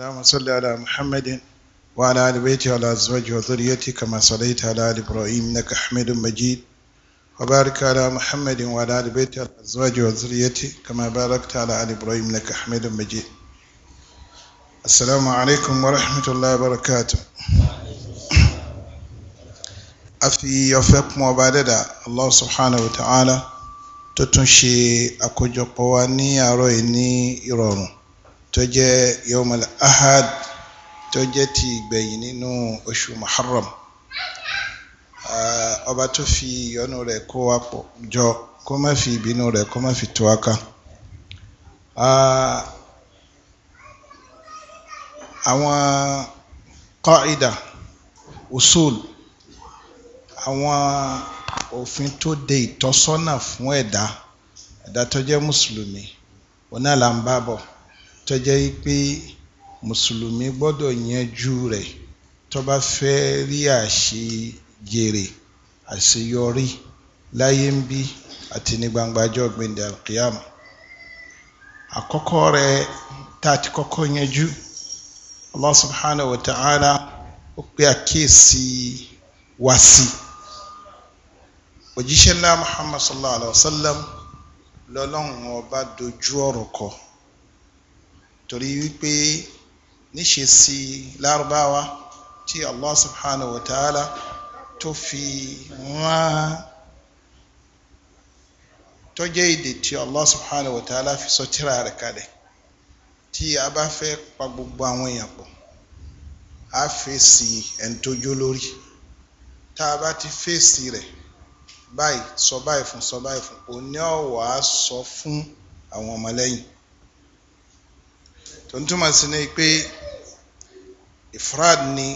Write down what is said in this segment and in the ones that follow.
اللهم صل على محمد وعلى آل بيته وعلى أزواجه وذريته كما صليت على آل إبراهيم إنك حميد مجيد وبارك على محمد وعلى آل بيته وعلى أزواجه وذريته كما باركت على آل إبراهيم إنك حميد مجيد السلام عليكم ورحمة الله وبركاته افي يوفق kún الله سبحانه وتعالى تتنشي اكو ta'ala tó tún ṣe àkójọpọ̀ tó jẹ́ yomul ahad tó jẹ́ ti ìgbẹ̀yìn nínú oṣù muharram ọba tó fi ìyọ́nú rẹ̀ kó wa pọ̀ jọ kó má fi ìbínú rẹ̀ kó má fi tó wa ká àwọn qaida usul àwọn òfin tó de ìtọ́sọ́nà fún ẹ̀dá ẹ̀dá tó jẹ́ mùsùlùmí ọ̀nà là tó jẹ́ pé mùsùlùmí gbọ́dọ̀ yanjú rẹ̀ tó bá fẹ́ rí àṣejèrè àṣeyọrí láyé ń bí àti ní gbangba ọjọ́ gbẹ̀ndẹ̀ alkiyama àkọ́kọ́ rẹ̀ tá a ti kọ́kọ́ yanjú Allah subhanahu wa ta'ala ó pe àkíyèsí wá sí òjíṣẹ́ ńlá Muhammad sallallahu alaihi wa sallam lọ́lọ́run ọba dojú ọ̀rọ̀ kọ́ torí wípé níṣe sí lárúbáwá tí allah subhanahu wa ta'ala tó fi rán tó jẹ́ èdè tí allah subhanahu wa ta'ala fi sọ tírà rẹ̀ kalẹ̀ tí a bá fẹ́ pa gbogbo àwọn èèyàn pọ̀ a fèsì ẹni lórí tá a bá ti fèsì rẹ̀ báyìí sọ báyìí fún sọ báyìí fún òní ọ̀wà sọ fún àwọn ọmọlẹ́yìn tó ń túmọ̀ sí ni pé ifrad ni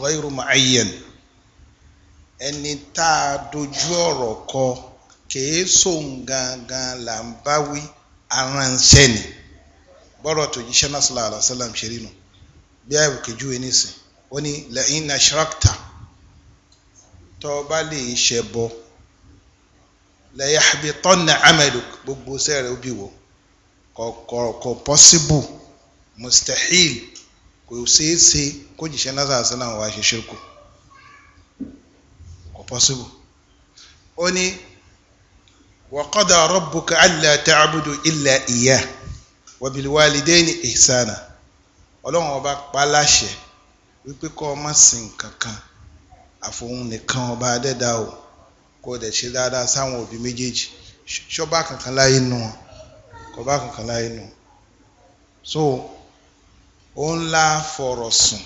ghayru muayyan ẹni tá a dojú ọ̀rọ̀ kọ kìí sóhun gangan là ń bá wí aránṣẹ́ ni bọ́rọ̀ tó jíṣẹ́ náà sallallahu alaihi wasallam ṣe bí àìwò kejú ẹni sìn ó ní la'in ashrakta tó o bá lè ṣẹbọ la yahbitanna amaluk gbogbo sẹ́rẹ̀ ó bí wò kò kò pọ́síbù mustahil kò ṣeé ṣe kó jìṣẹ́ lásán sílẹ̀ wá ṣe ṣírkù kò pọ́síbù. ó ní wa qada rabbuka alla ta'budu illa iyyah wa bil walidayni ihsana ọlọ́run ọba pa wípé kọ́ ọ má sìn kankan àfohùn nìkan ọba adẹ́dá o kó o dẹ̀ ṣe dáadáa sáwọn òbí méjèèjì ṣọ́ba kankan láyé nù wọn kò kankan láyé nù so ó ń la sùn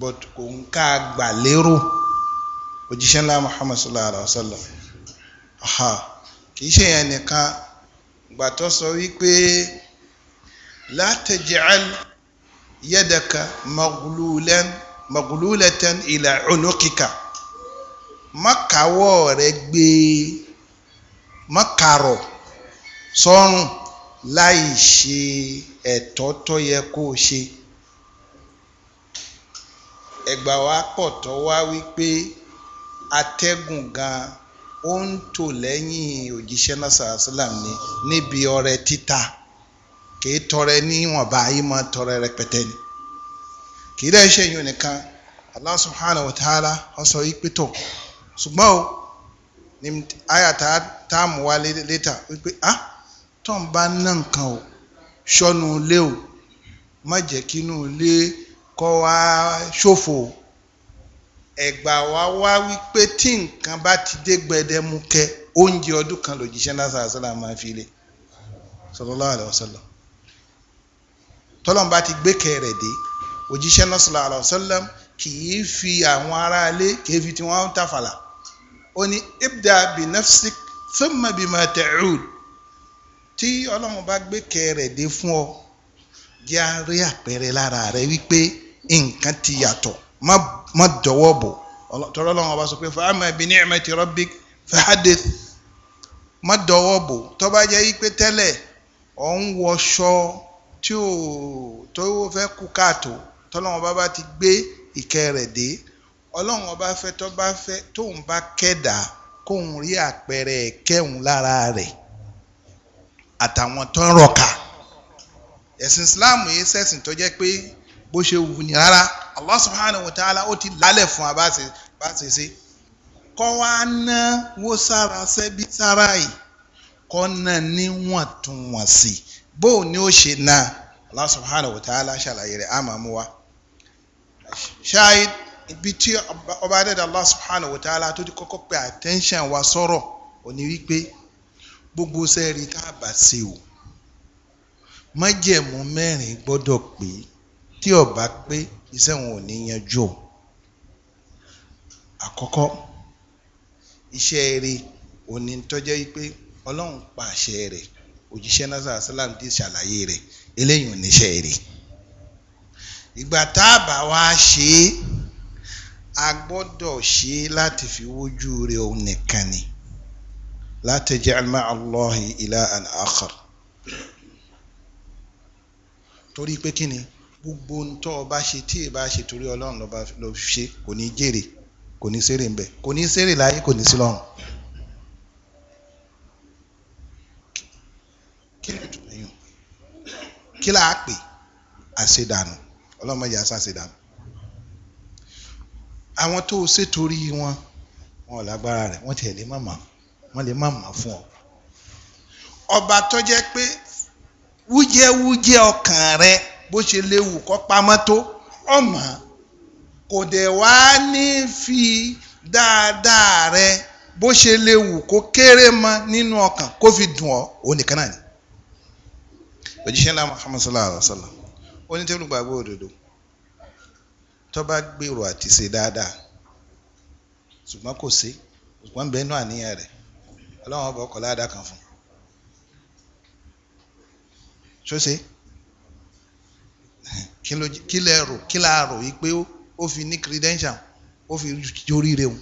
but kò ń ká gbà lérò òjíṣẹ́ ńlá Muhammad sallallahu alayhi wa sallam aha kì í ṣe yẹn nìkan gbàtọ́ sọ wípé la taj'al yadaka maghlulan maghlulatan ila rẹ gbé mọ́kàrọ̀ sọ́run. So, láì ṣe ẹ̀tọ́ tó yẹ o ṣe ẹ̀gbà wa pọ̀ tó wá wípé atẹ́gùn gan ó ń tò ni níbi ọrẹ títa kìí tọrẹ níwọ̀nba yìí máa tọrẹ rẹpẹtẹ ni kìí dẹ́ ṣe yun nìkan Allah subhanahu wa ta'ala yìí pé ṣùgbọ́n o tó ń bá ná nǹkan o ṣọ́nu ilé o má jẹ́ kí inú ilé kọ́ wá ṣòfò o ẹ̀gbà wá wá wípé tí nǹkan bá ti dé gbẹdẹmukẹ oúnjẹ ọdún kan lòjíṣẹ́ lásán àṣàlà máa fi lé sallallahu alaihi wasallam tọ́lọ́n bá ti gbé kẹrẹ̀ dé òjíṣẹ́ náà sallallahu alaihi wasallam kì í fi àwọn aráalé kì í fi tiwọn tàfàlà ó ní ibda bi nafsik thumma bima ta'ud tí ọlọ́run bá gbé kẹ́ rẹ̀ dé fún ọ jẹ́ á rí àpẹẹrẹ lára rẹ wípé nǹkan ti yàtọ̀ má dọwọ́ bò tọ́rọ ọlọ́run ọba sọ pé fa'amma bi ni'mati rabbik fahaddith má dọwọ́ bò tó bá jẹ́ wípé tẹ́lẹ̀ ọ̀ ń wọṣọ tí ò tó fẹ́ kú káàtó tọ́lọ́run ọba bá ti gbé ìkẹ́ dé ọlọ́run ọba fẹ́ tó bá fẹ́ tóun bá kẹ́dà kóun rí àpẹẹrẹ ẹ̀kẹ́hùn lára rẹ̀ àtàwọn tó ń rọ̀ka ẹ̀sìn Islam yìí sẹ́sìn tó jẹ́ pé bó ṣe wù ní rárá Allah subhanahu wa ta'ala ó ti lálẹ̀ fún wa bá ṣe ṣe kọ́ wa ná wó sára sẹ́bí sára yìí kọ́ náà níwọ̀ntúnwọ̀nsì bó o ó ṣe náà Allah subhanahu wa ta'ala ṣàlàyé rẹ̀ àmà mú ibi tí ọba adẹ́dàá Allah subhanahu wa ta'ala tó ti kọ́kọ́ pe attention wa sọ̀rọ̀ òní wípé gbogbo sẹ́ẹ̀rì tá a bá ṣe o májẹ̀mú mẹ́rin gbọ́dọ̀ pé tí ó bá pé iṣẹ́ wọn ò ní yanjú o àkọ́kọ́ iṣẹ́ eré òní tọ́jẹ́ pé ọlọ́run pa àṣẹ rẹ̀ òjíṣẹ́ náà sàlám ti ṣàlàyé rẹ̀ eléyìí ò ní iṣẹ́ eré ìgbà tá a ṣe é a gbọ́dọ̀ ṣe é láti fi wójú rẹ̀ òun nìkan ni. لا تجعل مع الله ilahan آخر torí pé kí ni gbogbo ohun tó o bá ṣe tí ì bá ṣe torí ọlọ́run lọ́ba lọ ṣe kò ní jèrè kò ní sèrè ń bẹ kò ní sèrè láyé kò ní sí lọ́run. kí là á pè àṣedànù ọlọ́mọdé àṣà àṣedànù àwọn tó o ṣètòrí wọn wọn ò lágbára rẹ̀ wọ́n tiẹ̀ lè má màá wọ́n lè má mà fún ọ. ọba tó jẹ́ pé wújẹ́wújẹ́ ọkàn rẹ bó ṣe léwu kọ́ pamọ́ tó ọmọ kò dẹ̀ wá ní fi dáadáa rẹ bó ṣe léwu kó kéré mọ́ nínú ọkàn kó fi dùn ọ́ òun nìkan náà ni. òjíṣẹ́ ńlá Muhammad sallallahu alayhi wa sallam onítẹ̀lùgbàgbọ́ òdodo tó bá gbèrò àti ṣe dáadáa ṣùgbọ́n kò sí ṣùgbọ́n bẹ́ẹ̀ náà àníyàn rẹ̀ ọlọ́run ọba ọkọ̀ ládàá kan fún ṣọ́ṣe kí lẹ rò kí la rò yìí pé ó fi ní credential ó fi jórí rẹ̀ o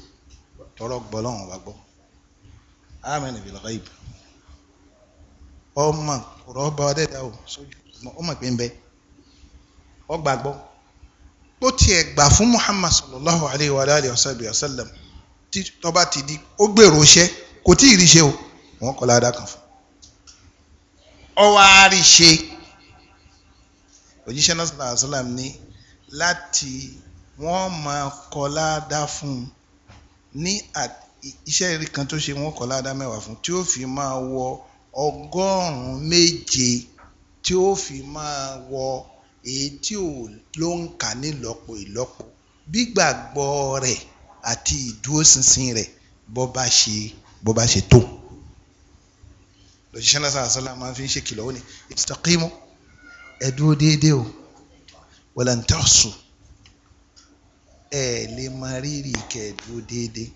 tọrọ gbọ́ lọ́run ọba gbọ́ amen bil ghaib ọmọ rọba ọdẹdà o ọmọ pé ń bẹ ọgbà gbọ́ ó tiẹ̀ gbà fún Muhammad sallallahu alayhi wa alihi wa sallam tọ́ba ti di ó gbèrò iṣẹ́ kò tí ì rí ṣe o wọ́n kọ́ ládàá kan fún ọwọ́ àárí ṣe òjíṣẹ́ náà sọ̀rọ̀ àṣọlám ní láti wọ́n máa kọ́ ládàá fún un ní iṣẹ́ ìrí kan tó ṣe wọ́n kọ́ ládàá mẹ́wàá fún tí ó fi máa wọ ọgọ́rùn-ún méje tí ó fi máa wọ èyí tí ò ló ń kà nílọ́po ìlọ́po gbígbàgbọ́ rẹ̀ àti ìdúróṣinṣin rẹ̀ bọ́ bá ṣe bó bá ṣe tó lọ́sísẹ́ náà sàásàlá máa fi ń ṣe kìlọ̀ ó ní istaqimu ẹ dúró déédéé o wala ntahsu ẹ lè máa rírì kẹ́ ẹ dúró déédéé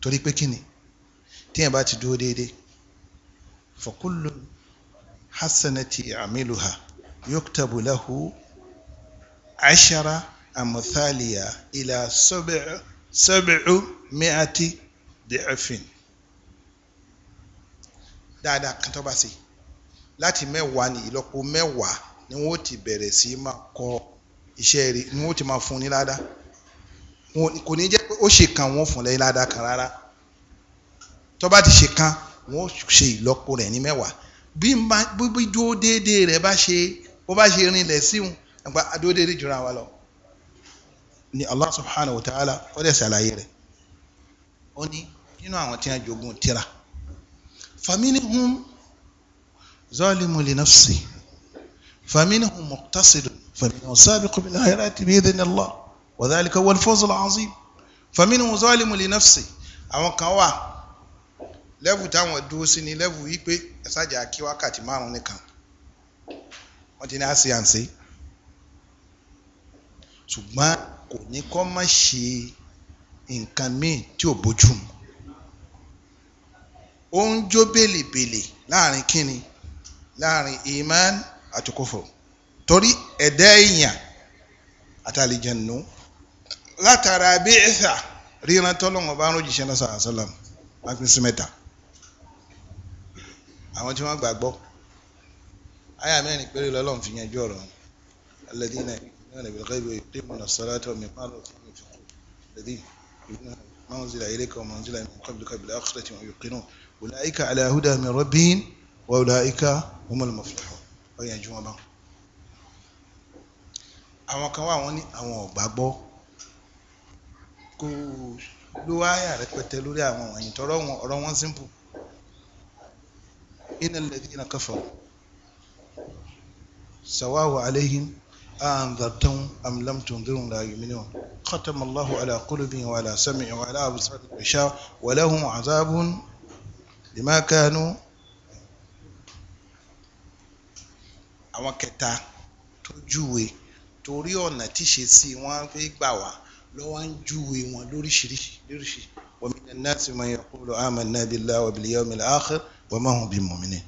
torí pé kíni téèyàn bá ti dúró déédéé fa hasanati amiluha yuktabu lahu ashara amthaliha ila sab'u mẹ́àtì dẹ́ẹ̀fìn dáadáa kan tó bá ṣe láti mẹ́wàá ní ìlọ́po mẹ́wàá ni wọ́n ti bẹ̀rẹ̀ sí máa kọ iṣẹ́ rẹ̀ ni wọ́n ti máa fún ní ládàá kò ní jẹ́ pé ó ṣe kan wọ́n fún lẹ́yìn ládàá kan rárá tó bá ti ṣe kan wọ́n ṣe ìlọ́po rẹ̀ ní mẹ́wàá bí bí dúró déédéé rẹ̀ bá ṣe bó bá ṣe rinlẹ̀ síhun àgbà dúró déédéé jura wa lọ ni Allah subhanahu wa ta'ala ó dẹ̀ rẹ̀ ó ní nínú àwọn tí wọ́n jogún tírà faminihum zalimun li nafsi faminihum muqtasidun faminihum sabiqun bil khayrati bi idhnillah wa dhalika huwa al-fawzul azim faminihum zalimun li nafsi àwọn kan wà lẹ́bù táwọn dúró sí ni lẹ́bù yìí pé ẹ̀sájà kí wákàtí márùn nìkan wọ́n ti ní àṣeyànṣe ṣùgbọ́n kò ní kọ́ má ṣe nǹkan míì tí ò bójú mu ó ń jó bèlèbèlè láàrin kíni láàrin iman àti kófò torí ẹ̀dá èèyàn àtàlìjẹ̀nù látara bí ẹ̀sà ríran tọ́lọ́wọ́n bá ń rojíṣẹ́ náà sàrà sọ́làm lápín sí mẹ́ta àwọn tí wọ́n gbàgbọ́ àyà mẹ́rin péré lọ́lọ́run fi yanjú ọ̀rọ̀ alladhina yu'minuna bil ghaibi wa yuqimuna as-salata wa mimma razaqnahum yunfiqun ما أنزل إليك وما أنزل من قبلك بالآخرة هم أولئك على هدى من ربهم وأولئك هم المفلحون ọyàn ìjùmọ̀ bá àwọn kan wà wọ́n ní àwọn ọ̀gbà gbọ́ kó ló wáyà rẹpẹtẹ lórí àwọn wọ̀nyí tọrọ wọn ọ̀rọ̀ wọn simple innal ladhina kafaru sawahu alayhim أأنذرتهم أم لم تنذرهم لا يؤمنون ختم الله على قلوبهم وعلى سمعهم وعلى أبصارهم غشاوة ولهم عذاب بما كانوا àwọn kẹta tó júwe torí ọ̀nà tí ṣe sí wọn fi gbà wá lọ́wọ́ ń júwe wọn lóríṣiríṣi lóríṣi wa minan nasi man yaqulu amanna billahi wa bil yawmil akhir wa ma hum bi mu'minin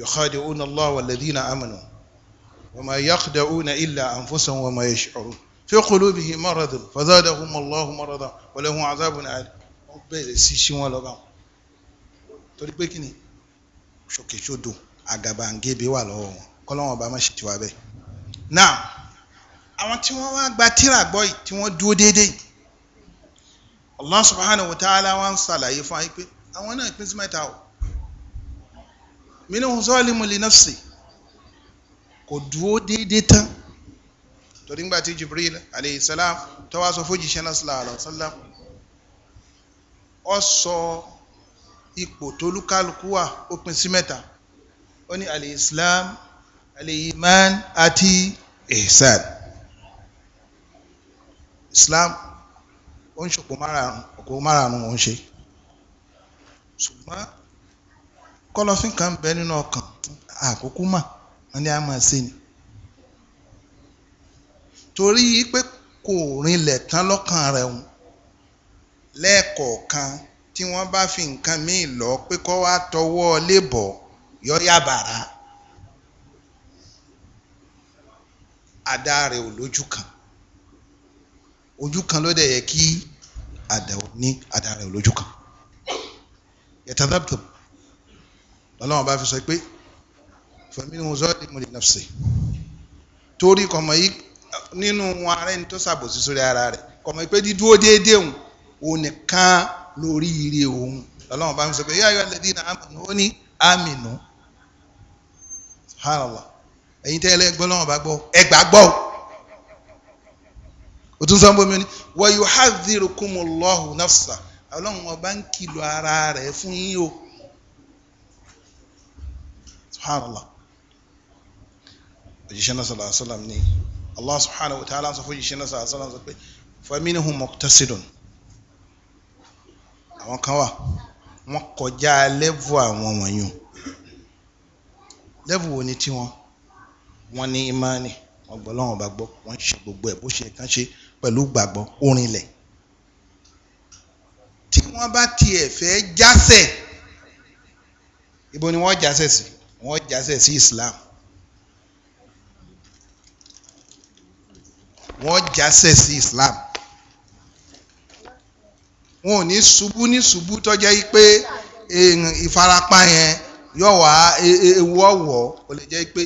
yukhadi'una Allah walladhina amanu وما يخدعون إلا أنفسهم وما يشعرون في قلوبه مرض فزادهم الله مرضا ولهم عذاب أليم wọ́n bẹ̀rẹ̀ sí sí wọn lọ́ba torí pé kí ni ṣòkèṣodò àgàbàǹgebè wà lọ́wọ́ wọn kọ́lọ́wọ́n ọba má ṣe tiwa bẹ́ẹ̀. now àwọn tí wọ́n wá gba tíra gbọ́ yìí tí wọ́n dúró déédéé Allah subhanahu wa ta'ala wa ń ṣàlàyé fún wa pé àwọn náà pín sí mẹ́ta o minhum zalimun li nafsi o dúró déédéé tán torí ńgbà tí Jibril alayhi salam tó wá sọ fójì ṣẹlẹ sallallahu alayhi wa sallam ó sọ ipò tólúkálukú wà ó sí mẹ́ta ó ní alayhi islam alayhi iman àti ihsan islam ó ń ṣòpò márààrún òpó márààrún òun ṣe ṣùgbọ́n kọ́lọ́fín kan bẹ nínú ọkàn àkókò máa wọ́n ní a máa ṣe ni torí pé kò rinlẹ̀ tán lọ́kàn rẹ̀ hùn lẹ́ẹ̀kọ̀ọ̀kan tí wọ́n bá fi nǹkan míì lọ pé kọ́ wá tọwọ́ lébọ̀ yọ́yà bàrà àdá rẹ̀ ò lójú kan ojú kan ló dẹ̀ yẹ kí àdá ní àdá ò lójú kan yẹtàdàbùtò lọ́lọ́wọ́n bá fi sọ pé faminhum zalimun li nafsi torí kọmọ yìí nínú wọn ara ẹni tó ṣàbòsí sórí ara rẹ̀ kọmọ yìí pé dídúró déédéé òun òun nìkan lórí ire òun lọ́lọ́run bá mi sọ pé yá ayọ́ alladhina amanu ó ní aminu subhanallah ẹ̀yin tẹ́ ẹlẹ́gbọ́n lọ́wọ́ bá gbọ́ ẹ gbà gbọ́ o tún sọ bómi ni wa yuhadhdhirukumullahu nafsa ọlọ́run ọba ń kìlọ̀ ara rẹ̀ fún yín o subhanallah òjíṣẹ́ náà sallallahu alaihi wasallam ní allah subhanahu wa ta'ala sọ fún òjíṣẹ́ náà sallallahu alaihi wasallam sọ pé faminhum muqtasidun àwọn kan wà wọ́n kọjá lẹ́vù àwọn wọ̀nyún lẹ́vù wo ni tiwọn wọ́n ní imáni wọ́n gbọ́ lọ́wọ́n bá gbọ́ wọ́n ṣe gbogbo ẹ̀ bó ṣe kàn ṣe pẹ̀lú gbàgbọ́ orin lẹ̀ tí wọ́n bá tiẹ̀ fẹ́ jásẹ̀ ibo ni wọ́n jásẹ̀ sí wọ́n jásẹ̀ sí islam wọ́n jásẹ̀ sí Islam wọn ò ní ṣubú ní ṣubú tó jẹ́ pé ìfarapa yẹn yóò wá e, e, ewu ọ̀wọ́ ó lè jẹ́ pé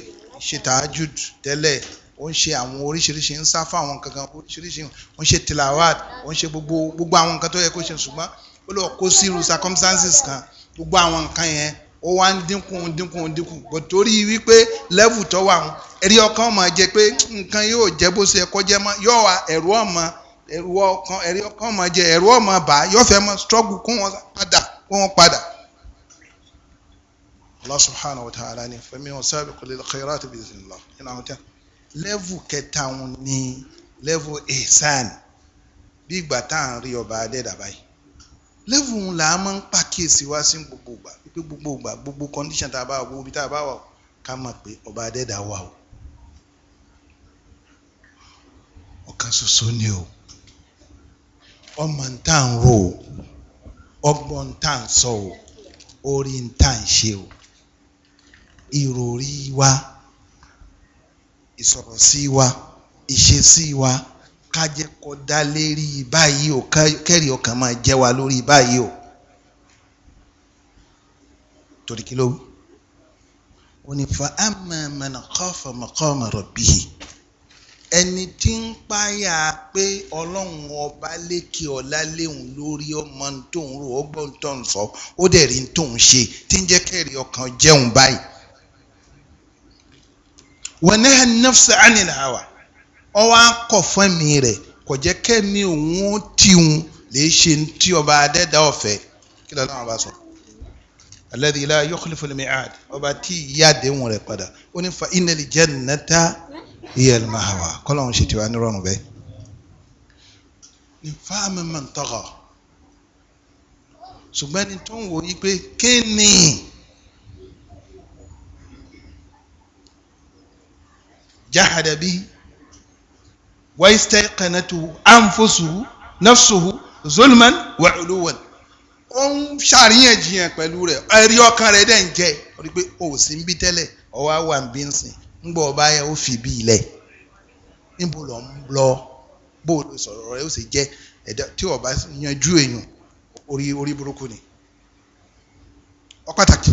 ṣe tahajud tẹ́lẹ̀ ó ń ṣe àwọn oríṣiríṣi ń sá fún àwọn kankan oríṣiríṣi ó ń ṣe tilawat ó ń ṣe gbogbo gbogbo àwọn nǹkan tó yẹ kó ṣe ṣùgbọ́n ó lọ kó sírú circumstances kan gbogbo àwọn nǹkan yẹn ó wá ń dínkù dínkù dínkù torí wípé lẹ́vù tó wà ń ẹ̀rí ọkàn máa jẹ pé nǹkan yóò jẹ́ bó ṣe kọjá mọ́ yóò wá ẹ̀rú ọmọ ẹ̀rú ọkàn ẹ̀rí ọkàn máa jẹ ẹ̀rú ọmọ bá yóò fẹ́ mọ́ level ńlá a máa ń pàkíyèsí wá sí gbogbo ìgbà wípé gbogbo ìgbà gbogbo condition tá a bá wà gbogbo ibi tá a bá wà o ká mọ̀ pé ọba adẹ́dà wà o ọ̀kan ṣoṣo ni o ọmọ ń tà ń rò o ọgbọ́n ń tà ń sọ o orí ń tà ń ṣe o ìròrí wa ìsọ̀rọ̀ sí wa ìṣesí wa kájẹ́ kọ́ dá lérí báyìí o kẹ́rì ọkàn máa jẹ́ wa lórí báyìí o torí kí ló wí ó ní fa amma man khafa maqama rabbih ẹni tí ń páyà pé ọlọ́run ọba lékè ọ̀la léhùn lórí ọmọ tóun rò ọgbọ́n tóun sọ ó dẹ̀ rí tóun ṣe tí ń jẹ́ kẹ́rì ọkàn jẹun báyìí wa naha an-nafsa 'anil hawa ọ wá kọ̀ fún ẹ̀mí rẹ̀ kò jẹ́ kẹ́mi òun ó tiun lè ṣe tí ọba adẹ́dá ọ̀fẹ́ kí lọ́la wọn bá sọ. alladhi la yukhlifu al-mi'ad ọba tí ìyá àdéhùn rẹ̀ padà ó ní fa innal jannata hiya al-ma'wa kọ́lá òun ṣe tiwa nírọ̀rùn bẹ́ẹ̀. ní fáàmì man tagha ṣùgbọ́n ẹni tó ń wò yí pé kí ni. jahada واستيقنته أنفسه نفسه ظلما وعلوا ó ṣàríyànjiyàn pẹ̀lú rẹ̀ ẹ̀rí ọkàn rẹ̀ dẹ̀ ń jẹ́ ó pé o ò sí ń bí tẹ́lẹ̀ ọwọ́ àwà ń ń sìn ń gbọ́ ọba yẹn ó fi bí ilẹ̀ níbo lọ ń lọ bó o sọ̀rọ̀ rẹ̀ ó sì jẹ́ ẹ̀dá tí ọba yanjú èèyàn orí orí burúkú ni ó pàtàkì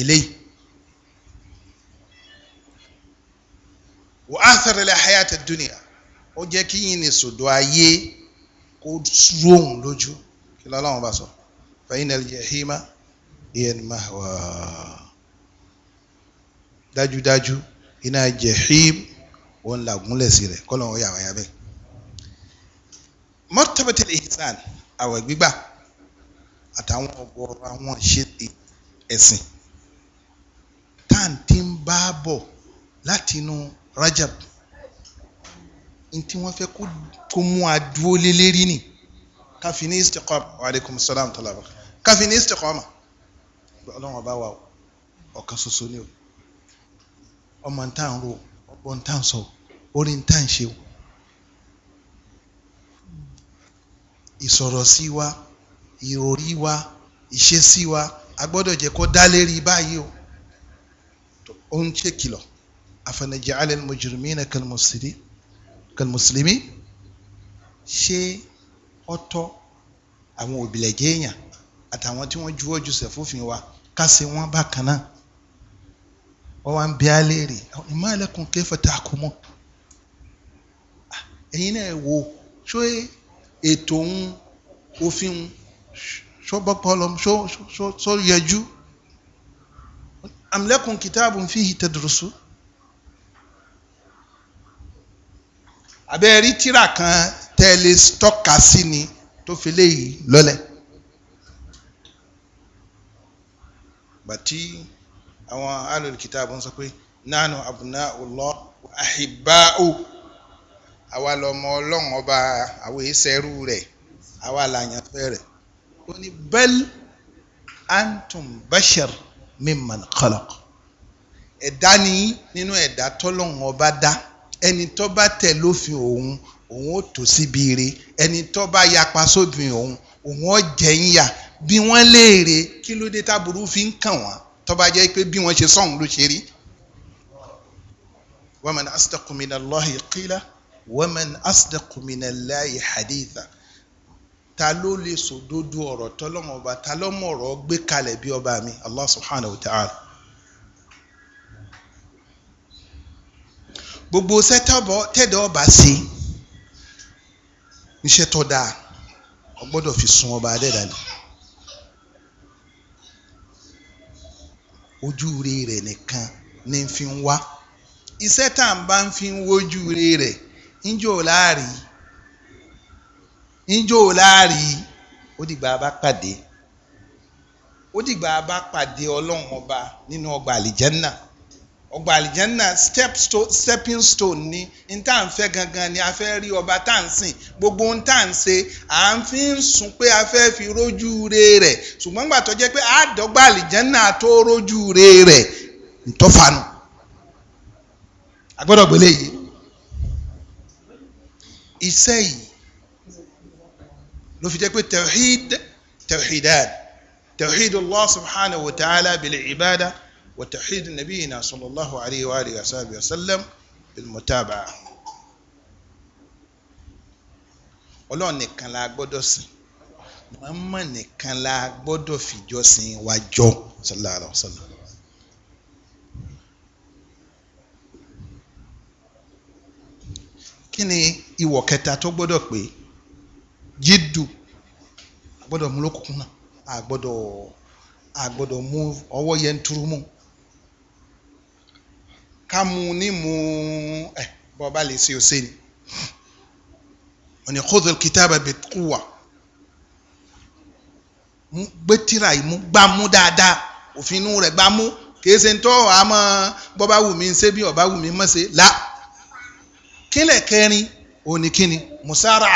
eléyìí wò á sẹ̀rẹ̀ lẹ́ hayata dunia ó jẹ́ kí yín ní sòdò ayé kó róhùn lójú kí lọ́lọ́run bá sọ fẹ́yìn náà jahima ìyẹn máa wà dájúdájú iná jahim òun làgúnlẹ̀ sí rẹ̀ kọ́ lọ́run ó yà wáyà bẹ́ẹ̀. martabatul ihsan àwẹ̀ gbígbà àtàwọn ọgọ́rọ̀ àwọn ṣe ẹ̀sìn táǹtì ń bá bọ̀ látinú. No Rajab ntí wọ́n fẹ́ kó mú adúró lé ni káfí ní istiqama wa aleykum salaam tala bá káfí ní istiqama ọlọ́run ọba wa ọ̀kan ṣoṣo ni o ọmọ ntá ń ro ọgbọ́ ntá ń sọ orí ntá ń ṣe o ìsọ̀rọ̀ sí wa ìròrí wa ìṣesí wa a gbọ́dọ̀ jẹ́ kó dá lérí báyìí o ó ń ṣèkìlọ̀ afanaj'al al-mujrimina kal-muslimin ṣé ọ̀tọ̀ àwọn òbílẹ̀jẹ́ èèyàn àtàwọn tí wọ́n juwọ́ jùsẹ̀ fófin wa ká ṣe wọ́n bákan náà wọ́n wá ń bí á léèrè ma lakum kayfa tahkumun ah, ẹ̀yin náà wò ṣó ètò òun òfin ṣó bọ́pọ̀ lọ ṣó yẹjú am lakum kitabun fihi tadrusun. abẹ́ rí tíra kan tẹ́lẹ̀ tọ́ka sí ni tó fi léyìí lọ́lẹ̀. bàtí àwọn alòlùkìtà àbọ̀n sọ pé nánú àbùnà ọlọ́ àhìbáò àwa lọmọ ọlọ́run ọba àwọn ìṣẹ́rú rẹ̀ àwa làyànfẹ́ rẹ̀ ó ní bẹ́ẹ̀lì antum bashar mimman khalaq ẹ̀dá ni nínú ẹ̀dá tọ́lọ́run ọba dá ẹni tó bá tẹ̀ lófin òun òun ó tò síbi ire ẹni tó bá yapa sófin òun òun ó jẹ́ ń yà bí wọ́n léèrè kí ló dé táburú fi ń kàn wọ́n tó bá jẹ́ pé bí wọ́n ṣe sọ̀hún ló ṣe rí. waman asdaqu minallahi qila waman ta ló lè sòdodo ọ̀rọ̀ tọ́lọ́mọba ta lọ́mọ ọ̀rọ̀ gbé kalẹ̀ bí ọba mi Allah subhanahu wa ta'ala. gbogbo sẹ́tọ̀bọ̀ tẹ̀dọ̀ ọba ṣe iṣẹ́ tó dáa ọ gbọ́dọ̀ fi sun ọba adẹ́dàlẹ̀ ojúure rẹ̀ nìkan ní fi ń wá iṣẹ́ tá à ń bá ń fi ń wójúure rẹ̀ ńjọ́ láàrí ńjọ́ láàrí ó dìgbà bá pàdé ó dìgbà bá pàdé ọlọ́run ọba nínú ọgbà àlìjẹ́nnà ọgbà àlìjẹ́nà stepping stone ni n tá à ń fẹ́ gangan ni a fẹ́ rí ọba tá à ń sìn gbogbo ohun tá à ń ṣe à ń fi ń sùn pé a fẹ́ fi rójú re rẹ̀ ṣùgbọ́n gbà tó jẹ́ pé àdọ́gba àlìjẹ́nà tó rójú re rẹ̀ ntọ́fanu agbọ́dọ̀ gbélé yìí iṣẹ́ yìí ló fi jẹ́ pé tawhid tawhidan tawhidullah subhanahu wa ta'ala bil ibada. وتحيد نبينا صلى الله عليه وآله وصحبه وسلم بالمتابعة ọlọ́run nìkan la gbọ́dọ̀ sìn Muhammad nìkan la gbọ́dọ̀ fìjọsìn wa jọ sallallahu alayhi wa sallam. kí ni ìwọ̀ kẹta tó gbọ́dọ̀ pé jídù a gbọ́dọ̀ mú lókùnkùn náà a gbọ́dọ̀ mú ọwọ́ yẹn túrú mú ká mu ní mu ẹ bọ́ bá lè ṣe ọ̀sẹ̀ ni ó ní khudhul kitaba bi quwwa gbé tírà yìí mú gbámú dáadáa òfin inú rẹ̀ gbámú kìí ṣe ń tọ́ àmọ́ bọ́ bá wù mí ṣe bí ọba wù mí mọ́ ṣe la kílẹ̀ kẹrin òní kíni musara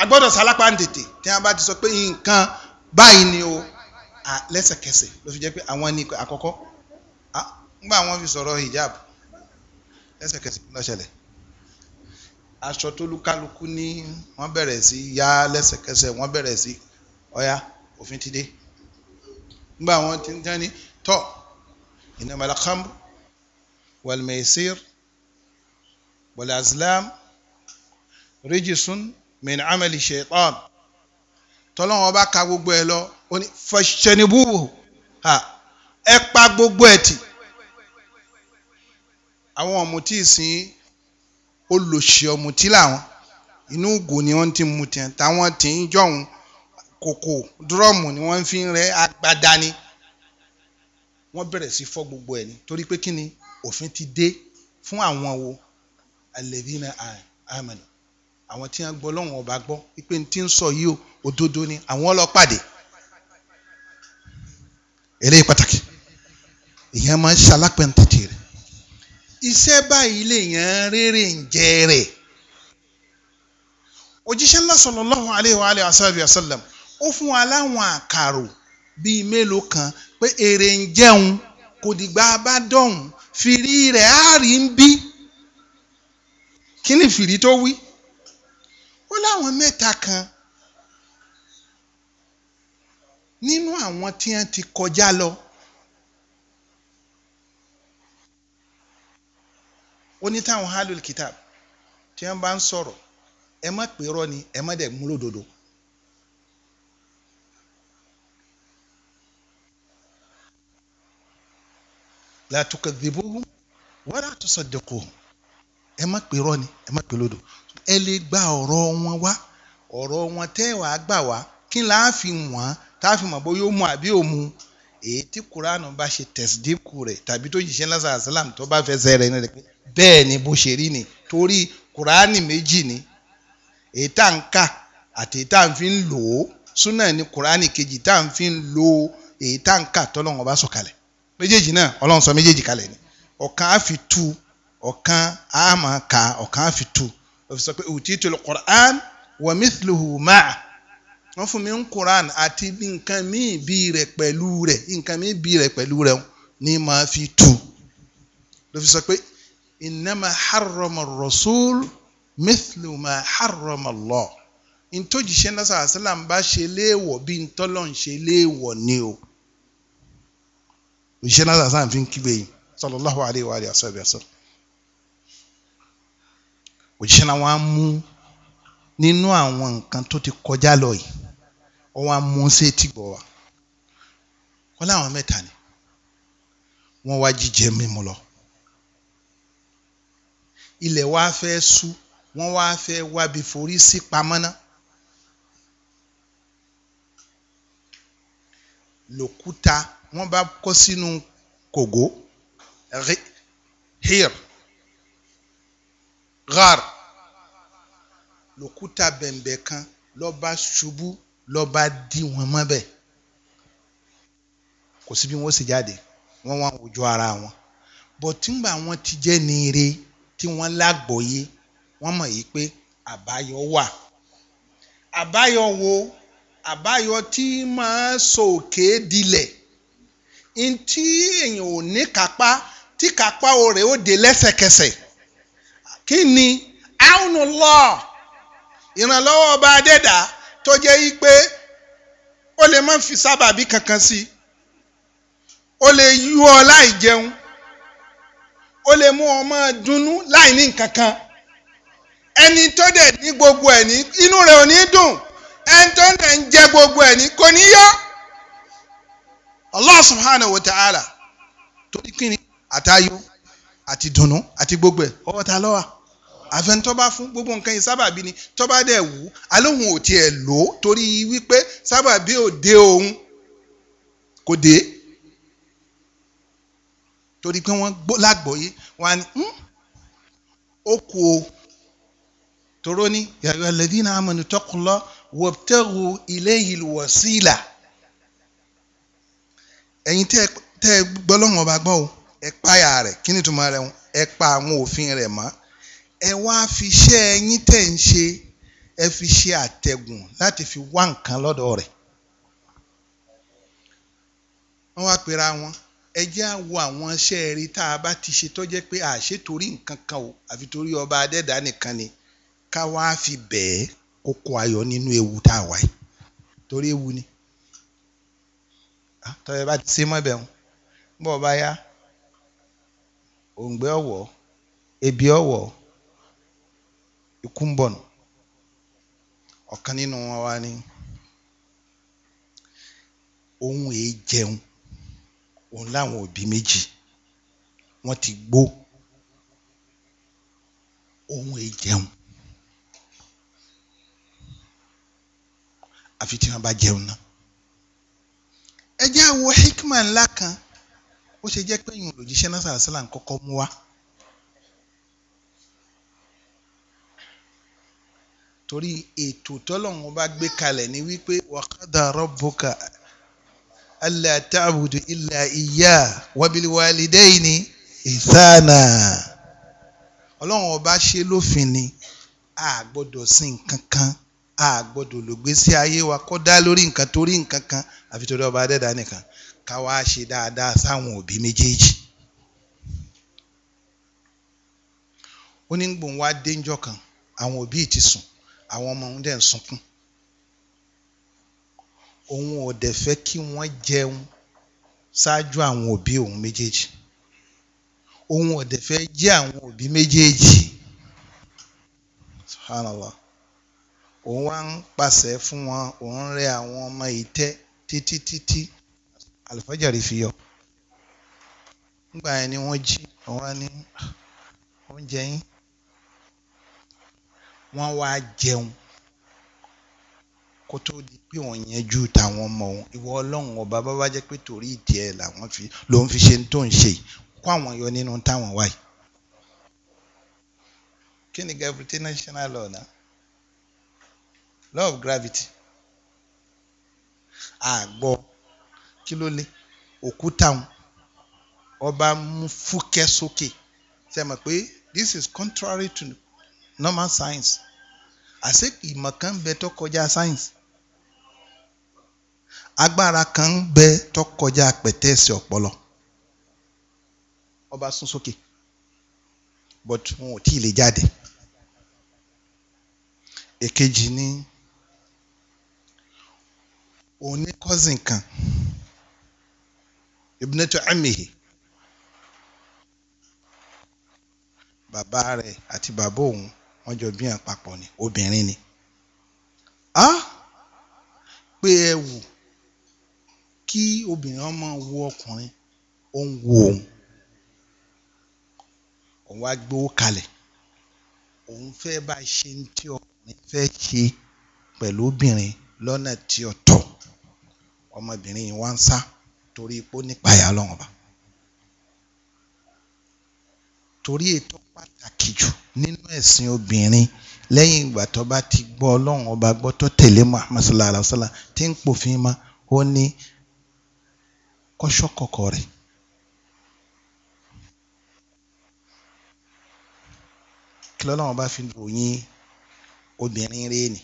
agbọ́dọ̀ sálápá ń tètè tí wọ́n bá ti sọ pé nǹkan báyìí ni o lẹ́sẹ̀kẹsẹ̀ ló fi jẹ́ pé àwọn ni àkọ́kọ́ ńgbà wọn fi sọ̀rọ̀ hijab lẹ́sẹ̀kẹsẹ̀ ló ṣẹlẹ̀ aṣọ tó lukaluku ní wọ́n bẹ̀rẹ̀ sí yá lẹ́sẹ̀kẹsẹ̀ wọ́n bẹ̀rẹ̀ sí ọ̀yá òfin ti dé ńgbà wọn ti ń tẹ́ni tọ́ innamal khamr wal maisir wal azlam rijisun min amali shaitan tọ́lọ́wọ́n bá ka gbogbo ẹ lọ ó ní fashanibuhu ẹ pa gbogbo ẹ tì àwọn ọ̀mùtí ìsìn olòṣì ọ̀mùtí làwọn inú ògò ni wọ́n ti mu tiẹ̀ táwọn ti ń jọ̀hún kòkò dúrọ́ọ̀mù ni wọ́n fi ń rẹ́ agbada ni wọ́n bẹ̀rẹ̀ sí fọ́ gbogbo ẹ̀ ni torí pé kí ni òfin ti dé fún àwọn wo alẹ́bínà àmàlà àwọn tí wọ́n gbọ́ lọ́wọ́n ọba gbọ́ wípé n ti ń sọ yìí o òdodo ni àwọn ọlọ́pàdé eléyìí pàtàkì ìyẹn máa ń ṣalápẹ̀ntìtì rẹ̀ iṣẹ́ báyìí lèèyàn rere ń jẹ òjíṣẹ́ ńlá sallallahu alayhi wa alayhi wa sallam ó fún wa láwọn àkàrò bíi mélòó kan pé èrè ń jẹun kò dìgbà bá dọ̀hún fìrí rẹ̀ á rí ń bí kí ni fìrí tó wí ó láwọn mẹ́ta kan nínú àwọn tí wọ́n ti kọjá lọ. ó ní táwọn halul kitab tí wọ́n bá ń sọ̀rọ̀ ẹ má pèrọ ni ẹ má dẹ̀ múlò dodo. la tukadhibuhum wala tusaddiquhum ẹ má pèrọ ni ẹ má pèlò dodo ẹ lè gba ọ̀rọ̀ wọn wá ọ̀rọ̀ wọn tẹ́ gbà wá kí la fi wọ́n tá a fi mọ̀ bóyá ó mu àbí ó mu èyí tí kuranu bá ṣe tẹ̀sídìkù rẹ̀ tàbí tó yìí ṣe lásán àsálàm tó bá fẹsẹ̀ rẹ̀ ní rẹ̀ pé bẹ́ẹ̀ ni bó ṣe rí ni torí kùránì méjì ni èyí tá à ń kà àti èyí tá à ń fi ń lò ó súnà ni kùránì kejì tá à ń fi ń lo èyí tá à ń kà tọ́lọ́run ọba sọ̀kalẹ̀ méjèèjì náà ọlọ́run sọ méjèèjì kalẹ̀ ni ọ̀kan á fi tu ọ̀kan á máa ka ọ̀kan á fi tu òfin sọ pé òtítù kùrán wa mithluhu máa wọ́n fún mi ń kùrán àti nǹkan míì bí rẹ̀ pẹ̀lú rẹ̀ nǹkan míì bí rẹ̀ pẹ̀lú rẹ̀ ni màá fi tu ló fi sọ pé innama harrama rasul mithlu ma harrama Allah ntòjìṣẹ́ náà sàásìlà ń bá ṣe léèwọ̀ bí ntọ́lọ́ ń ṣe léèwọ̀ ni o òjìṣẹ́ náà sàásìlà fi ń kígbe yìí sallallahu alayhi wa alihi wa sallam òjìṣẹ́ náà wọ́n á mú nínú àwọn nǹkan tó ti kọjá lọ yìí wọ́n á mú sétí gbọ̀ wá wọ́n láwọn mẹ́ta ni wọ́n wá jíjẹ mímu lọ ilẹ̀ wá fẹ́ ṣú wọ́n wá fẹ́ wábi forí sí pamọ́ ná. lòkúta wọ́n bá kó sínú kògó hir ghar lòkúta bẹ̀m̀bẹ̀ kan ló bá ṣubú ló bá dí wọn mọ́bẹ̀ kò sí bí wọ́n ṣe jáde wọ́n wá ojú ara wọn bọ̀ tí ń bá wọn ti jẹ́ ní tí wọ́n lágbòye wọ́n mọ̀ yìí pé àbáyọ wà àbáyọ wo àbáyọ tí máa so òkè dilẹ̀ n tí èèyàn ò ní kápá tí kápá rẹ̀ ó dé lẹ́sẹ̀kẹsẹ̀ kí ni àánú lọ ìrànlọ́wọ́ ọba adẹ́dà tó jẹ́ yí pé ó lè má fi sábàbí kankan sí i ó lè yú ọ láì jẹun ó lè mú ọmọ dunnú láì ní nǹkan kan ẹni tó dẹ̀ ní gbogbo ẹ̀ ní inú rẹ̀ ò ní dùn ẹni tó dẹ̀ ń jẹ gbogbo ẹ̀ ní kò ní yó Allah subhanahu wa ta'ala torí kí ni àtayọ àti dùnnú àti gbogbo ẹ̀ ọwọ́ ta lọ́wọ́ àfẹn tó bá fún gbogbo nǹkan yìí sábàbí ni tó bá dẹ̀ wù ú alóhùn ò tiẹ̀ lò ó torí wípé sábàbí ò dé òun kò dé torí pé wọ́n lágbòye wọ́n á ní hmm, ó o tòró ní ya ayyuhal ladhina amanu taqullah wabtaghu ilayhil wasila ẹ̀yin tẹ́ ẹ gbọ́ lọ́wọ́n ọba gbọ́ o ẹ páyà rẹ̀ kí ni ìtumọ̀ rẹ̀ ẹ pa àwọn òfin rẹ̀ mọ́ ẹ wá fi iṣẹ́ ẹ̀yin tẹ̀ ń ṣe ẹ fi ṣe àtẹ̀gùn láti fi wá nǹkan lọ́dọ̀ rẹ̀ wọ́n wá pera wọn ẹ jẹ́ à wo àwọn iṣẹ́ rí tá a bá ti ṣe tó jẹ́ pé àṣẹ torí nǹkan kan o àfi torí ọba adẹ́dá nìkan ni ká wá fi bẹ̀ẹ́ kó ayọ̀ nínú ewu tá a wà yìí torí ewu ni ah, tọ́yẹ bá ti ṣe mọ́bẹ̀ ń bọ́ ọba yá òǹgbẹ ọ̀wọ́ ebi ọ̀wọ́ ikú ń bọ̀ nù ọ̀kan nínú wọn wá ní ohun èé jẹun òun láwọn òbí méjì wọ́n ti gbó òun èé jẹun àfi tí wọ́n bá jẹun náà ẹ jẹ́ àwọ hikman ńlá kan ó ṣe jẹ́ pé ìyún òjíṣẹ́ náà sàlàsílà ń kọ́kọ́ mú wá. torí ètò tọ́lọ́run bá gbé kalẹ̀ ní wípé wàkàdà rọ́bùkà alla ta'budu illa iyya wa bil walidayni ihsana ọlọ́run ọba ṣe lófin ni a gbọ́dọ̀ sin nǹkan kan a gbọ́dọ̀ lògbésí ayé wa kọ́ dá lórí nǹkan torí nǹkan kan àfi torí ọba adẹ́dá nìkan ká wá ṣe dáadáa sáwọn òbí méjèèjì. ó ní gbòǹwá déńjọ́ kan àwọn òbí ti sùn àwọn ọmọ òun dẹ̀ ń sunkún òun ò dẹ̀ fẹ́ kí wọ́n jẹun ṣáájú àwọn òbí òun méjèèjì òun ò dẹ̀ fẹ́ jẹ́ àwọn òbí méjèèjì subhanallah òun wá ń pàṣẹ fún wọn òun rẹ àwọn ọmọ ìtẹ́ títí títí àlùfájàrí fi yọ nígbà yẹn ni wọ́n jí àwọn á ní oúnjẹ yín wọ́n wá jẹun kó tó di pé òun yanjú tàwọn ọmọ òun ìwọ ọlọ́run ọba bá wá jẹ́ pé torí ìtìẹ́ làwọn fi ló ń fi ṣe tó ń ṣe kó àwọn yọ nínú táwọn wáyé. kí ni gravitational law na law of gravity àgbọ̀ kí ló lé òkúta wọn ọba mú fúkẹ́ sókè ṣe mọ̀ pé this is contrary to normal science àṣé ìmọ̀ kan bẹ tó kọjá science agbára kan ń bẹ tó kọjá pẹ̀tẹ́ẹ̀sì ọpọlọ ọba sún sókè but wọn ò tí ì lè jáde èkejì ni òun ní cousin kan ibnetu amihi bàbá rẹ̀ àti bàbá òun wọ́n jọ bí àpapọ̀ ni obìnrin ni a ah! pé ẹ wù kí obìnrin máa wo ọkùnrin ó ń wo òun òun wá gbowó kalẹ̀ òun fẹ́ bá ṣe ní tí ọkùnrin fẹ́ ṣe pẹ̀lú obìnrin lọ́nà tí ó tọ́ ọmọbìnrin yìí wá ń sá torí ipò nípayà lọ́wọ́n ọba torí ètò pàtàkì jù nínú ẹ̀sìn obìnrin lẹ́yìn ìgbà tó bá ti gbọ́ ọlọ́run ọba gbọ́ tó tẹ̀lé Muhammad sallallahu alayhi tí ń pòfin ma ó ní kọ́ṣọ́ kọ̀kọ̀ rẹ̀. kílọ̀ náà bá fi ròyìn obìnrin rẹ̀ ni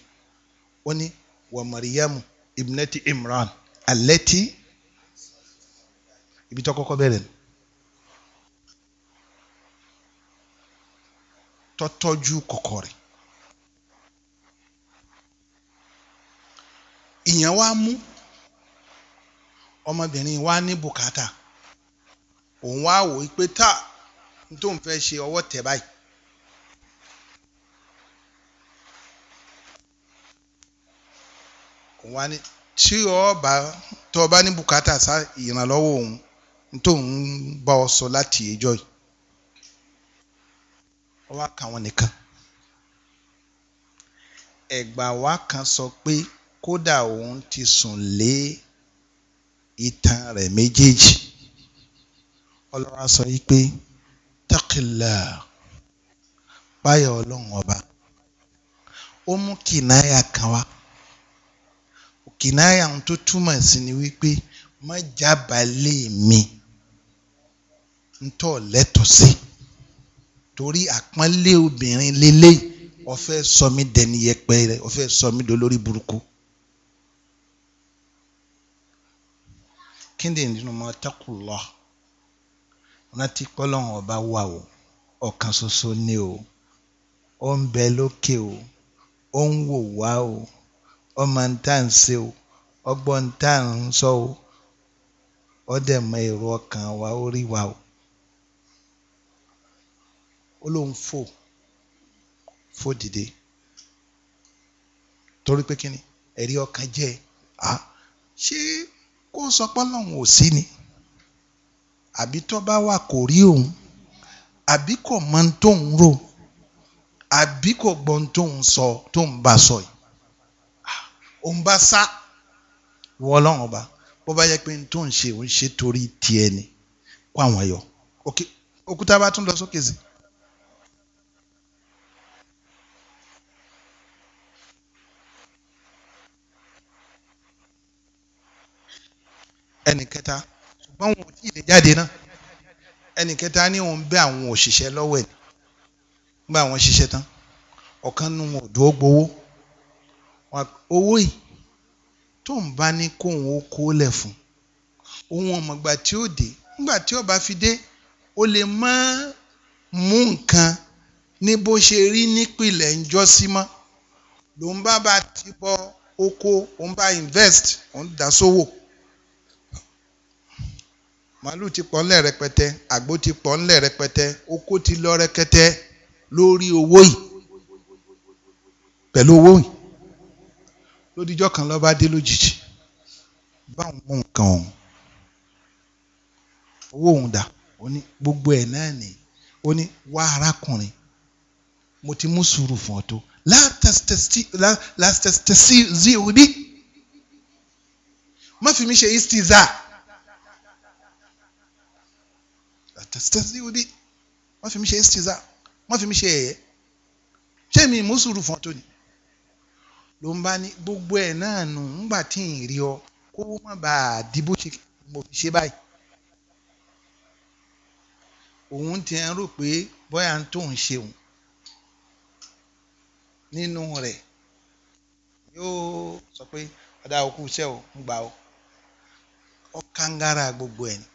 ó ní wa mariamu ibnati imran alẹ́tí ibi tó kọ́kọ́ bẹ̀rẹ̀ ni. tọ́tọ́jú kọ̀kọ̀ rẹ̀ ìyẹn wá mú ọmọbìnrin wa ní bùkátà òun wá wò ó pé tá tóun fẹ́ ṣe ọwọ́ tẹ̀ báyìí. òun wá ní tí ọba tó ọba ní bùkátà sá ìrànlọ́wọ́ òun tóun bá ọ sọ láti ẹjọ́ yìí ọwọ́ àkàwọn nìkan ẹ̀gbà wa kan sọ pé kódà òun ti sùn lé ìtàn rẹ̀ méjèèjì ọlọ́run sọ yí pé taqilla páyà ọlọ́run ọba ó mú kìnnáyà kan wá kìnnáyà ohun tó túmọ̀ sí ni wípé má jábàálẹ̀ mi ń obìnrin lélẹ́yìí sọ mí dẹni sọ kíndì nínú mọ tẹkùlọ rántí pọlọ́run ọba wà o ọ̀kan ṣoṣo ni o ó ń bẹ lókè o ó ń wò wá o ọmọ ń tà ń ṣe o ọgbọ́n tà ń sọ o ó dẹ̀ mọ èrò ọkàn wa ó rí wa o ó ló ń fò fò dìde torí pé kíni ẹ̀rí ọkàn jẹ́ ẹ ah, ṣé kó sọ pọ́lọ́hún ò sí ni àbí tó bá wà kò rí òun àbí kò mọ ohun tóun rò àbí kò gbọ́ ohun tóun sọ tóun bá sọ yìí ah, òun bá sá wọ ọlọ́run ọba bó bá yẹ pé ohun tóun ṣe òun ṣe torí tiẹ̀ ni kó àwọn yọ òkúta bá tún lọ sókè sí i. ẹnì kẹta ṣùgbọ́n wọn ò tí ì lè jáde náà ẹnì kẹta ní òun bẹ àwọn òṣìṣẹ́ lọ́wọ́ ẹ̀ nígbà àwọn ṣiṣẹ́ tán ọ̀kan nu wọn ò dúró gbowó owó yìí tó ń bá ní kóun ó kó lẹ̀ fún òun ọ̀mọ̀gbà tí ó dé nígbà tí ó fi dé ó lè má mú nǹkan ní bó ṣe rí nípìnlẹ̀ ń jọ́ sí mọ́ lòun bá bá ti bọ oko òun bá invest òun dá sówò. So màálù ti pọ̀ ńlẹ̀ rẹpẹtẹ àgbo ti pọ̀ ńlẹ̀ rẹpẹtẹ oko ti lọ rẹkẹtẹ lórí owó yìí pẹ̀lú owó yìí lódìjọ́ kan lọ́ba dé lójijì báwọn mú nǹkan ọ̀hún owó òun dà ó ní gbogbo ẹ̀ náà ni ó ní wá arákùnrin mo ti mú sùúrù fún ọ tó látẹsítẹsí zí òbí má fi mi ṣe istiza. tẹ̀sítẹ́sí wo bí wọ́n fi mi ṣe istiza wọ́n fi mi ṣe ẹ̀yẹ ṣé mi mú sùúrù fún ọ tó ni ló ń bá ní gbogbo ẹ̀ náà nù ńgbà tí ì rí ọ kó má bàa di bó ṣe mo fi ṣe báyìí òun ti ń rò pé bóyá ń tóun ṣeun nínú rẹ̀ yóò sọ pé ọ̀dà òkú iṣẹ́ ò ń gbà ó ọ̀kàngara gbogbo ẹ̀ ni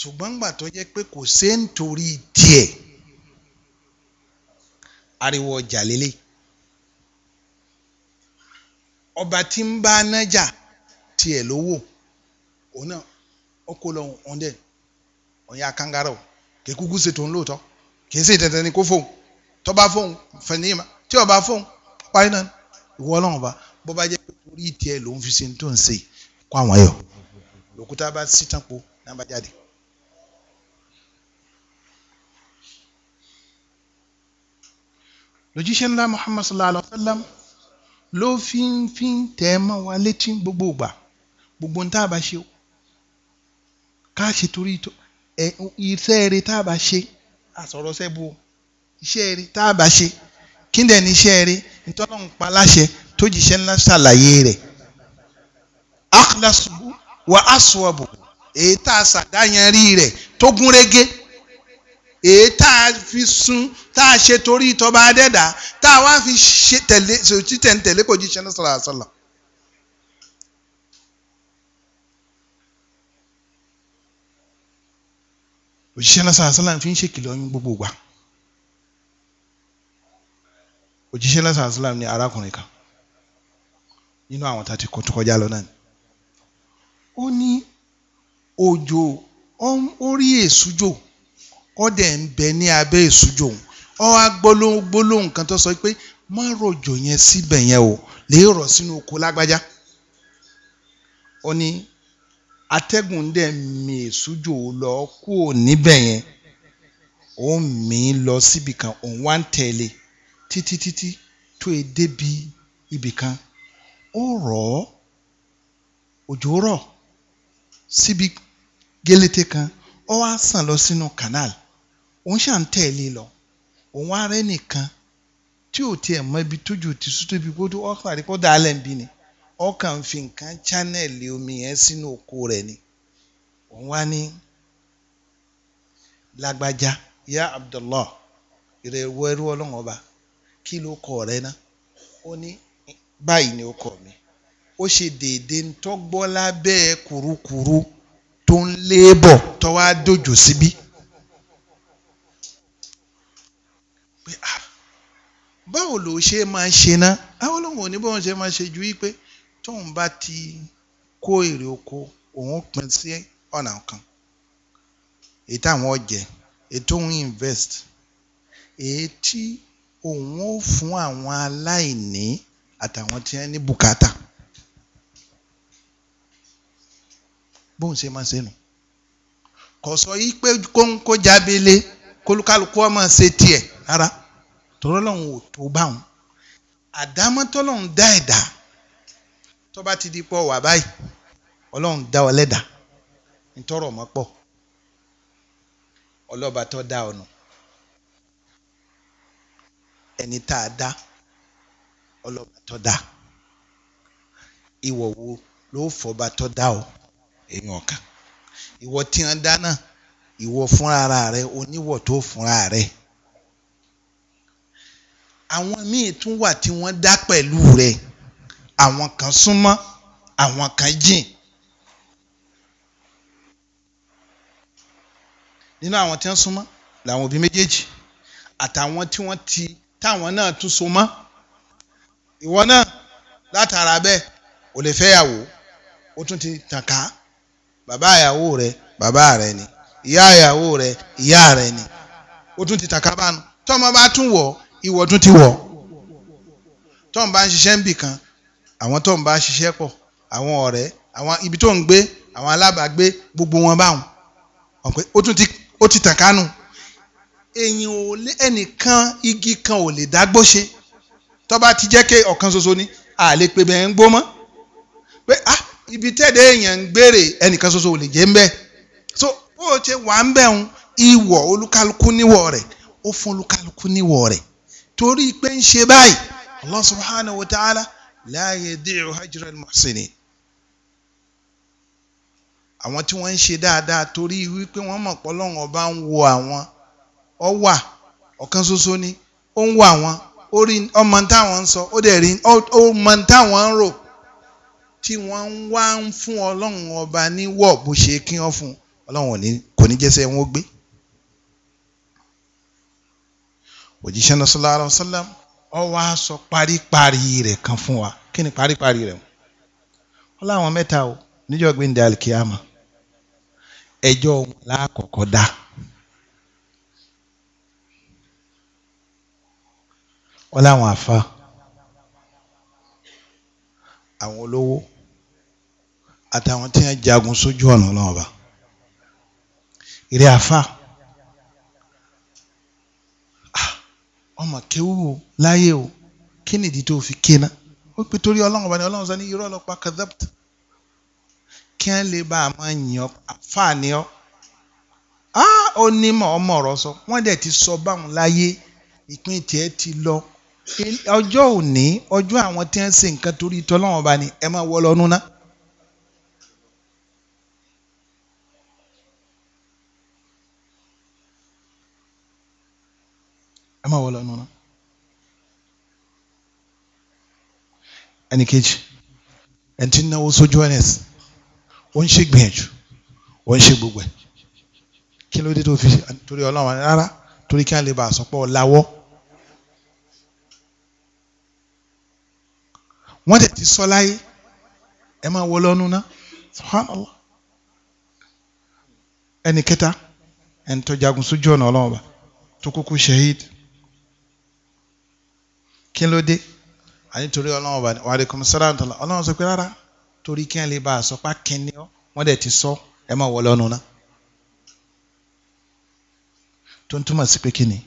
ṣùgbọ́n gbà tó jẹ́ pé kò sé nítorí tiẹ̀ ariwo ọjà lélẹ̀ ọba tí ń bá nájà tiẹ̀ lówó òun náà ó kó lọ òun dẹ̀ òun yà kangaroo kì í kúkú ṣe tòun lóòótọ́ kì í ṣe dandan ni kó fóun tó fóun fẹ̀yìnmá tí ó fóun parí náà ìwọ ọlọ́run ọba bó bá jẹ́ pé torí tiẹ̀ lòun fi ṣe tó ń ṣe kó àwọn ayọ̀ lòkúta bá sí tán po náà bá jáde. lójíṣẹ́ ńlá muhammad sallallahu alaihi wa sallam ló fi ń fi ń tẹ̀ mọ́ wa létí gbogbo ìgbà gbogbo ní tá a bá ṣe ká ṣe torí iṣẹ́ eré tá a bá ṣe àsọ̀rọ̀ sẹ́bu iṣẹ́ eré tá a ṣe kí ndẹ̀ ní iṣẹ́ eré ìtọ́lọ́hún pa láṣẹ tó jíṣẹ́ ńlá ṣàlàyé rẹ̀ akhlasubu wa aswabu èyí tá a ṣàdáyanrí rẹ̀ tó gúnrégé èyí tá a fi sun tá a ṣe torí tọba adẹ́dà tá a wá fi ṣe tẹ̀lé sòtí tẹ̀lé kò jí ṣẹ́ni sọ̀rọ̀ àṣọlọ̀. òjíṣẹ́ náà sàrà sàlám fi ń ṣèkìlọ̀ ọyún gbogbo ìgbà òjíṣẹ́ náà sàrà sàlám ní arákùnrin kan nínú àwọn tá a ti kọ́ tó kọjá lọ náà ni ó ní òjò ó rí èsújò ó dẹ̀ ń bẹ ní abẹ́ ìsújò òun ó wá gbólóhùn gbólóhùn kan tó sọ pé má rọ̀jò yẹn síbẹ̀ yẹn o lè rọ̀ sínú oko lágbájá ó ní atẹ́gùn dẹ̀ mi ìsújò lọ kúò níbẹ̀ yẹn ó mì í lọ síbi kan òun wá ń tẹ̀lé títí títí tó e débi ibì kan ó rọ̀ ọ́ òjò rọ̀ síbi gélété kan ó wá sàn lọ sínú canal òun ṣà ń tẹ̀lé e lọ òun ara ẹnìkan tí ò tiẹ̀ mọ ibi tójú ti sùn tóbi kó ọkàn àdìpọ̀ dálẹ̀ ń bí ni ọkàn fi nǹkan chánẹ́ẹ̀lì omi yẹn sínú oko rẹ̀ ni òun wá ní lágbájá ya Abdullah ìrẹ̀wọ̀ ẹrú ọlọ́run ọba kí ló kọ rẹ ná ó ní báyìí ni ó kọ mi ó ṣe déédéé ń tọ́gbọ́ lábẹ́ tó ń lé bọ̀ tọ́wá dòjò síbí. Si pé ah báwo ló ṣe máa ṣe ná àwọn olóhùn òní báwọn ṣe máa ṣe ju wípé tóun bá ti kó èrè oko òun pín sí ọ̀nà kan èyí táwọn ọ̀jẹ̀ èyí tóun invest èyí tí òun ó fún àwọn aláìní àtàwọn tí wọ́n ní bùkátà bóun ṣe máa ṣe nù kò sọ yí pé kó jábélé kólúkálukú ọmọ ṣe tiẹ̀ rárá tọ́lọ́hún ò tó bá wọn àdámọ́ tọ́lọ́hún dá ẹ̀dá tó ti di pọ̀ wà báyìí ọlọ́hún dá ọ lẹ́dà ntọ́rọ̀ mọ́ pọ̀ ọlọ́ba tó dá ọ̀nà ẹni tá a dá ọlọ́ba tó dá ìwọ wo ló fọba tó dá ọ èèyàn kan ìwọ tí wọn dá náà ìwọ fúnra rẹ oníwọ tó fúnra rẹ àwọn míì tún wà tí wọ́n dá pẹ̀lú rẹ̀ àwọn kan súnmọ́ àwọn kan jìn. nínú àwọn tí wọ́n súnmọ́ làwọn òbí méjèèjì àtàwọn tí wọ́n ti táwọn náà tún so mọ́ ìwọ náà látara bẹ́ẹ̀ ò lè fẹ́yàwó ó tún ti tàn ká bàbá ìyàwó rẹ bàbá rẹ ni ìyá ìyàwó rẹ ìyá rẹ ni ó tún ti tàn ká bánu tọ́mọ bá tún wọ̀ ọ́ ìwọ tún ti wọ̀ tó ń bá ń ṣiṣẹ́ ń bì kan àwọn tó ń bá ṣiṣẹ́ pọ̀ àwọn ọ̀rẹ́ àwọn ibi tó ń gbé àwọn alábàágbé gbogbo wọn báwọn ọ̀pẹ ó tún ti ó ti tàn kánú èyàn ò lé ẹnìkan igi kan ò lè dágbó ṣe tó bá ti jẹ́ pé ọ̀kan ṣoṣo ni a lè pe bẹ́ẹ̀ ń gbó mọ́ pé ah ibi tẹ́lẹ̀ èèyàn ń gbére ẹnìkan ṣoṣo ò lè jẹ́ ń bẹ́ẹ̀ so bó o ṣe wà ń bẹ̀ ń ìwọ̀ olúkálukú níwọ̀ rẹ̀ ó fún olúkálukú níwọ̀ rẹ̀ torí pé ń ṣe báyìí allah subhanahu wa ta'ala la yadi'u hajra al-muhsinin àwọn tí wọ́n ń ṣe dáadáa torí wípé wọ́n mọ̀ pọ́ lọ́wọ́n ọba ń wo àwọn ọ wà ọ̀kan ṣoṣo ni ó ń wo àwọn orí ọmọ táwọn ń sọ ó dẹ̀ rí ọmọ táwọn ń rò tí wọ́n ń wá ń fún ọlọ́run ọba ní wọ̀ bó ṣe kí wọ́n fún ọlọ́run kò ní jẹ́sẹ̀ wọn ó gbé. òjíṣẹ́ náà sallallahu alaihi wasallam ó wá sọ paríparí rẹ̀ kan fún wa kí ni paríparí rẹ̀ wọ́n láwọn mẹ́ta o níjọ́ gbẹ̀ndẹ̀ alikiyama ẹjọ́ wọn lákọ̀ọ́kọ́ dá. wọ́n láwọn àfa àwọn olówó àtàwọn tí wọ́n jagun sójú ọ̀nà náà bá ìrẹ́ àfa. ọmọ kéwù o láyé o kí nìdí tó fi ké náà ó pe torí ọlọ́run ọba ni ọlọ́run sọ irọ́ ọlọ́pàá kẹ́dẹ́pt kí wọ́n lè bá a máa yìn ọ́ àfààní ọ́ á onímọ̀ ọmọ ọ̀rọ̀ sọ wọ́n dẹ̀ ti sọ báwọn láyé ìpín tiẹ̀ ti lọ ọjọ́ òní ọjọ́ àwọn tí wọ́n ń ṣe nǹkan torí tọ́lọ́run ọba ẹ máa wọ́ lọ́nu náà. má wọ lọ́nu náà. ẹnì kejì ẹni tí ń náwó sójú ns ó ń ṣe gbìyànjú ó ń ṣe gbogbo ẹ̀ kí ló dé tó fi torí ọlọ́run rárá torí kí á lè bá a sọpọ̀ láwọ́. wọ́n tẹ̀ ti sọ láyé ẹ máa wọ lọ́nu ná subhanallah ẹnì kẹta ẹni tó jagun sójú ọ̀nà ọlọ́run shahid kí ló dé àní torí ọlọ́run bá ní wàá dẹkùn sọ́dọ̀ àtọ́lá ọlọ́run sọ pé rárá torí kí wọ́n lè bá a sọ pé kíni ọ́ wọ́n dẹ̀ ti sọ ẹ má wọ lọ́nu náà tó ń túmọ̀ sí pé kíni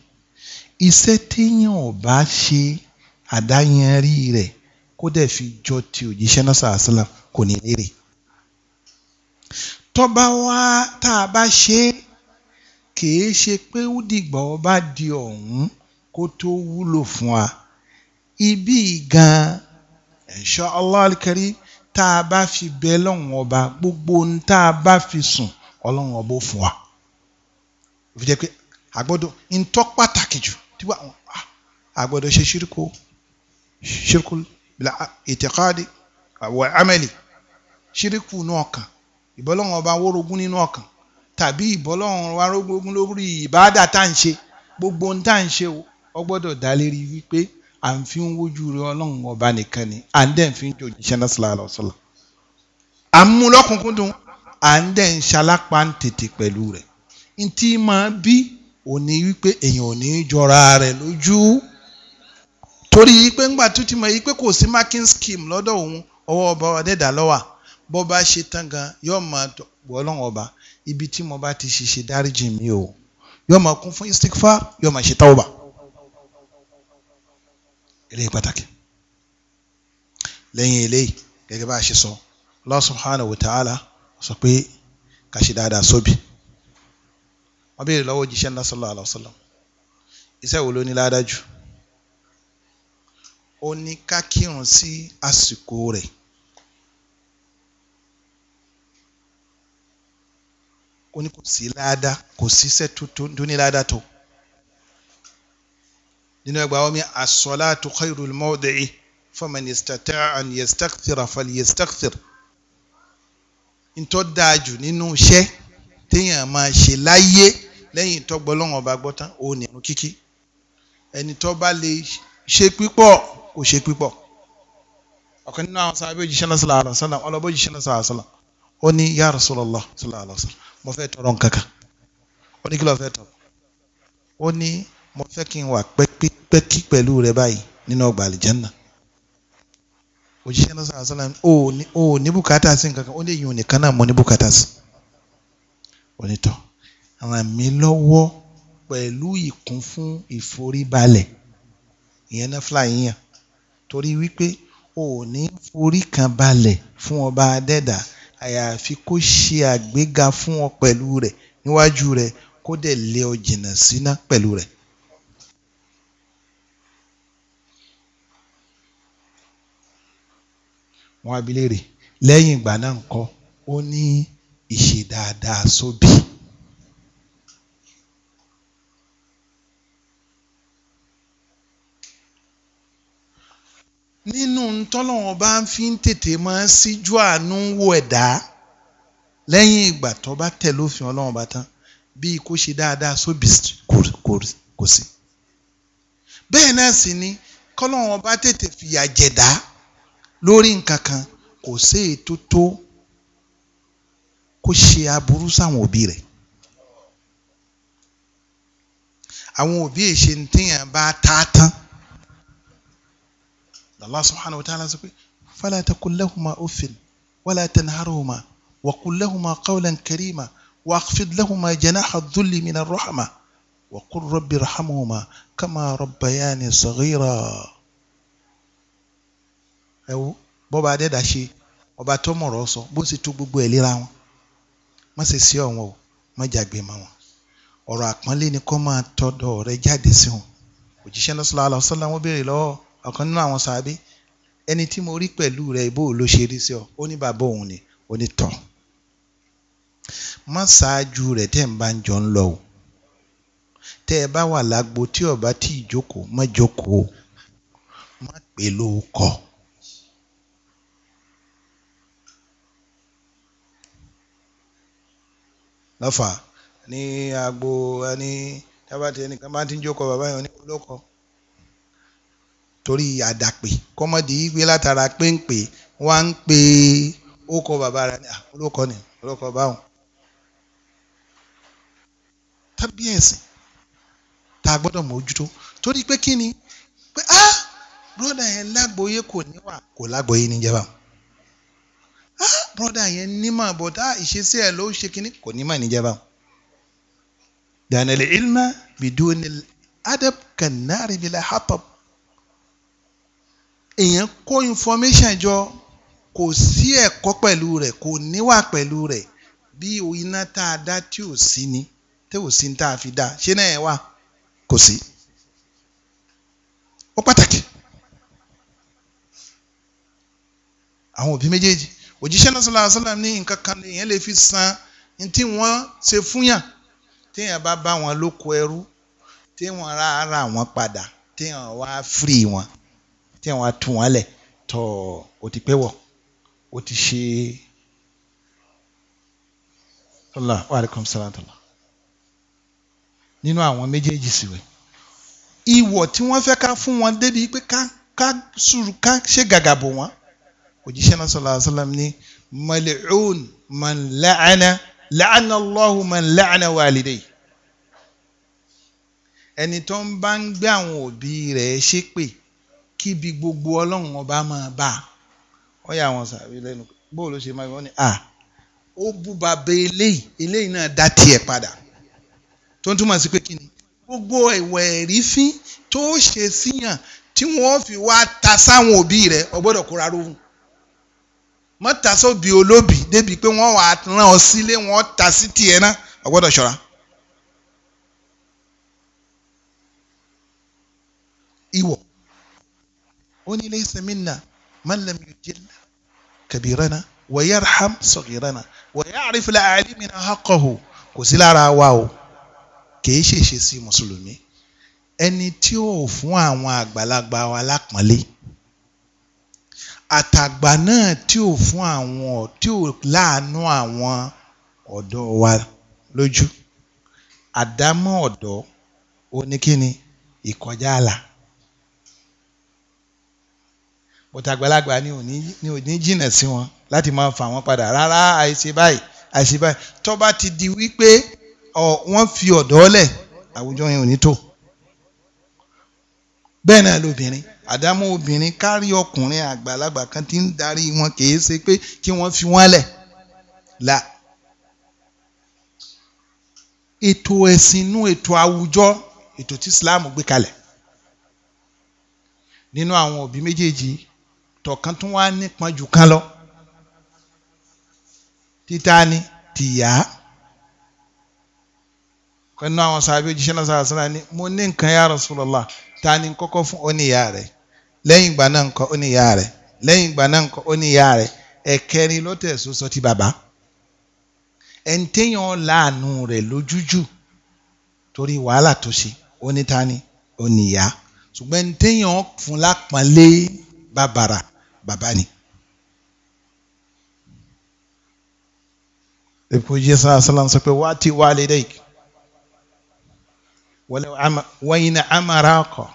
iṣẹ́ téèyàn ò bá ṣe àdáyanrí rẹ̀ kó dẹ̀ fi jọ ti òjíṣẹ́ náà sàásìlà kò ní lérè tọ́ba wá tá a bá ṣe é kìí ṣe pé ó dìgbà ọba di ọ̀hún kó tó wúlò fún wa ibi gan insha Allah al-Karim tá a bá fi bẹ lọ́hùn ọba gbogbo ohun tá a bá fi sùn ọlọ́hùn ọba ó fún wa ó fi jẹ́ pé àgbọ́dọ̀ ntọ́ pàtàkì jù tí wọ́n àgbọ́dọ̀ ṣe ṣírkù ṣírkù ìtẹ̀kádì àwọn amẹ́lì ṣírkù nínú ọkàn ìbọ́lọ́hùn ọba wórogún nínú ọkàn tàbí ìbọ́lọ́hùn ọba lórí ìbáàdà tá à ń ṣe gbogbo ohun tá à ń ṣe ó dá lérí wípé à ń fi ń wojú rẹ ọlọ́run ọba nìkan ni à ń dẹ̀ fi ń jò jíṣẹ́ náà sílá lọ sọ́la à ń mú lọ́kùnkúndùn à ń dẹ̀ ń ṣalápá ń tètè pẹ̀lú rẹ̀ n tí máa bí òní wípé èèyàn ò ní jọra rẹ̀ lójú torí pé ńgbà tó ti mọ̀ yí pé kò sí marking scheme lọ́dọ̀ òun ọwọ́ ọba ọ̀dẹ́dà lọ́wà bó bá ṣe tán gan yóò máa wọ ọlọ́run ọba ibi tí mo bá ti ṣiṣẹ́ dáríjì mi o yóò máa kún fún istikfa yóò máa ṣe tawba eléyìí pàtàkì lẹ́yìn eléyìí gẹ́gẹ́ bá a ṣe sọ Allah subhanahu wa ta'ala sọ pé ká ṣe dáadáa sóbì wọ́n béèrè lọ́wọ́ jíṣẹ́ ńlá sallallahu alaihi wasallam iṣẹ́ wo ló ní ládájú ó ní ká kírun sí àsìkò rẹ̀ ó ní kò sí láadá kò sí iṣẹ́ tó ní láadá tó nínú ẹgbà omi as-salatu khayrul mawdi'i faman istata'a an yastakthira fal yastakthir ntọ́ dáa jù nínú iṣẹ́ téèyàn máa ṣe láyé lẹ́yìn tó gbọ́ lọ́wọ́n ọba gbọ́tán òun ní ìrun kíkí ẹni tó bá lè ṣe pípọ̀ kò ṣe pípọ̀ ọ̀kan nínú àwọn sábẹ́ òjì ṣẹlẹ̀ sọ̀lá àlọ́ ọlọ́bọ̀ òjì ṣẹlẹ̀ sọ̀lá sọ̀lá ó ní mo fẹ́ kí n wà pẹ́kípẹ́kí pẹ̀lú rẹ báyìí nínú ọgbà àlìjẹ́nà òjíṣẹ́ náà sọ̀rọ̀ sọ́la o ní bùkátà sí nǹkan kan ó lè yun nìkan náà mo ní bùkátà sí onítọ̀ ràn mí lọ́wọ́ pẹ̀lú ìkún fún ìforíbalẹ̀ ìyẹn náà fúláyìn yàn torí wípé o ní forí kan balẹ̀ fún ọba adẹ́dà àyàfi kó ṣe àgbéga fún ọ pẹ̀lú rẹ̀ níwájú rẹ̀ kó dẹ̀ lé ọ jìnnà síná pẹ̀lú rẹ̀ wọn abilé rè lẹ́yìn ìgbà náà ńkọ́ ó ní ìṣe dáadáa sóbì. nínú tọ́lọ́wọ́n bá ń fi ń tètè máa ń síjú àánú wo ẹ̀dá lẹ́yìn ìgbà tó bá tẹ̀ lófin ọlọ́wọ́n bá tán bíi kó ṣe dáadáa sóbì kò sí. bẹ́ẹ̀ náà sì ni kọ́lọ́wọ́n bá tètè fìyà jẹ̀dá. lórí nkankan kò sí ètò tó kó ṣe aburú sáwọn òbí rẹ̀ àwọn òbí ẹ ṣe ní téèyàn bá ta tán Allah subhanahu wa ta'ala sọ pé fala taqul lahuma uffin wala tanharhuma waqul lahuma qawlan karima واخفض لهما جناح الذل من الرحمة وقل رب ارحمهما كما ربياني صغيرا ẹ wo bọ́ba adẹ́dà ṣe ọba tó mọ̀rọ̀ sọ bó ṣe tó gbogbo ẹ̀ léra wọn má ṣe sí ọ̀wọ́n o má jàgbé mọ́ wọn ọ̀rọ̀ àpọ́nlé ni kó máa tọ̀dọ̀ rẹ jáde sí wọn òjíṣẹ́ náà sallallahu alaihi wasallam wọ́n béèrè lọ́wọ́ ọ̀kan nínú àwọn sàábé ẹni tí mo rí pẹ̀lú rẹ ìbò ló ṣe rí sí ọ ó ní bàbá òun ni ó ní tọ̀ má ṣáájú rẹ̀ tẹ́ ń bá ń jọ ń lọ o tẹ́ ẹ bá wà lágbo tí ọba tí ìjókòó má jókòó má pè lóko lọ́fà ní agbo ní tábàtì ẹnìkan bá ti ń jókòó bàbá yẹn oníkólókọ torí àdàpè kọ́mọ́dé yìí gbé látara péńpé wá ń pe ó kọ bàbá rẹ̀ ní olókọ ni olókọ báwọn tàbí ẹ̀sìn tá a gbọ́dọ̀ mójútó torí pé kí ni pé ah brọ́dà yẹn lágbóyé kò níwà kò lágbóyé níjẹba wọn brọ́dà yẹn nímọ̀ bọ̀dá ah, ìṣesí ẹ̀ ló ṣe kínní kò nímọ̀ níjẹba. dànàlẹ̀ ilma biduni adab kanari bila hatab èèyàn kó information jọ kò sí ẹ̀kọ́ pẹ̀lú rẹ̀ kò níwà pẹ̀lú rẹ̀ bí iná tá a dá tí ò sí ni tí ò sí tá a fi dá ṣé náà ẹ wà kò sí. ó pàtàkì àwọn òbí méjèèjì òjíṣẹ́ náà sallallahu alaihi wasallam ní nǹkan kan èèyàn lè fi san ní tí wọ́n ṣe fúnyàn téèyàn bá bá wọn lóko ẹrú téèyàn ra ara wọn padà téèyàn wá firi wọn téèyàn wá tú wọn lẹ̀ tọ̀ ó ti pẹ́ wọ̀ ó ti ṣe. Allah wa alaikum salam tala nínú àwọn méjèèjì sì wẹ̀ ìwọ̀ tí wọ́n fẹ́ ká fún wọn débi pé ká ká ṣe gàgàbò wọn òjíṣẹ́ náà sallallahu alaihi wasallam ní mal'un man la'ana la'ana Allahu man la'ana walidayhi ẹni tó ń bá ń gbé àwọn òbí rẹ̀ ṣépè kíbi gbogbo ọlọ́run ọba máa bá a wọ́n yà wọn sàbí lẹ́nu bó ló ṣe máa wọ́n ni à ó bú bàbá eléyìí eléyìí náà dá tiẹ̀ padà tó ń túmọ̀ sí pé kí ni gbogbo ìwà ẹ̀rí fín tó ṣe síyàn tí wọ́n fi wá ta sáwọn òbí rẹ̀ ó kóra lóhùn mọ́tàsóbi olóbi débi pé wọ́n wàá rán ọ sílé wọ́n ta sí tiẹ̀ náà o gbọ́dọ̀ ṣọ́ra. ìwọ ó ní laysa minna man lam yujil kabirana wa yarham saghirana wa ya'rif li'alimina haqqahu kò sí lára wa o kìí ṣèṣe sí mùsùlùmí ẹni tí ó fún àwọn àgbàlagbà wa lápọ́nlé àtàgbà náà tí ò fún àwọn tí ò láàánú àwọn ọ̀dọ́ wa lójú àdámọ́ ọ̀dọ́ oníkíni ìkọjá àlà bọ́tà àgbàlagbà ni òní ni òní jìnà sí wọn láti máa fà wọ́n padà rárá àìṣe báyìí àìṣe báyìí tó ti di wípé wọ́n fi ọ̀dọ́ lẹ̀ àwùjọ yẹn ò ní tò bẹ́ẹ̀ náà lóbìnrin àdámọ́ obìnrin kárí ọkùnrin àgbàlagbà kan ti ń darí wọn kìí ṣe pé kí wọ́n fi wọ́n lẹ̀ là ètò ẹ̀sìn inú ètò àwùjọ ètò tí Islam gbé kalẹ̀ nínú àwọn òbí méjèèjì tọ̀kan tún wá nípọn jù kan lọ títa ni tìyá pẹ̀lú àwọn sàbí òjíṣẹ́ náà sàrásàrá ni mo ní nǹkan ya Rasulullah ta ni kọ́kọ́ fún oníyà rẹ̀ lẹ́yìn ìgbà náà nǹkan oníyà rẹ̀ lẹ́yìn ìgbà náà nǹkan oníyà rẹ̀ ẹ̀kẹrin ló tẹ̀só sọ ti bàbá ẹni téèyàn láàánú rẹ̀ lójújù torí wàhálà tó ṣe onítàní oníyà ṣùgbọ́n ẹni téèyàn fún lápọ́nlé bàbàrà bàbá ni. èpo jésù àṣàlàn sọ pé wá ti wá lédè yìí. وإن أمراك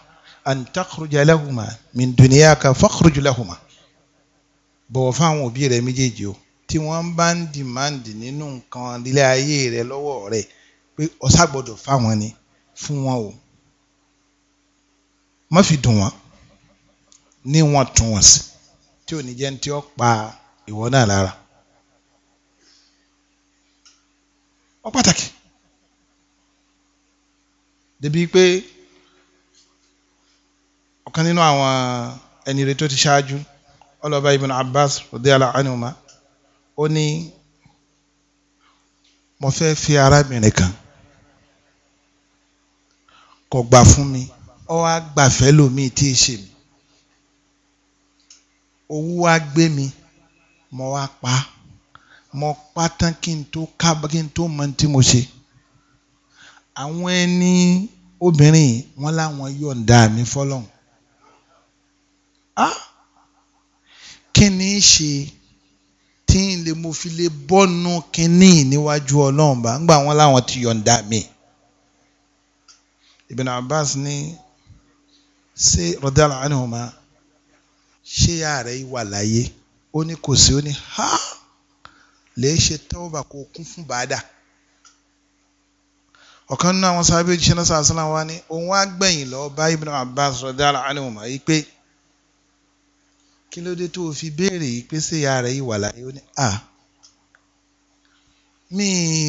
أن تخرج لهما من دنياك فاخرج لهما bọ̀wọ̀ fáwọn òbí rẹ méjèèjì o tí wọ́n bá ń dìmáàndì nínú nǹkan ilé ayé rẹ lọ́wọ́ rẹ pé ọ̀sá gbọ́dọ̀ fáwọn ni fún wọn o má fi dùn wọ́n ní wọ́n tún wọ́n sí tí ò ní jẹ́ tí ó pa ìwọ náà lára ó pàtàkì débi pé ọ̀kan nínú àwọn ẹni rẹ̀ tó ti ṣáájú ọlọ́ba ibn Abbas radiyallahu anhuma ó ní mo fẹ́ fi arábìnrin kan kò gbà fún mi ọ wá gbàfẹ́ lòmíì tí ì ṣe mi owó wá gbé mi mo wá pa mo pa tán kí n tó mọ tí mo ṣe àwọn ẹni obìnrin yìí wọ́n láwọn yọ̀ǹda mi fọ́lọ́run ah kí ni í ṣe tí n lè mo fi lè bọ́nu kínní níwájú ọlọ́run bá ńgbà wọn láwọn ti yọ̀ǹda mi Ibn Abbas ní ṣé rọdàlá ànihùnmá ṣé ya rẹ̀ wà láyé ó ní kò sí ó ní ha lè ṣe tọ́wọ́ bá kó kún fún bàdà ọ̀kan nínú àwọn sábẹ́ òjíṣẹ́ náà sàásánà wa ni òun wá gbẹ̀yìn lọ bá Ibn Abbas radiyallahu anhuma yìí pé kí ló dé tó o fi béèrè yìí pé séyà rẹ̀ yìí wà láyé ó ní à mi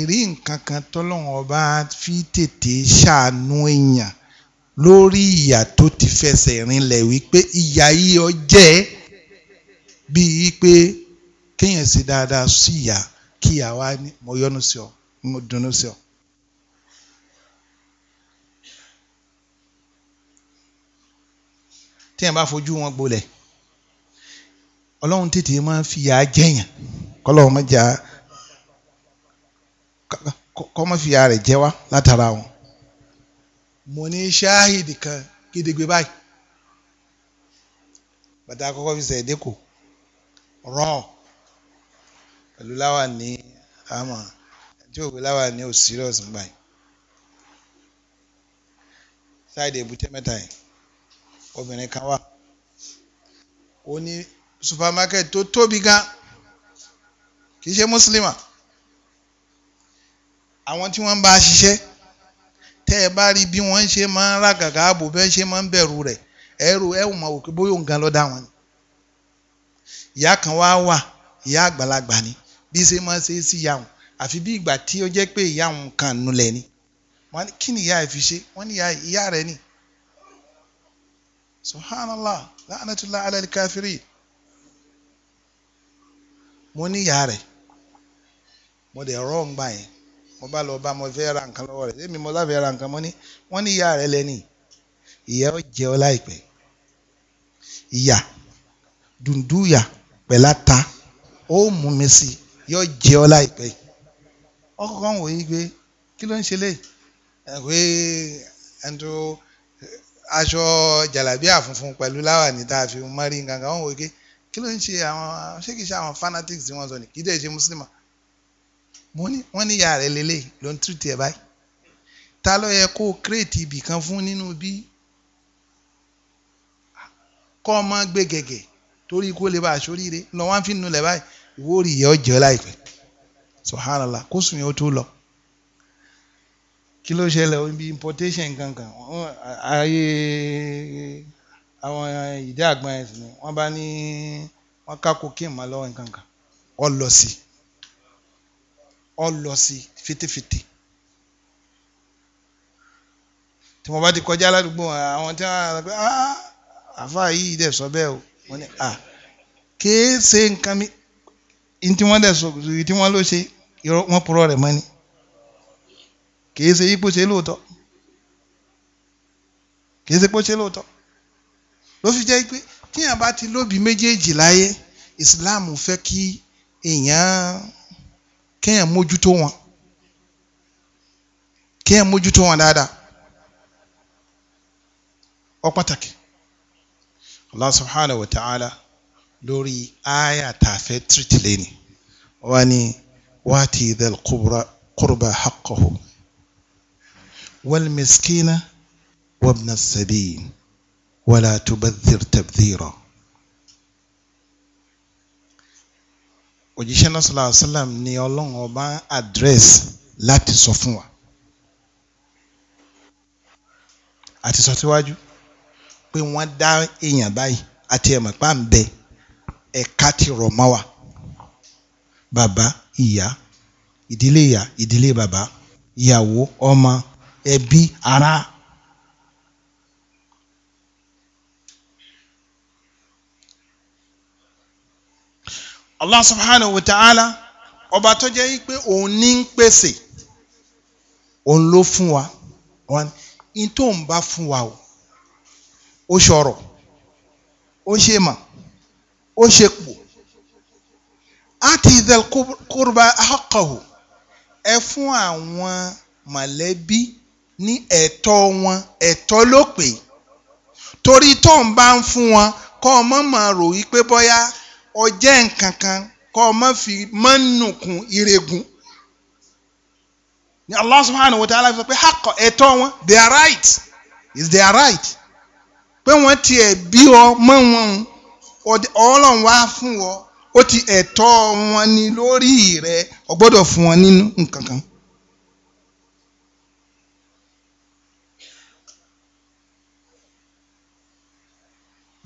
rí nǹkan kan tọ́lọ́run ọba fi tètè ṣàánú èèyàn lórí ìyà tó ti fẹsẹ̀ rinlẹ̀ wípé ìyà yìí ọ jẹ́ bíi pé kéèyàn ṣe dáadáa sí ìyà kí ìyà wa ní mo yọ́nú sí ọ mo dùnnú sí ọ. téèyàn bá fojú wọn gbolẹ̀ ọlọ́run tètè máa fìyà jẹ̀yàn kọ́lọ́run má jà kọ́mọ́ fìyà rẹ̀ jẹ wá látara wọn. mo ní ṣáàhìdì kan gédégbé báyìí bàtà àkọ́kọ́ fi sẹ̀ dẹ́kọ̀ rán pẹ̀lú láwà ní àmọ́ tí òwe láwà ní ò serious báyìí sáìdì èbúté mẹ́ta yìí obìnrin kan wà ó ní supermarket tó tóbi gan kì í ṣe mùsùlùmá àwọn tí wọ́n ń bá a ṣiṣẹ́ tẹ́ ẹ bá rí bí wọ́n ṣe máa ń rágàgà ààbò bẹ́ẹ̀ ṣe máa ń bẹ̀rù rẹ̀ ẹ̀rù ẹ̀ wò máa wò pé bóyá nǹkan lọ́ọ́ dá wọn ni ìyá kan wá wà ìyá àgbàlagbà ni bí ṣe máa ṣe sí ìyá wọn àfi bí ìgbà tí ó jẹ́ pé ìyá wọn kan nulẹ̀ ni wọ́n kí ni ìyá ẹ̀ fi ṣe wọ́n ní ìyá rẹ̀ ni subhanallah la'anatullah ala al-kafiri mo ní ìyá rẹ̀ mo dẹ̀ rọ́ ń gbà yẹn mo bá lọ bá mo fẹ́ ra nǹkan lọ́wọ́ rẹ̀ èmi mo láfẹ́ ra nǹkan mo ní wọ́n ní ìyá rẹ̀ lẹ́ni ìyá ó jẹ ọ láìpẹ́ ìyá dùndúyà pẹ̀láta ó mú mi sí yóò jẹ ọ láìpẹ́ ọkọ̀ kan wòye pé kí ló ń ṣe lé ẹ̀ pé ẹni tó aṣọ jàlábíà funfun pẹ̀lú láwàní tá a fi mọ́rí nǹkan kan wọ́n wò ó ké kí ló ń ṣe àwọn ṣé kìí ṣe àwọn fanatics tí wọ́n sọ ni kì í dẹ̀ ṣe mùsùlùmá wọ́n ní ìyá rẹ̀ lélẹ̀ ló ń tú tiẹ̀ báyìí ta ló yẹ kó kírètì ibì kan fún nínú bí kọ́ ọmọ gbé gẹ̀gẹ̀ torí kó lè bá aṣọ ríire lọ́wọ́n fi nulẹ̀ báyìí ìwórìí yẹ ọ jẹ́ láìpẹ́ subhanallah kó sùn yẹn ó tó lọ kí ló ṣẹlẹ̀ ibi importation kankan ayé àwọn ìdí àgbọn ẹ̀sìn ni wọ́n bá ní wọ́n ká cocaine mọ́ lọ́wọ́ nkankan ọ lọ sí ọ lọ sí fitifiti tí mo bá ti kọjá ládùúgbò àwọn tí wọ́n á pé ah, àfa yìí dẹ̀ sọ bẹ́ẹ̀ o wọ́n ní à kéé nǹkan mi ntí wọ́n dẹ̀ sọ ìtí wọ́n ló ṣe wọ́n purọ́ rẹ̀ mọ́ ni kìí ṣe ipò ṣe lóòótọ́ kìí ṣe pò ṣe lóòótọ́ ló fi jẹ́ pé tíyàn bá ti lóbi méjèèjì láyé Islam fẹ́ kí èèyàn kéèyàn mójútó wọn kéèyàn mójútó wọn dáadáa ọ pàtàkì Allah subhanahu wa ta'ala lórí aya tàfẹ́ tìrìtìlẹ́ni wọ́n wati dhal qurba haqqahu. والمسكين وابن السبيل ولا تبذر تبذيرا òjíṣẹ́ náà sallallahu alaihi wasallam ni ọlọ́run ọba address láti sọ fún wa àti sọ síwájú pé wọ́n dá èèyàn báyìí àti ẹ̀mọ̀ pa ń bẹ ẹ̀ka ti rọ̀ mọ́ wa bàbá ìyá ìdílé ìyá ìdílé bàbá ìyàwó ọmọ ẹbí ará. Allah subhanahu wa ta'ala ọba tó jẹ́ pé òun ní ń pèsè òun ló fún wa wọn ní tó ń bá fún wa o ó ṣọ̀rọ̀ ó ṣe mà ó ṣe pò àti ìdẹ́l kúrúbá ẹ fún àwọn mọ̀lẹ́bí ní ẹ̀tọ́ wọn ẹ̀tọ́ ló pè torí tó ń bá ń fún wọn kọ́ ọ mọ́ mọ́ rò wípé bóyá ọjẹ́ nǹkan kan kọ́ ọ mọ́ fi mọ́ nùkún iregun ni Allah subhanahu wa ta'ala sọ pé hakọ ẹ̀tọ́ wọn their right is their right pé wọn tiẹ̀ bí ọ mọ́ wọn ọlọ́run wá fún ọ ó ti ẹtọ wọn ni lórí rẹ ọ gbọ́dọ̀ fún wọn nínú nǹkan kan.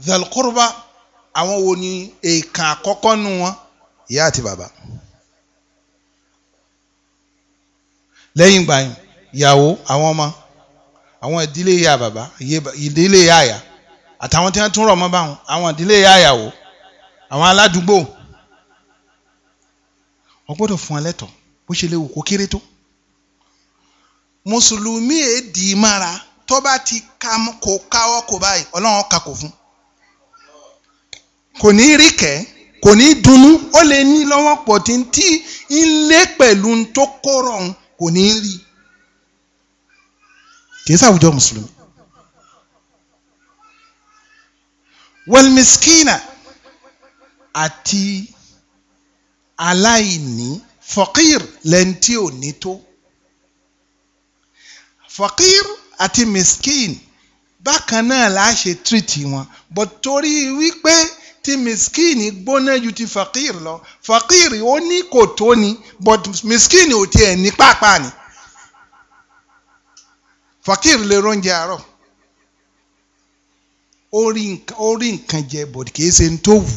zalkurba àwọn wo ni èèkàn àkọ́kọ́ nu wọn ìyá àti bàbá lẹ́yìn ìgbà yẹn ìyàwó àwọn ọmọ àwọn ìdílé ìyá bàbá ìdílé ìyá àyà àtàwọn tí wọ́n tún rọ̀ mọ́ báwọn àwọn ìdílé ìyá àyàwó àwọn aládùúgbò wọ́n gbọ́dọ̀ fún ẹ lẹ́tọ̀ọ́ bó ṣe lè wò kó kéré tó mùsùlùmí èdè mára tó bá ti kó káwọ́ kó báyìí ọlọ́run kà kó fún un kò ní rí kẹ́ kò ní dunnú ó lè ní lọ́wọ́ pọ̀ tí ń tí ń lé pẹ̀lú ń tó kóró ń kò ní rí kì í sàwùjọ mùsùlùmí. wẹ́lmískínà àti aláìní fọ̀kìr lẹ́ni tí ò ní tó fọ̀kìr àti miskin bákan náà la ṣe tírìtì wọn bọ̀ torí wípé tí miskini gbóná ju ti fakir lọ fakir ó ní kò tó ni but miskini ò tiẹ̀ ní pápá ni fakir lè róúnjẹ àárọ̀ ó rí nǹkan jẹ bọ̀dì kìí ṣe ń tó wù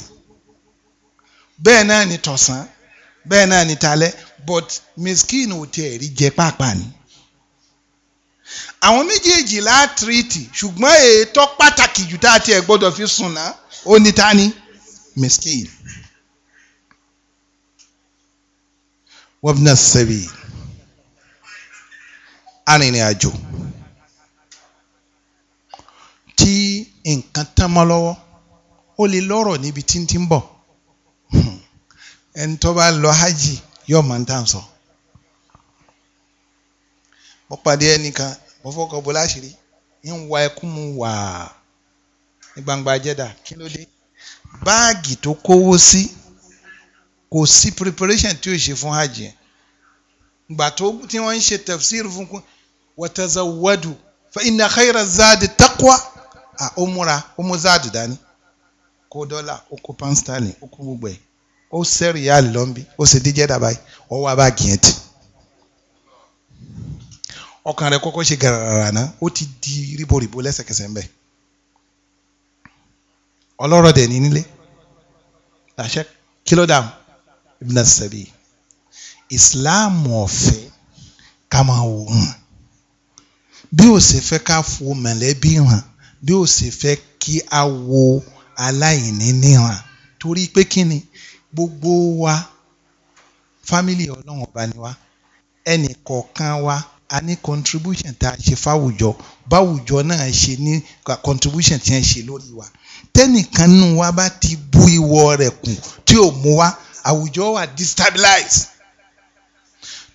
bẹ́ẹ̀ náà ni tọ̀sán bẹ́ẹ̀ náà ni talẹ́ but miskin ò tiẹ̀ rí jẹ pàápàá ni. àwọn méjèèjì láà tírìtì ṣùgbọ́n ètò pàtàkì jù tá a tiẹ̀ gbọ́dọ̀ fi sùn náà ó ní tani miskin wabna sabil arìnrìn àjò tí nǹkan tán mọ́ lọ́wọ́ ó lè lọ́rọ̀ níbi tí ń ti ń bọ̀ hmm. ẹni tó bá lọ hajj yóò máa ń tà sọ mo pàdé ẹnìkan mo fọkọ bó láṣìírí ń wa ẹkún mu wàá ní gbangba Jẹ́dà kí ló dé báàgì tó kówó sí kò sí preparation tí ò ṣe fún hajj yẹn gbà tó tí wọ́n ń ṣe tafsir fún kún watazawwadu fa inna khayra zadi taqwa à ó múra ó mú zadi dání kó dọ́là ó kó pound sterling ó kó gbogbo ẹ̀ ó sẹ́rì yá lọ́nbí ó sì díjẹ́ dàbá yìí ó wá báàgì yẹn tì ọkàn rẹ̀ kọ́kọ́ ṣe gàràrà náà ó ti di ríboríbo lẹ́sẹ̀kẹsẹ̀ ń bẹ̀ ọlọ́rọ̀ dẹ̀ ní nílé làṣẹ kí ló dà ibn sabi ìsìláàmù ọ̀fẹ́ ká máa wò hàn bí ó ṣe fẹ́ ká fo mọ̀lẹ́bí hàn bí ó ṣe fẹ́ kí a wo aláìní níhàn torí pé kí ni gbogbo wa fámìlì ọlọ́run ọba ni wa ẹnì kọ̀ọ̀kan wa a ní contribution tá a ṣe fáwùjọ báwùjọ náà ṣe ní contribution tí wọ́n ṣe lórí wa tẹ́nìkan nù wa bá ti bu ìwọ rẹ̀ kù tí ò mú wa àwùjọ wa destabilize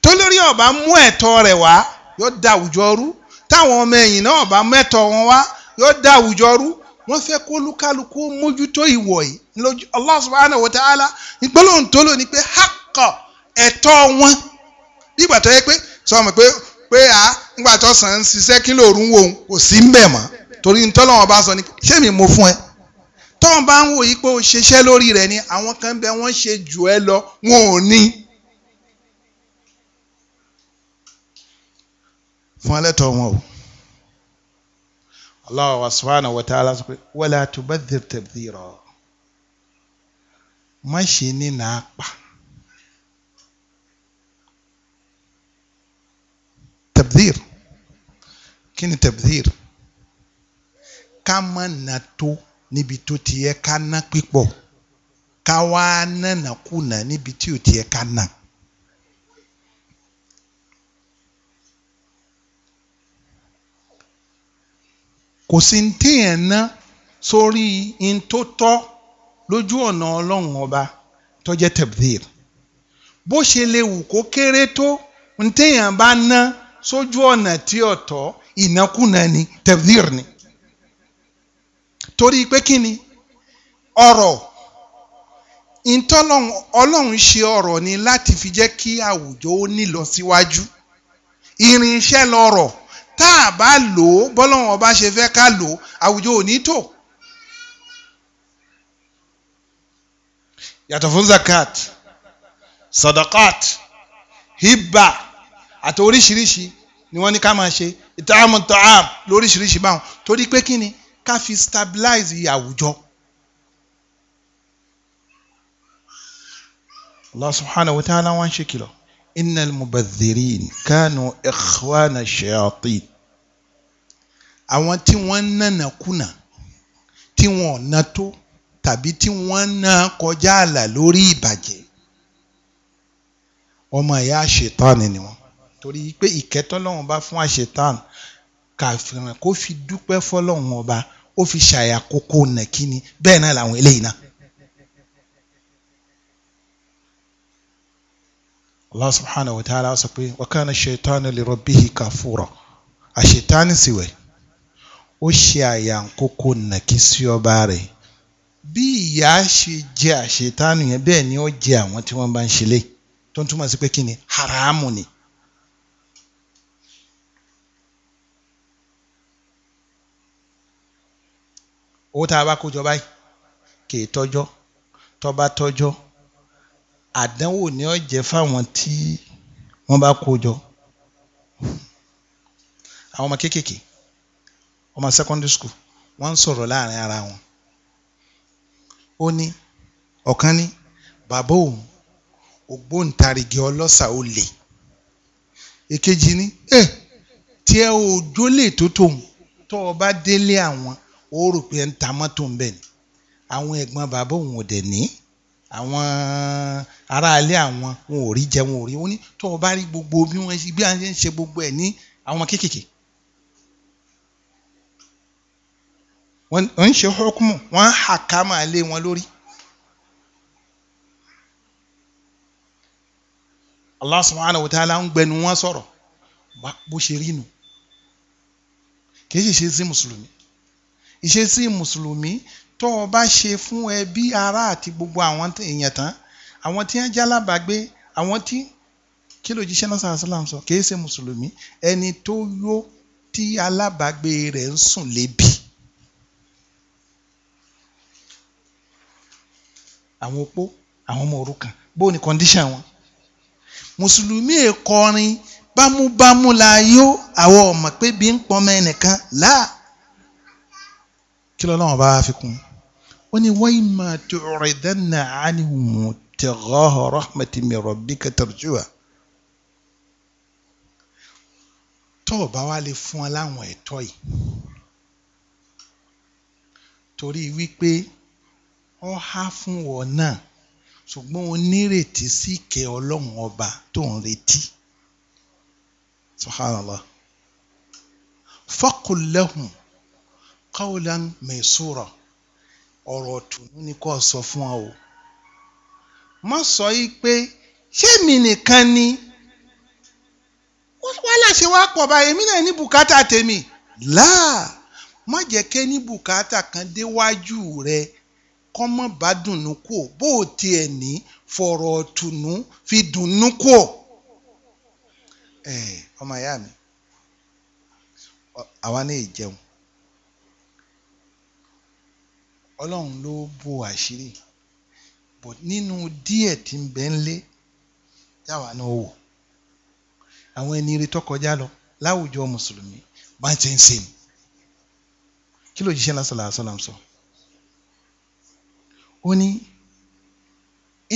tó lórí ọba mú ẹ̀tọ́ rẹ̀ wá yóò da àwùjọ rú táwọn ọmọ ẹ̀yìn náà ọba mẹ́tọ̀ wọn wá yóò da àwùjọ rú wọ́n fẹ́ kó lukaluku mójútó ìwọ yìí lójú Allah subhanahu wa ta'ala ìgbọ́lóhùn tó lò ní pé hakọ ẹ̀tọ́ wọn bí ìgbà tó yẹ pé sọ ma pé pé à ńgbà tó sàn ń ṣiṣẹ́ kí lóorùn wò ó kò sí ń bẹ̀ mọ́ torí ntọ́lọ́wọ́n bá sọ ni ṣé mi mo fún ẹ tọ́n bá ń wò yí pé ó ṣiṣẹ́ lórí rẹ̀ ni àwọn kan bẹ wọ́n ṣe jù ẹ lọ wọn ò ní. fún ẹlẹ́tọ̀ wọn o Allah wa subhanahu wa ta'ala sọ pé wala tubadhir tabdhira má ṣe ní nàá pa. tabdhir kí ni tabdhir ká má nà tó níbi tó ti yẹ ká ná pípọ̀ ká wá nànà kùnà níbi tí ò ti yẹ ká nà. kò sí ní téèyàn ná sórí in tó tọ́ lójú ọ̀nà ọlọ́run ọba tó jẹ́ tẹ̀bdìr bó ṣe lè wù kó kéré tó ní téèyàn bá ná sójú ọ̀nà tí ọ̀tọ̀ ìnákùnà ni tẹ̀bdìr ni torí pé kí ni ọ̀rọ̀ ìtọ́lọ́hún ọlọ́run ṣe ọ̀rọ̀ ni láti fi jẹ́ kí àwùjọ ó nílọsíwájú irinṣẹ́ lọ́rọ̀ tá a bá lò ó bọ́lọ́run ọba ṣe fẹ́ ká lò ó àwùjọ ò ní tò. yàtọ̀ fún zakat sadakat hibba àti oríṣiríṣi ni wọ́n ní ká máa ṣe ìtààmù tààm lóríṣiríṣi báwọn torí pé kí ni ká fi stabilize àwùjọ. Allah subhanahu wa ta'ala wá ń ṣe kìlọ̀ innal mubadhirin kanu ikhwana shayatin àwọn tí wọ́n ń nànà kùnà tí wọ́n ò na tó tàbí tí wọ́n na kọjá àlà lórí ìbàjẹ́ ọmọ ìyá àṣetán ni wọ́n torí pé ìkẹ́tọ́ lọ́wọ́n bá fún àṣetán kàfìràn kó fi dúpẹ́ fọlọ́run ọba ó fi ṣàyà kókó nàkíní bẹ́ẹ̀ náà làwọn eléyìí náà. Allah subhanahu wa ta'ala sọ pé wa kana ṣètánì li rabbihi kafura àṣetánì sì wẹ̀ ó ṣe àyànkókò nàkí sí ọba rẹ̀ bí ìyá ṣe jẹ àṣetánì yẹn bẹ́ẹ̀ ni ó jẹ àwọn tí wọ́n bá ń ṣe lé tó ń túmọ̀ sí pé kí ni haramu ni. owó tá a bá kójọ báyìí kì í tọ́jọ́ tọ́ba tọ́jọ́ àdánwò ni ó fáwọn tí wọ́n bá kójọ àwọn ọmọ kéékèèké ọmọ secondary school wọ́n ń sọ̀rọ̀ láàrin ara wọn ó ní ọ̀kan ní bàbá òun ògbóǹtarìgì ọlọ́ṣà olè èkejì ní ẹ tí ẹ ò jólè tó tóun tó o bá délé àwọn ó rò pé ẹ ń ta mọ́tò ń bẹ̀ ni àwọn ẹ̀gbọ́n bàbá òun ò dẹ̀ ní àwọn aráalé àwọn wọn ò rí jẹ wọn ò rí wọn ní tó o bá rí gbogbo bí wọn bí wọn ṣe ń ṣe gbogbo ẹ ní àwọn kéékèèké wọn ń ṣe hókùmù wọn hà ká máa lé wọn lórí. Allah subhanahu wa ta'ala ń gbẹnu wọn sọ̀rọ̀ bó ṣe rí nu kì í sì ṣe sí mùsùlùmí ìṣesí mùsùlùmí tó o bá ṣe fún ẹbí ará àti gbogbo àwọn èèyàn tán àwọn tí wọ́n jálábàágbé àwọn tí kí ló jíṣẹ́ náà sàlám sọ kì í ṣe mùsùlùmí ẹni tó yó tí alábàágbé rẹ̀ ń sùn lébi. àwọn opó àwọn ọmọ òrukàn bó ni kọ́ndíṣàn wọn mùsùlùmí èkọrin bámúbámú la yó àwọn ọmọ pé bí ń pọnmọ ẹnìkan láà kí lọ́lọ́wọ́n bá fi kún ó ní wọ́n yìí máa tó ọ̀rọ̀ ìdáná àánihùn tẹ̀gọ́họ̀ rahmati mi rọ̀bí kẹtàrjúwa tó o bá wá lè fún ọ láwọn ẹ̀tọ́ yìí torí wípé ọ há fún ọ náà ṣùgbọ́n o nírètí sí ìkẹ́ ọlọ́run ọba tó ń retí subhanallah faqul lahum qawlan mesura ọ̀rọ̀ tùnú ni kò sọ fún ọ o má sọ yìí pé ṣémi nìkan ni wàhálà ṣe wá pọ̀ báyìí èmi náà ní bùkátà tèmi láà má jẹ́ kẹ́ ní bùkátà kan déwájú rẹ kọ́mọ́ bá dùnú kù bó o tiẹ̀ ní fọ̀rọ̀ tùnú fi dùnú kù ọmọ ìyá mi àwa náà jẹun Ọlọ́run ló bo àṣírí but nínú díẹ̀ tí ń bẹ ńlé táwa náà wò àwọn ẹni ire tó kọjá lọ láwùjọ mùsùlùmí bá ń ṣe ń ṣe ni kí ló jíṣẹ́ lásán làásán làm sọ ó ní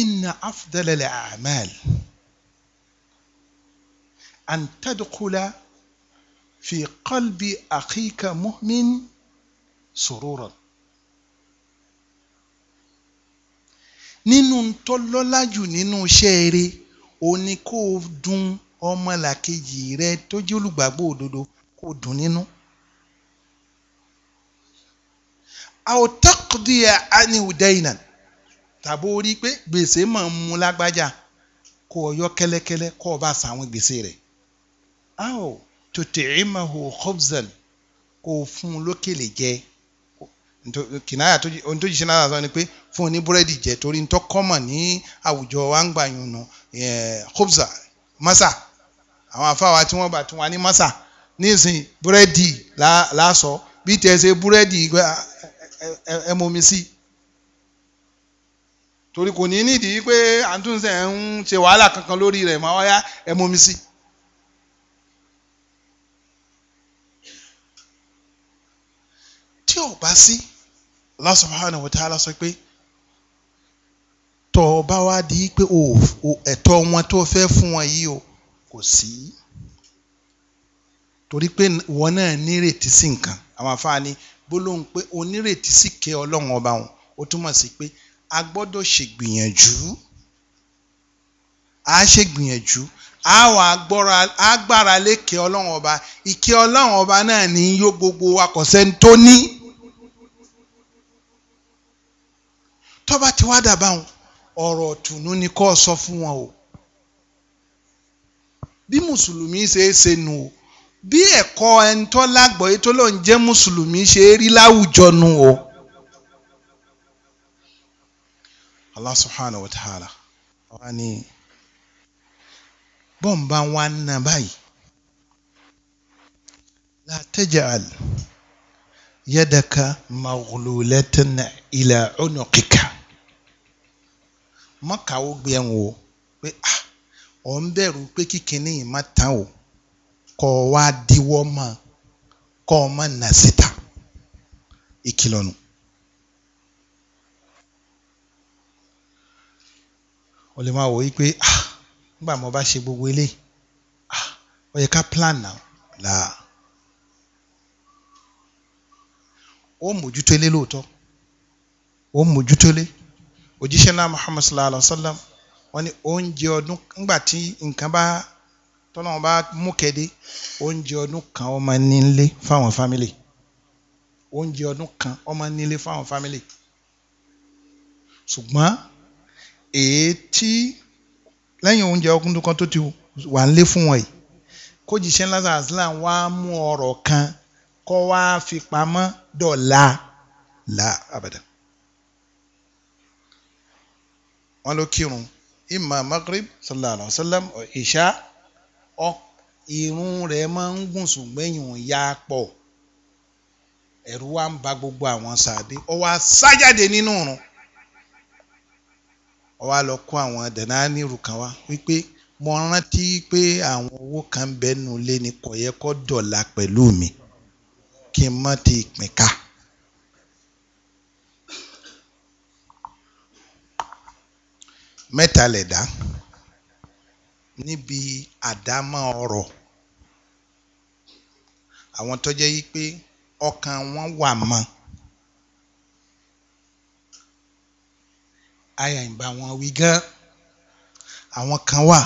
inna afdalal a'mal an fi qalbi akhika mu'min sururan. nínú tó lọ́lá jù nínú iṣẹ́ ire òun ni kó o dun ọmọlàkejì rẹ tó jẹ́ olùgbàgbọ́ òdodo kó o dùn nínú. àwòtẹ́kùdíyà ánìwùdẹ́yìnà tàbí o rí i pé gbèsè máa ń mú lágbájá kó o yọ kẹ́lẹ́kẹ́lẹ́ kó o bá san àwọn gbèsè rẹ̀. a ò tètè ìmàhò khubzan kó o fún un lókèlè jẹ kìnnìyà ohun tó jíṣẹ́ náà sọ ni pé fún oní búrẹ́dì jẹ torí ń tọ́kọ́ mọ̀ ní àwùjọ wa ń gbàyàn nù kóbzà mọ́sà àwọn afáwa tí wọ́n bá tún wa ní mọ́sà nísìnyí búrẹ́dì lásọ bí tẹ̀ ṣe búrẹ́dì ẹ mọ̀mí sí torí kò ní nídìí pé àtúnṣe ń ṣe wàhálà kankan lórí rẹ̀ máa wáyá ẹ mọ̀mí sí. tí ò bá sí Allah subhanahu wa ta'ala pé tọ́ ọ bá wá di pé ẹ̀tọ́ wọn tó fẹ́ fún wọn yìí o kò sí torí pé wọn náà nírètí sí nǹkan àwọn afáàní gbólóhùn pé onírètí sì ké ọlọ́run ọba wọn ó túmọ̀ sí pé a gbọ́dọ̀ ṣègbìyànjú a ṣègbìyànjú a wà gbọ́ra gbára lékè ọlọ́run ọba ìké ọlọ́run ọba náà ní yó gbogbo wa kò sẹ́ni tó ní tọ́ba ti wá dà báwọn ọ̀rọ̀ tùnú ni kó sọ fún wọn o bí mùsùlùmí ṣe é ṣe nù o bí ẹ̀kọ́ ẹni tó lágbọ̀ọ́yé tó lóun jẹ́ mùsùlùmí ṣe é rí láwùjọ nù o. Allah subhanahu wa ni bọ́ǹbà wa nà báyìí la taj'al yadaka maghlulatan ila unuqika. mọ́kàá ó gbé ẹ̀wọ̀n o pé ọ̀ ń bẹ̀rù pé kíkiní yìí má tán o kọ́ ọ wá díwọ́ mọ́ kọ́ ọ má nà síta ìkìlọ̀ nù. o lè máa wò yí pé nígbà mo ṣe gbogbo ó yẹ ká plan now láà ó mójútó lé lóòótọ́ ó mójútó òjíṣẹ́ náà Muhammad sallallahu alaihi wa sallam wọ́n ní oúnjẹ ọdún ńgbà tí nǹkan bá tọ́lọ́wọ́n bá mú kéde oúnjẹ ọdún kan ọmọ nílé fáwọn fámìlì oúnjẹ ọdún kan ọmọ nílé fáwọn fámìlì ṣùgbọ́n èyí tí lẹ́yìn oúnjẹ ọdún kan tó ti wà ń lé fún wọn yìí kójíṣẹ́ lásán aslan wá mú ọ̀rọ̀ kan kọ́ wá fi pamọ́ dọ̀la là abàdàn. wọn ló kírun imma maghrib sallallahu Alaihi wa sallam isha ọ irun rẹ̀ máa ń gùn ṣùgbọ́n ìyún ya pọ̀ ẹ̀rù wa ń ba gbogbo àwọn sàbí ó wá sájáde nínú òrùn ó wá lọ kó àwọn dẹ̀nánírù kan wá wípé mo rántí pé àwọn owó kan bẹ́ẹ̀ nulẹ̀ ni kò yẹ dọ̀la pẹ̀lú mi kí n má ti pín ká. mẹ́ta lẹ̀dá níbi àdámọ́ ọrọ̀ àwọn tó jẹ́ wípé ọkàn wọn wà mọ́ àyà ń bá wọn wí gán àwọn kan wà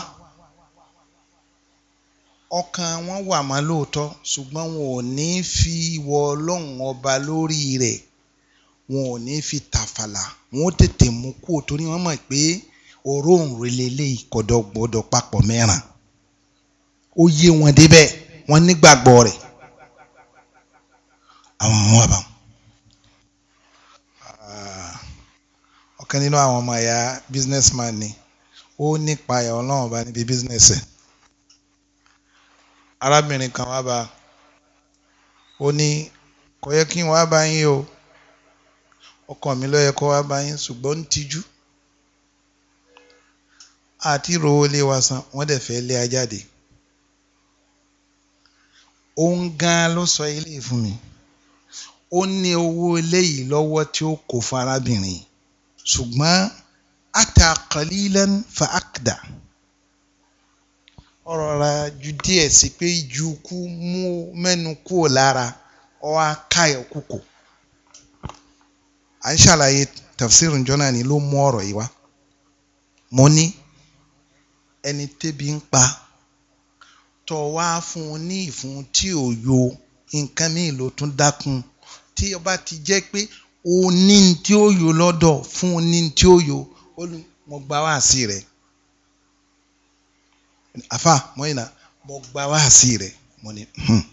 ọkàn wọn wà mọ́ lóòótọ́ ṣùgbọ́n wọn ò ní fi wọ ọlọ́run ọba lórí rẹ̀ wọn ò ní fi tàfàlà wọn ó tètè mú kúrò torí wọ́n mọ̀ pé. òróǹro eléyìí kọ̀dọ̀ gbọ́dọ̀ papọ̀ mẹ́ràn ó yé wọn débẹ̀ wọ́n nígbàgbọ́ rẹ̀ àwọn ọmọ wa ah, ọ̀kan nínú àwọn ọmọ ẹ̀yà businessman ni ó nípa ẹ̀ ọlọ́run bá níbi business ẹ̀ arábìnrin kan wá bá ó ní kò yẹ kí n wá bá yín o ọkọ mi ló yẹ kó wá bá yín ṣùgbọ́n ń tijú. àti rówó lé wa san wọ́n dẹ̀ fẹ́ lé a jáde òun gan-an ló sọ eléyìí fún mi ó ní owó eléyìí lọ́wọ́ tí ó kó farabìnrin ṣùgbọ́n ata qalilan fa ra ju díẹ̀ sí pé ju kú mú mẹ́nu kúrò lára ọwọ́ ká ẹ̀kú kò à ń ṣàlàyé tafsir njọ́nà ni ló mú ọ̀rọ̀ yìí wá mo ní ẹni tébi ń pa tó wá fún un ní ìfún tí ò yo nǹkan míì ló tún dákun tí ó bá ti jẹ́ pé o ní tí ó yo lọ́dọ̀ fún un ní tí ó yo ó ní mo gba wáàsí rẹ̀ àfa mọ́yìnà mo gba wáàsí rẹ̀ mo ní hmm.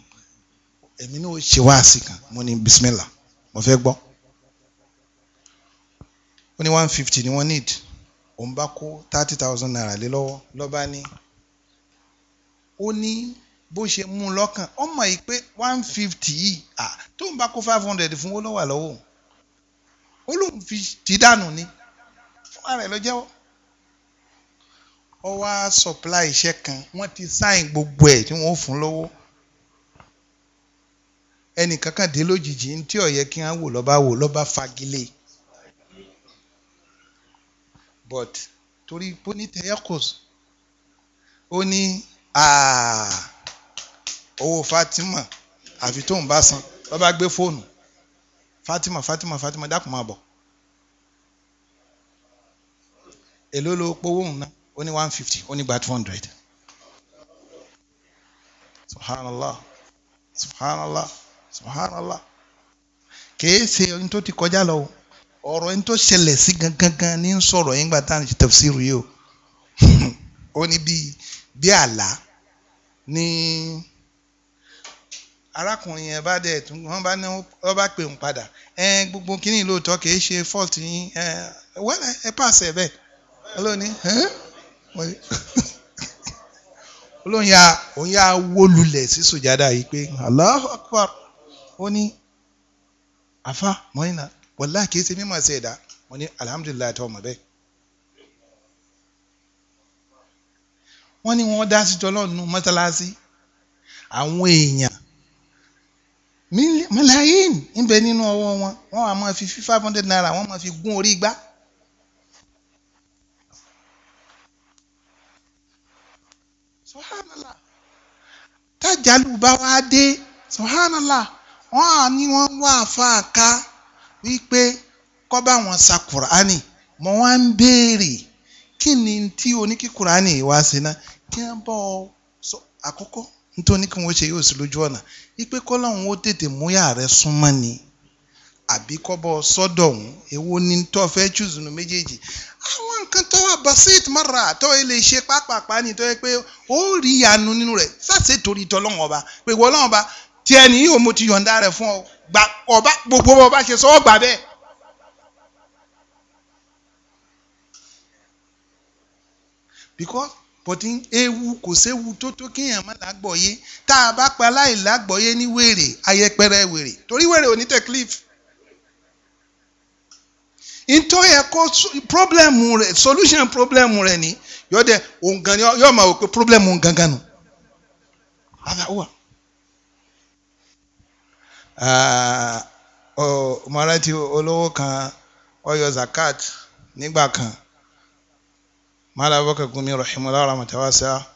èmi náà ṣe wáàsí kan mo ní bisimilà mo fẹ́ gbọ́ ó ní one fifty ni wọ́n need òun bá kó thirty thousand naira lé lọ́wọ́ ló bá ní ó ní bó ṣe mú un lọ́kàn ó yìí pé one fifty yìí à tóun bá kó five hundred fún ó lọ́wọ́ àlọ́wọ́ ó lóun fi ti dànù ni fún ara ẹ̀ lọ jẹ́wọ́ ó wá supply iṣẹ́ kan wọ́n ti sign gbogbo ẹ̀ tí wọ́n fún lọ́wọ́ ẹnìkan kan dé lójijì ní tí ó kí wọ́n wò lọ́ba wò lọ́ba fagilé but torí pé ó ní teyakos ó ní owó Fatima àfi tóun bá san lọ́ bá gbé fóònù Fatima Fatima Fatima dákun máa bọ̀ èló ló powó òun náà ó ní one fifty ó ní gba two hundred subhanallah subhanallah subhanallah kèé ṣe ohun tó ti kọjá lọ o ọ̀rọ̀ ẹni tó ṣẹlẹ̀ sí gangan ní ń sọ̀rọ̀ yín gbà tá ṣe tafsiru yìí o ó ní bí bí àlá ní arákùnrin yẹn bá dẹ̀ tún wọ́n bá ní wọ́n bá pè ń padà ẹ gbogbo kínní lóòótọ́ kì í ṣe fault yín ẹ wẹ́lẹ̀ ẹ pàṣẹ bẹ́ẹ̀ olóòní olóòní ya òun ya wó lulẹ̀ sí sùjádà yìí pé Allahu Akbar ó ní àfa mọ́yìnà wàláhì kìí ṣe mímọ̀ sí ẹ̀dá wọn ní alihamudulilayi tó ọmọ bẹ́ẹ̀. wọ́n ní wọ́n dá sí tọ́lọ́nù mọ́tàlásí àwọn èèyàn mílíọ̀n níbẹ̀ nínú ọwọ́ wọn wọ́n wà máa fi five hundred naira wọ́n máa fi gún orí igbá. tájàlú bá wá dé sọ̀hánàlá wọ́n á ní wọ́n wá àfa àká wípé kọ́ bá wọn sa kùránì mọ wá ń béèrè kí ni tí oníkí kùránì wá sí ná kí wọ́n bọ́ ọ sọ àkọ́kọ́ nítorí kí wọ́n ṣe yóò sí lójú ọ̀nà wípé kọ́ lọ́hún ó tètè mú yàrá rẹ súnmọ́ ni àbí kọ́ bọ́ sọ́dọ̀ ọ̀hún èwo ni tó fẹ́ jùzùnú méjèèjì àwọn nǹkan tó wà basit mara tó lè ṣe pápápá ni tó yẹ pé ó rí ìyanu nínú rẹ̀ sáṣẹ torí tọ́lọ́wọ́n ọba pé wọ́n ọba tí ẹni yóò mo ti yọ̀ǹda rẹ̀ fún ọ gba ọba gbogbo ọba ṣe sọ ọgbà bẹ́ẹ̀. because bọ̀dí ewu kò séwu tó tó kéèyàn má lágbọ̀ọ́yé tá a bá pa láì lágbọ̀ọ́yé ní wèrè ayẹpẹrẹ wèrè torí wèrè ò ní tẹ̀klif. nítorí ẹ kó problem rẹ solution problem rẹ ni yọ̀ọ́ dẹ̀ òun gan ni máa wò pé problem òun gangan nù mo rántí olówó kan ọyọ zakat nígbà kan mala Abubakar Gumi rahimahullah rahmatawasa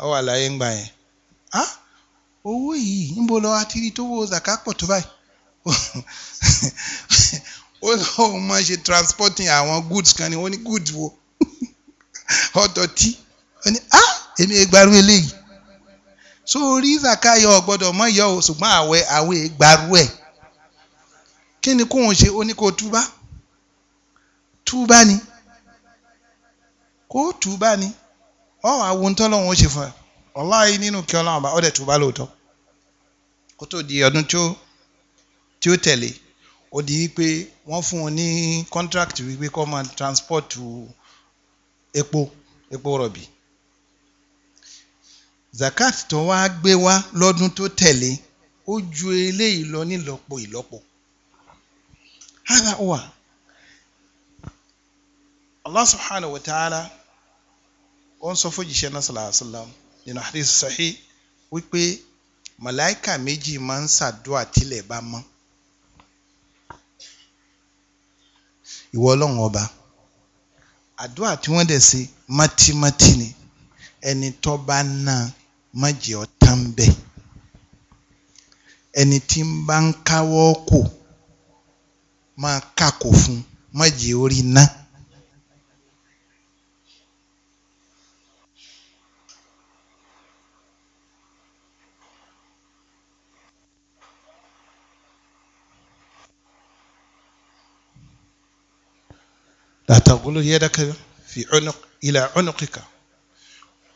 ọ wà láyé ńgbà yẹn ah owó yìí níbo lọ atiri tó wo zakat pọ̀ tó báyìí ó lóun máa ṣe transporting àwọn goods kan ni wọ́n ní goods wo ọ̀dọ̀ tí ó ní ah èmi ìgbàrú eléyìí so orí zakayọ gbọ́dọ̀ mọ ìyọ o ṣùgbọ́n àwẹ̀ àwẹ̀ gbarú ẹ kí ni kóun ṣe ó ní kó túbá túbá ni kó túbá ni ọ àwọn tọ́lọ́wọ́n ó ṣe fún ẹ ọláyé nínú kí ọlọ́run bá ọdẹ túbá lóòótọ́ kó tó di ọdún tí ó tí ó tẹ̀lé ó di wípé wọ́n fún un ní contract wípé kó máa transport epo epo rọ̀bì zakat tó wá gbé wá lọ́dún tó tẹ̀lé ó ju eléyìí lọ nílọ́po ìlọ́po hada huwa Allah subhanahu wa ta'ala ó ń sọ fún náà sallallahu sallam nínú hadith sahih wípé màláìkà méjì máa ń ṣàdúrà tilẹ̀ bá mọ́ ìwọ ọlọ́run ọba àdúrà tí wọ́n dẹ̀ ṣe mátímátí ni ẹni tó bá náà má jẹ́ ọ tán bẹ́ẹ̀ ẹni tí ń bá ń káwọ́ kò máa kàkò fún má jẹ́ ó ná. لا تغل يدك في عنق إلى عنقك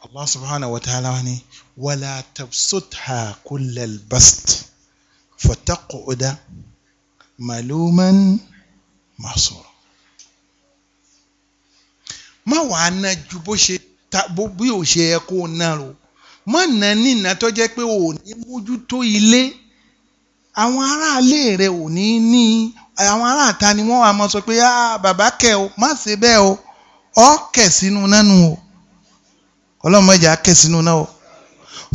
Allah subhanahu wa ta'ala ni wala tabsutha kullal bast fataquda maluman mahsura má wàá ná ju bó ṣe ta bó bí ò ṣe yẹ kó ná o má ná nínà tó jẹ́ pé ò ní mójútó ilé àwọn aráalé rẹ ò ní ní àwọn aráàta ni wọ́n wàá mọ sọ pé ah bàbá kẹ o má ṣe bẹ́ẹ̀ o ọ́ kẹ̀ sínú nánu o ọlọ́run mọ̀jà kẹ́ sínú náà o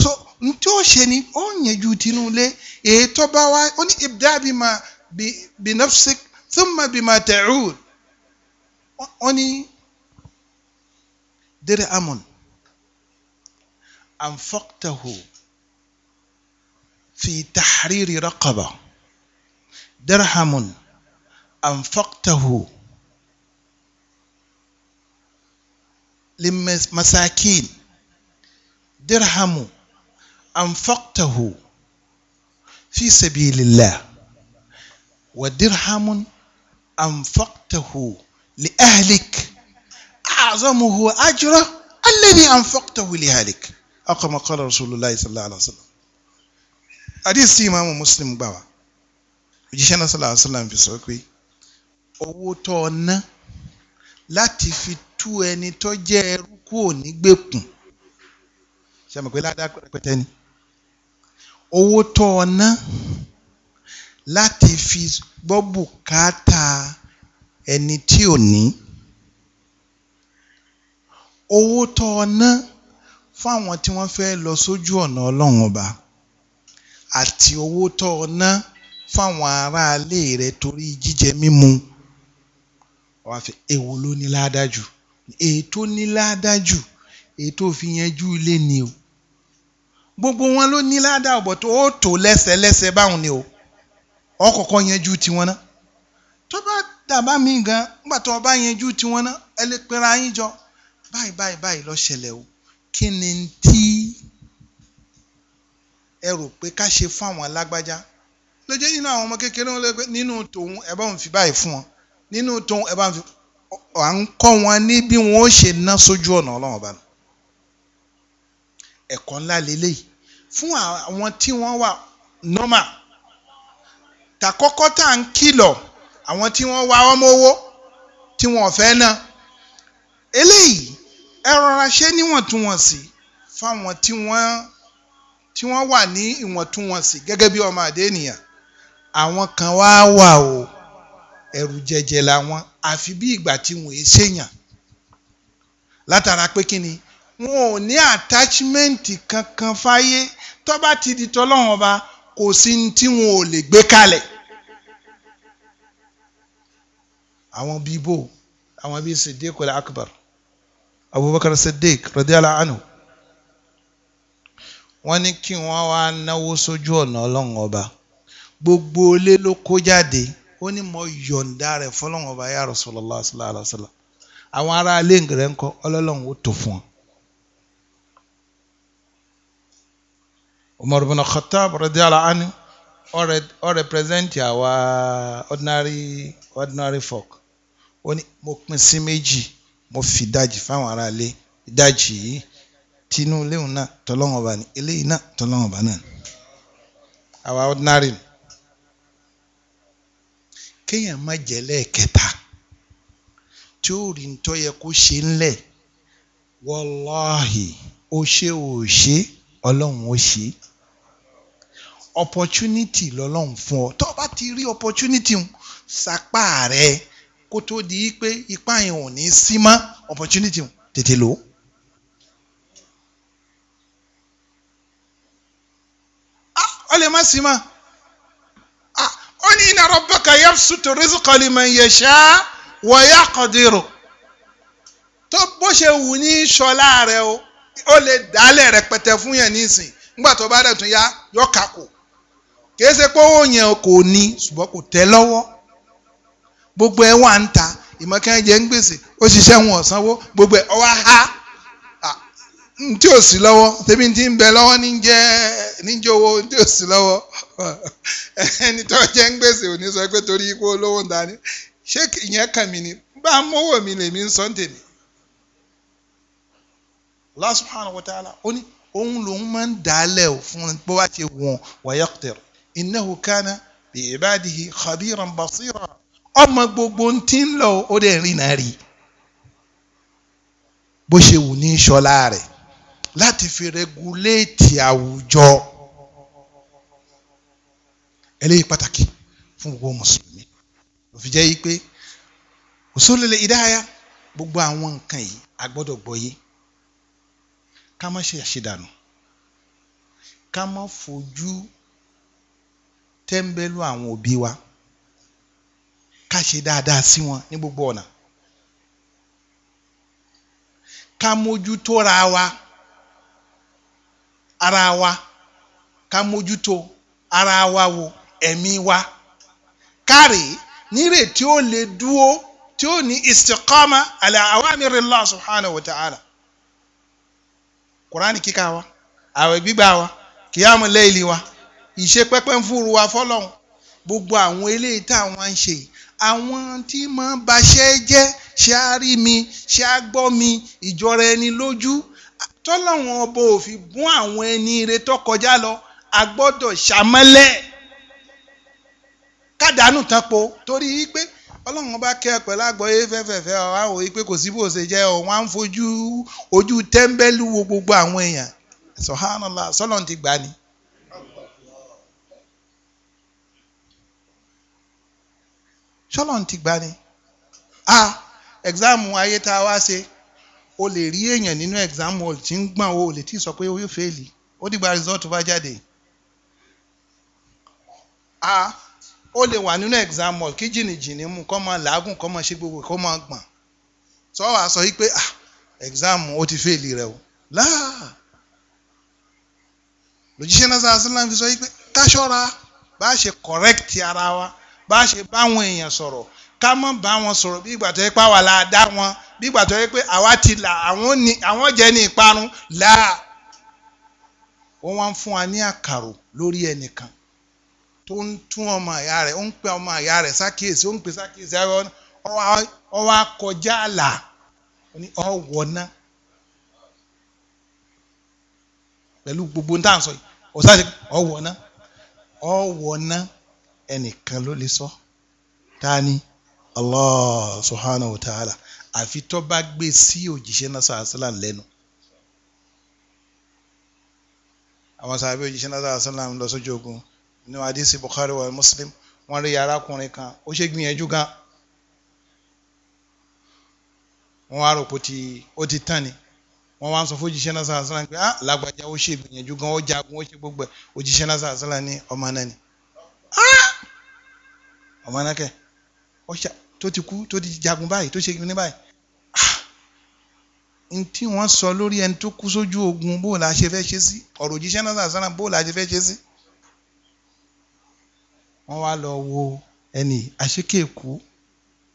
so n tí ó ṣe ni ó yànjú tinú lé ètò bá wá ó ní ibda bima bi nafsik thumma bima ta'ud ó ní dirhamun anfaqtahu fi tahriri raqaba dirhamun anfaqtahu. للمساكين درهم أنفقته في سبيل الله ودرهم أنفقته لأهلك أعظمه أجرا الذي أنفقته لأهلك أو قال رسول الله صلى الله عليه وسلم حديث tí ìmáàmù Muslim gbà wá òjíṣẹ́ náà sallallahu alaihi wasallam fi sọ pé owó tó ọ̀nà láti ẹni tó jẹ́ ẹrú kúò nígbèkùn ṣe mọ̀ pé ládàá pẹ̀tẹ́ ni owó tó ọ ná láti fi gbọ́ bùkátà ẹni tí ò ní owó tó ọ ná fún àwọn tí wọ́n fẹ́ lọ sójú ọ̀nà ọlọ́run ọba àti owó tó ọ ná fáwọn aráalé rẹ torí jíjẹ mímu wàá fi èwo ló ní ládájú èyí tó ní ládájú èyí tó fi yanjú ilé ni o gbogbo wọn ló ní ládà ọ̀bọ̀ tó ó tò lẹ́sẹ̀lẹ́sẹ̀ báwọn ni o ọkọ̀ọ̀kan yanjú tiwọn ná tó bá dàbá mi gan nígbà tó bá yanjú tiwọn ná ẹ lè pera yín jọ báyìí báyìí báyìí lọ ṣẹlẹ̀ o kí ni tí ẹ rò pé ká ṣe fún àwọn alágbájá lójú nínú àwọn ọmọ kékeré wọn lẹ́gbẹ́ nínú tòun ẹ bá wọn fi báyìí fún wọn nínú tòun ẹ bá wọn fi à ń kọ́ wọn ní bí wọn ó ṣe ná sójú ọ̀nà ọlọ́run ọba nù ẹ̀kọ́ ńlá leléyìí fún àwọn tí wọ́n wà normal tàkọ́kọ́ tá à ń kìlọ̀ àwọn tí wọ́n wá ọmọ owó tí wọ́n fẹ́ ná eléyìí ẹ rọra ṣe níwọ̀ntúnwọ̀nsì fáwọn tí wọ́n tí wọ́n wà ní ìwọ̀ntúnwọ̀nsì gẹ́gẹ́ bí ọmọ àdé ènìyàn àwọn kan wá wà o ẹ̀rù jẹjẹ làwọn àfi bí ìgbà tí wọ́n ṣèyàn látara pé kí ni wọn ò ní attachment kankan fáyé tó bá ti di tọ́lọ́run ọba kò sí ní tí wọn ò lè gbé kalẹ̀. àwọn bíi bò àwọn bíi Siddiq al-Akbar Abubakar Siddiq radiyallahu anhu wọ́n ní kí wọ́n wá náwó sójú ọ̀nà ọlọ́run ọba gbogbo ilé ló kó jáde ó ní mo yọ̀ǹda rẹ̀ fọlọ́run ọba ya Rasulullah sallallahu alaihi wasallam àwọn ará ilé rẹ̀ ń ọlọ́run ó tó fún wọn. Umar ibn Khattab radiyallahu anhu ọ represent àwa ordinary ordinary folk ó ní mo pín sí méjì mo fi ìdajì fáwọn aráalé ìdajì yìí tinú léwu náà tọlọ́wọ́n bá ní eléyìí náà tọlọ́wọ́n bá náà àwa ordinary kéèyàn má jẹ́ lẹ́ẹ̀kẹta tí ó rí ntọ́ yẹ kó ṣe ńlẹ̀ wọ́láhì ó ṣe ò ṣe ọlọ́run ó ṣe opportunity lọ́lọ́run fún ọ tó ti rí opportunity ń sapá rẹ kó tó di pé ipá yẹn ò ní sí mọ́ opportunity ń tètè lò ó. ọ lè má sí mọ́ ó ní inna rabbaka yabsutu rizqa liman yasha wa yaqdiru tó bó ṣe wù ní ṣọlá rẹ o ó lè dálẹ̀ rẹpẹtẹ fún yẹn nísìn nígbà tó bá dẹ̀ tún yá yọ kàkó kìí ṣe pé owó yẹn kò ní ṣùgbọ́n kò tẹ́ lọ́wọ́ gbogbo ẹ wà ń ta ìmọ̀kẹ́ jẹ́ ń gbèsè ó ṣiṣẹ́ wọn ọ̀sánwó gbogbo ẹ ọwọ́ ha ntí ò sí lọ́wọ́ tẹ́bí ntí ń bẹ lọ́wọ́ ní jẹ́ ní jẹ́ owó ntí ò sí lọ́wọ́ ẹni tó jẹ́ ń gbèsè òní sọ pé torí ikú olówó ń dání ṣé ìyẹn kàn mí ni bá a mówó mi lèmi ń sọ tèmi. Allah subhanahu wa ta'ala ó ní òun lòun máa ń dálẹ̀ fún bó bá ṣe wọ̀n wọ̀nyẹ́kùtẹ̀rù innahu kana bi ibadihi khabiran basira ọmọ gbogbo ń ti ń lọ ó dẹ̀ rìn náà rí bó ṣe wù ní ṣọlá rẹ̀ láti fi rẹguléètì àwùjọ eléyìí pàtàkì fún gbogbo mùsùlùmí ó fi jẹ́ yí pé òṣòlélẹ̀ ìdáyà gbogbo àwọn nǹkan yìí a gbọ́dọ̀ gbọ́yé ká má ṣe àṣedànù ká má fojú tẹ́ńbẹ́lú àwọn òbí wa ká ṣe dáadáa sí wọn ní gbogbo ọ̀nà ká mójútó ra wa ara wa ká mójútó ara wa wo ẹ̀mí wa kárì nírè tí ó lè dúó tí ó ní istiqama ala awamirillah subhanahu wa ta'ala kùránì kíkà wa àwẹ̀ gbígbà wa kìyàmù láìlì wa ìṣe pẹ́pẹ́ ń fúru wa fọ́lọ́hún gbogbo àwọn eléyìí táwọn ń ṣe àwọn tí máa ń baṣẹ́ jẹ́ ṣe á rí mi ṣe á gbọ́ mi ìjọra ẹni lójú tọ́lọ́hún ọba ò fi bún àwọn ẹni ire tó kọjá lọ a gbọ́dọ̀ ṣàmọ́lẹ̀ kádàánù tán po torí pé ọlọ́run bá kẹ́ ẹ pẹ̀lú àgbọ̀yé fẹ́fẹ̀fẹ́ ọ̀hún àwọn òye pé kò sí bó ṣe jẹ́ ọ̀hún à ń fojú ojú tẹ́ḿbẹ́lú wo gbogbo àwọn èèyàn sọ̀hánà sọ́lọ́n ti gbà ni. ṣọ́lọ̀ ti gbà ni a ẹ̀gzáàmù ayé tá a wá ṣe o lè rí èèyàn nínú ẹ̀gzáàmù o ti ń gbọ̀n o lè ti sọ pé o yóò fèèlì ó dìgbà rìsọ́ọ̀tù bá jáde a o lè wà nínú ẹ̀gzáàmù kí jìnnìjìnnì mu kọ́ máa làágùn kọ́ máa ṣe gbogbo kọ́ máa gbọ̀n sọ wàá sọ yìí pé ah ẹ̀gzáàmù o ti fèèlì rẹ o láà lójíṣẹ́ náà sàásìlá fi sọ yìí pé káṣọ́ra bá ṣe kọ̀rẹ́kìtì ara wa bá ṣe báwọn èèyàn sọ̀rọ̀ ká mọ̀ bá wọn sọ̀rọ̀ bí ìgbà tó yẹ pé àwa la dá wọn bí ìgbà tó yẹ pé àwa ti là àwọn jẹ́ ní ìparun là wọ́n wá ń fún wa ní àkàrò lórí ẹnìkan tó ń tún ọmọ àyà rẹ̀ ó ń pe ọmọ àyà rẹ̀ sákìyèsí ó ń pe sákìyèsí ọ wá kọjá àlà ọ wọ̀ná pẹ̀lú gbogbo ní tàǹsọ̀ yìí ọ̀sá ṣe ọ wọ̀ná ọ wọ̀ná ẹnìkan ló lè sọ tani Allah subhanahu wa ta'ala àfi tó bá gbé sí òjíṣẹ́ náà sàásìlà lẹ́nu àwọn sàbẹ òjíṣẹ́ náà sàásìlà ń lọ ogun nínú hadisi Bukhari wa Muslim wọ́n rí arákùnrin kan ó ṣe gbìyànjú gan wọ́n wá rò pé ó ti tán ni wọ́n wá sọ fún òjíṣẹ́ náà sàásìlà pé ah làgbàjá ó ṣe gbìyànjú gan ó jagun ó ṣe gbogbo ẹ̀ òjíṣẹ́ náà ní ọmọ náà ni. Ah! ọmọ anákẹ́ tó ti kú tó ti jagun báyìí tó ṣe kíní báyìí ah! n tí wọ́n sọ lórí ẹni tó kú sójú ogun bó la ṣe fẹ́ ṣe sí ọ̀rọ̀ òjíṣẹ́ náà sára bó la ṣe sí. wọ́n wá lọ wo ẹni àṣekéèkú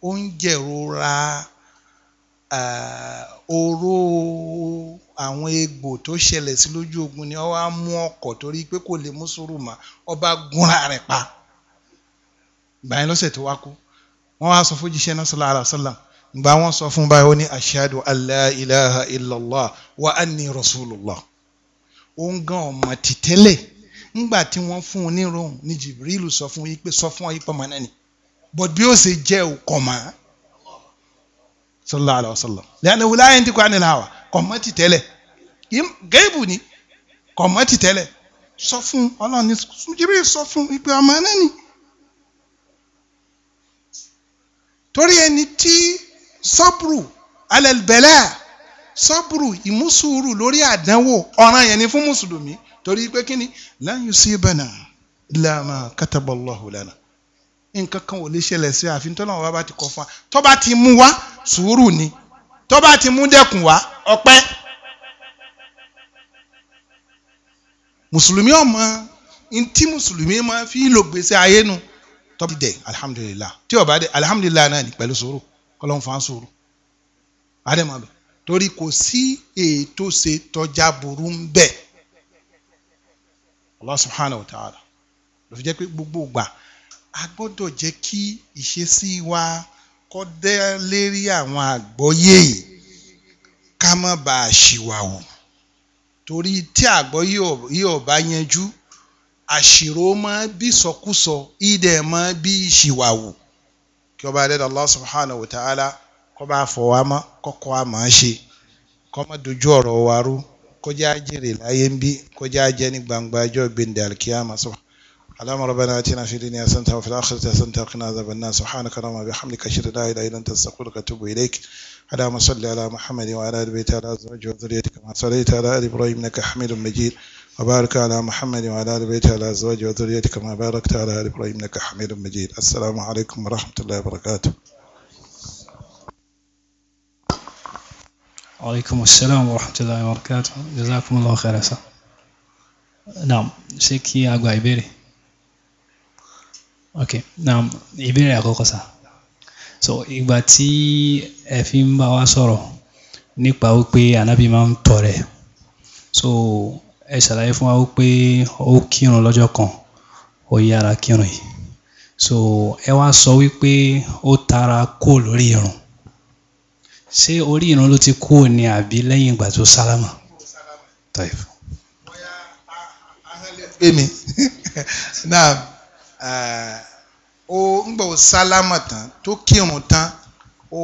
ó ń jẹ̀rora Eh, oró àwọn egbò tó ṣẹlẹ̀ sí lójú ogun ni ó wá mú ọkọ̀ torí pé kò lè mú sùúrù mọ́ ó bá gúnra rẹ̀ pa ìgbà yẹn lọ́sẹ̀ tó wá kú wọ́n wá sọ fójíṣẹ́ náà sallallahu alaihi wasallam ìgbà sọ fún báyìí ó ní ashhadu an la ilaha illallah wa anni rasulullah ó ń gan ọmọ tìtẹ́lẹ̀ ńgbà tí wọ́n fún un ní rohùn ni Jibril sọ fún yí pé sọ fún ọ yí pọ̀ mọ́ náà ni but bí ó ṣe jẹ́ òkọ̀ mọ́ sallallahu alayhi wa sallam lẹ́nu wula yẹn ti kọ́ ànilá wa kọ̀mọ́ ti tẹ́lẹ̀ géèbù ni kọ̀mọ́ ti tẹ́lẹ̀ sọ fún ọlọ́run ní jírí sọ fún ìpè ọmọ náà ni torí ẹni tí sọ́bùrù alẹ́lbẹ̀lẹ́ sọ́bùrù ìmúsùúrù lórí àdánwò ọ̀ràn yẹn ni fún mùsùlùmí torí pé kí ni lan yusibana illa ma kataballahu lana nǹkan kan ò lè ṣẹlẹ̀ sí àfin tọ́lọ́ wa bá ti kọ fún wa tó bá ti mú wá sùúrù ni tó bá ti mú dẹ́kun wá ọpẹ́ mùsùlùmí ọmọ ntí mùsùlùmí máa fi lò gbèsè ayé nu tó bá dé alihamudulilayi tí ó bá dé alihamudulilayi náà ní pẹ̀lú sùúrù kọ́lọ́n fa sùúrù àdèmàbẹ̀ torí kò sí ètò ṣe tọ́já burú ń bẹ̀ Allah subhanahu wa ta'ala lọ́fi jẹ́ pé gbogbo ìgbà a gbọ́dọ̀ jẹ́ kí ìṣesí wa kó dá lérí àwọn àgbọ́yé ká má baà ṣìwàwù torí tí àgbọ́yé yìí ò bá yanjú àṣìrò máa bí sọkúsọ ìdẹ̀ máa bí ṣìwàwù kí ọba adẹ́dàá Allah subhanahu wa ta'ala kó bá fọ wa mọ́ kọ́kọ́ wa máa ṣe kó má dojú ọ̀rọ̀ wa rú kó a jèrè láyé ń bí kó jẹ́ a jẹ́ ní gbangba ọjọ́ gbẹ̀ndẹ̀ alikiyama sọ. اللهم ربنا اتنا في الدنيا حسنه وفي الاخره حسنه وقنا عذاب النار سبحانك اللهم وبحمدك اشهد ان لا اله الا انت استغفرك واتوب اليك اللهم صل على محمد وعلى ال بيته وعلى ازواجه وذريته كما صليت على ال ابراهيم انك حميد مجيد وبارك على محمد وعلى ال بيته وعلى ازواجه وذريته كما باركت على ال ابراهيم انك حميد مجيد السلام عليكم ورحمه الله وبركاته وعليكم السلام ورحمة الله وبركاته جزاكم الله خيرا نعم شكي أقوى أبو عبيري ok now ìbéèrè àkọ́kọ́ sá so ìgbà tí ẹ fi ń bá wa sọ̀rọ̀ nípa wípé ànábì máa ń tọrẹ so ẹ ṣàlàyé fún wa wípé ó kírun lọ́jọ́ kan ó yára kírun yìí so ẹ wá sọ wípé ó tara kó lórí irun ṣé orí irun ló ti kú ni àbí lẹ́yìn ìgbà tó sálámà taif. bóyá ahọ́n lè gbé mi náà o ńgbà ó sálámà tán tó kírun tán ó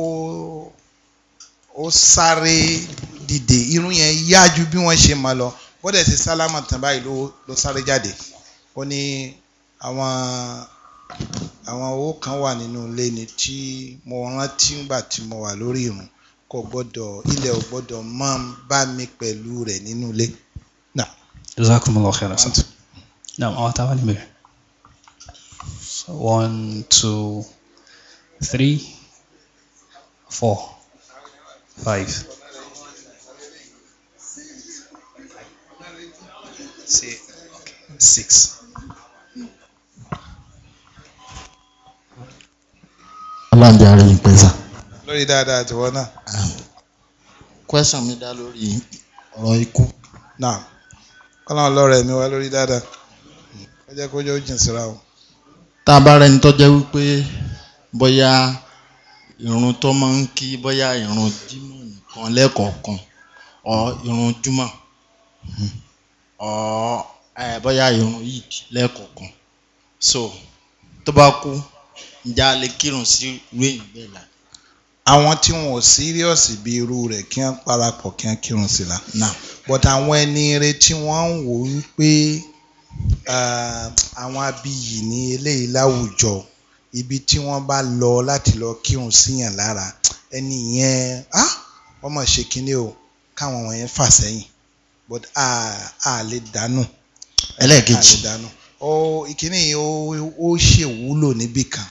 ó sáré dìde irun yẹn yájú bí wọ́n ṣe máa lọ bọ́dẹ̀ ti sálámà tán báyìí ló ló sáré jáde ó ní àwọn àwọn owó kan wà nínú ilé ni tí mo rántí ńgbà tí mo wà lórí irun kò gbọ́dọ̀ ilẹ̀ ò gbọ́dọ̀ máa bá mi pẹ̀lú rẹ̀ nínú ilé. jazakumullahu khairan. naam àwọn táwọn níbẹ̀rẹ̀. One, two, three, four, five, six. Ọlọ́run jẹ́ àárẹ̀ yìí pẹ́sà. Lórí dáadáa àtiwọ́ náà. Question mi dá lórí ọ̀rọ̀ ikú. Náà, kọ́lá ọlọ́rọ̀ ẹ̀mí wá lórí dáadáa. Ẹ jẹ́ kó jẹ́ ó jìn síra o tá a bá rẹni tó jẹ́ wípé bóyá ìrun tó máa ń kí bóyá ìrun jímọ̀ nìkan lẹ́ẹ̀kọ̀ọ̀kan ọ ìrun júmọ̀ ọ eh, bóyá ìrun yìí lẹ́ẹ̀kọ̀ọ̀kan so tó bá kú ǹjẹ́ a lè kírun sí irú èèyàn bẹ́ẹ̀ la. àwọn tí wọn ò síríọ̀sì bí irú rẹ̀ kí wọ́n parapọ̀ kí wọ́n kírun sí la. but àwọn ẹni rẹ tí wọ́n ń wò wípé. Ehm, àwọn abiyì ní eléyìí láwùjọ ibi tí wọ́n bá lọ láti lọ kírun síyàn lára ẹni yẹn ọmọ ṣe o káwọn wọ̀nyẹn fà sẹ́yìn but a lè dànù. ẹlẹ́ẹ̀kejì a lè dànù ó ìkíní ó ṣèwúlò níbì kan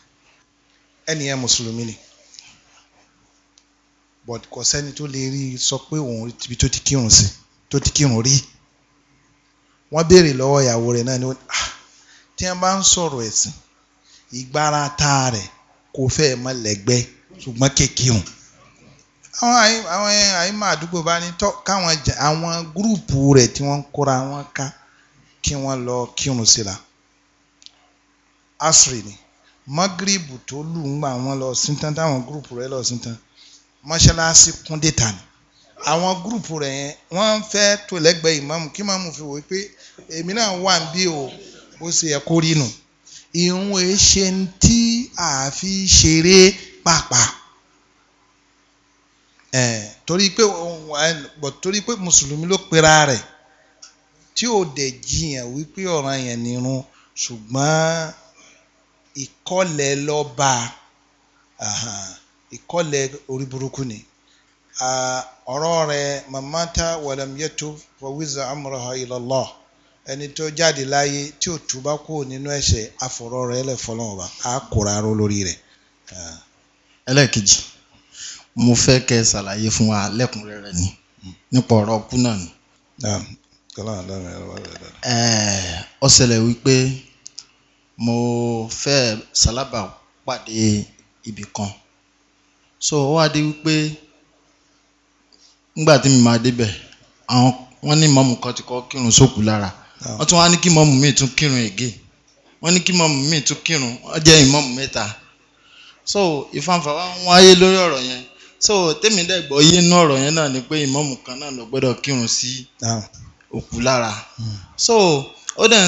ẹni yẹn mùsùlùmí ni but kò sẹ́ni tó lè rí sọ pé òun ibi tó ti kírun sí tó ti kírun rí wọ́n béèrè lọ́wọ́ ìyàwó rẹ̀ náà ni ah, tí wọ́n bá ń sọ̀rọ̀ ẹ̀sìn ìgbára ta rẹ̀ kò fẹ́ mọ́ lẹ́gbẹ́ ṣùgbọ́n kékeré àwọn àwọn àyímọ àdúgbò bá ní tọ káwọn jẹ àwọn gúrùpù rẹ̀ tí wọ́n kóra wọn ká kí wọ́n lọ kírun síra asiri ni magribu tó lù ń gbà wọ́n lọ sí tán táwọn gúrùpù rẹ̀ lọ sí tán mọ́ṣáláṣí kúndé tani àwọn gúrùpù rẹ̀ yẹn wọ́n fẹ́ tó lẹ́gbẹ̀ẹ́ ìmáàmù kí ìmáàmù fi wò ó pé èmi náà wà ń bí o ó ṣe yẹ kó rí nù ìhun èṣe tí a fi ṣeré pàápàá ẹ̀ torí pé torí pé mùsùlùmí ló pera rẹ̀ tí ò dẹ̀ jiyàn wípé ọ̀ràn yẹn nírun ṣùgbọ́n ìkọlẹ̀ lọ́ba ìkọlẹ̀ orí burúkú ni. Uh, ọ̀rọ̀ rẹ̀ mamata walam fawiza amraha ilallah ẹni tó jáde láyé tí ò túbá kú nínú ẹ̀ṣẹ̀ àfọ̀rọ̀ rẹ̀ lẹ̀ kóra aró lórí rẹ̀. Uh, ẹlẹ́ẹ̀kejì mo fẹ́ kẹ́ ṣàlàyé fún wa lẹ́kùnrẹ́rẹ́ ni nípa ọ̀rọ̀ ọkú náà ni. ó ṣẹlẹ̀ wípé mo fẹ́ ibì kan so ó ngbà tí mi ma débẹ̀ àwọn ní kan ti kọ́ kírun sókù lára ah. wọ́n tún wá ní kí tún kírun ègé wọ́n ní kí tún kírun so ìfanfà wa ń wáyé lórí ọ̀rọ̀ yẹn so tèmi dẹ̀gbọ́ yé ọ̀rọ̀ yẹn náà ni pé kan náà lọ gbọ́dọ̀ kírun sí ah. òkú hmm. so ó dẹ̀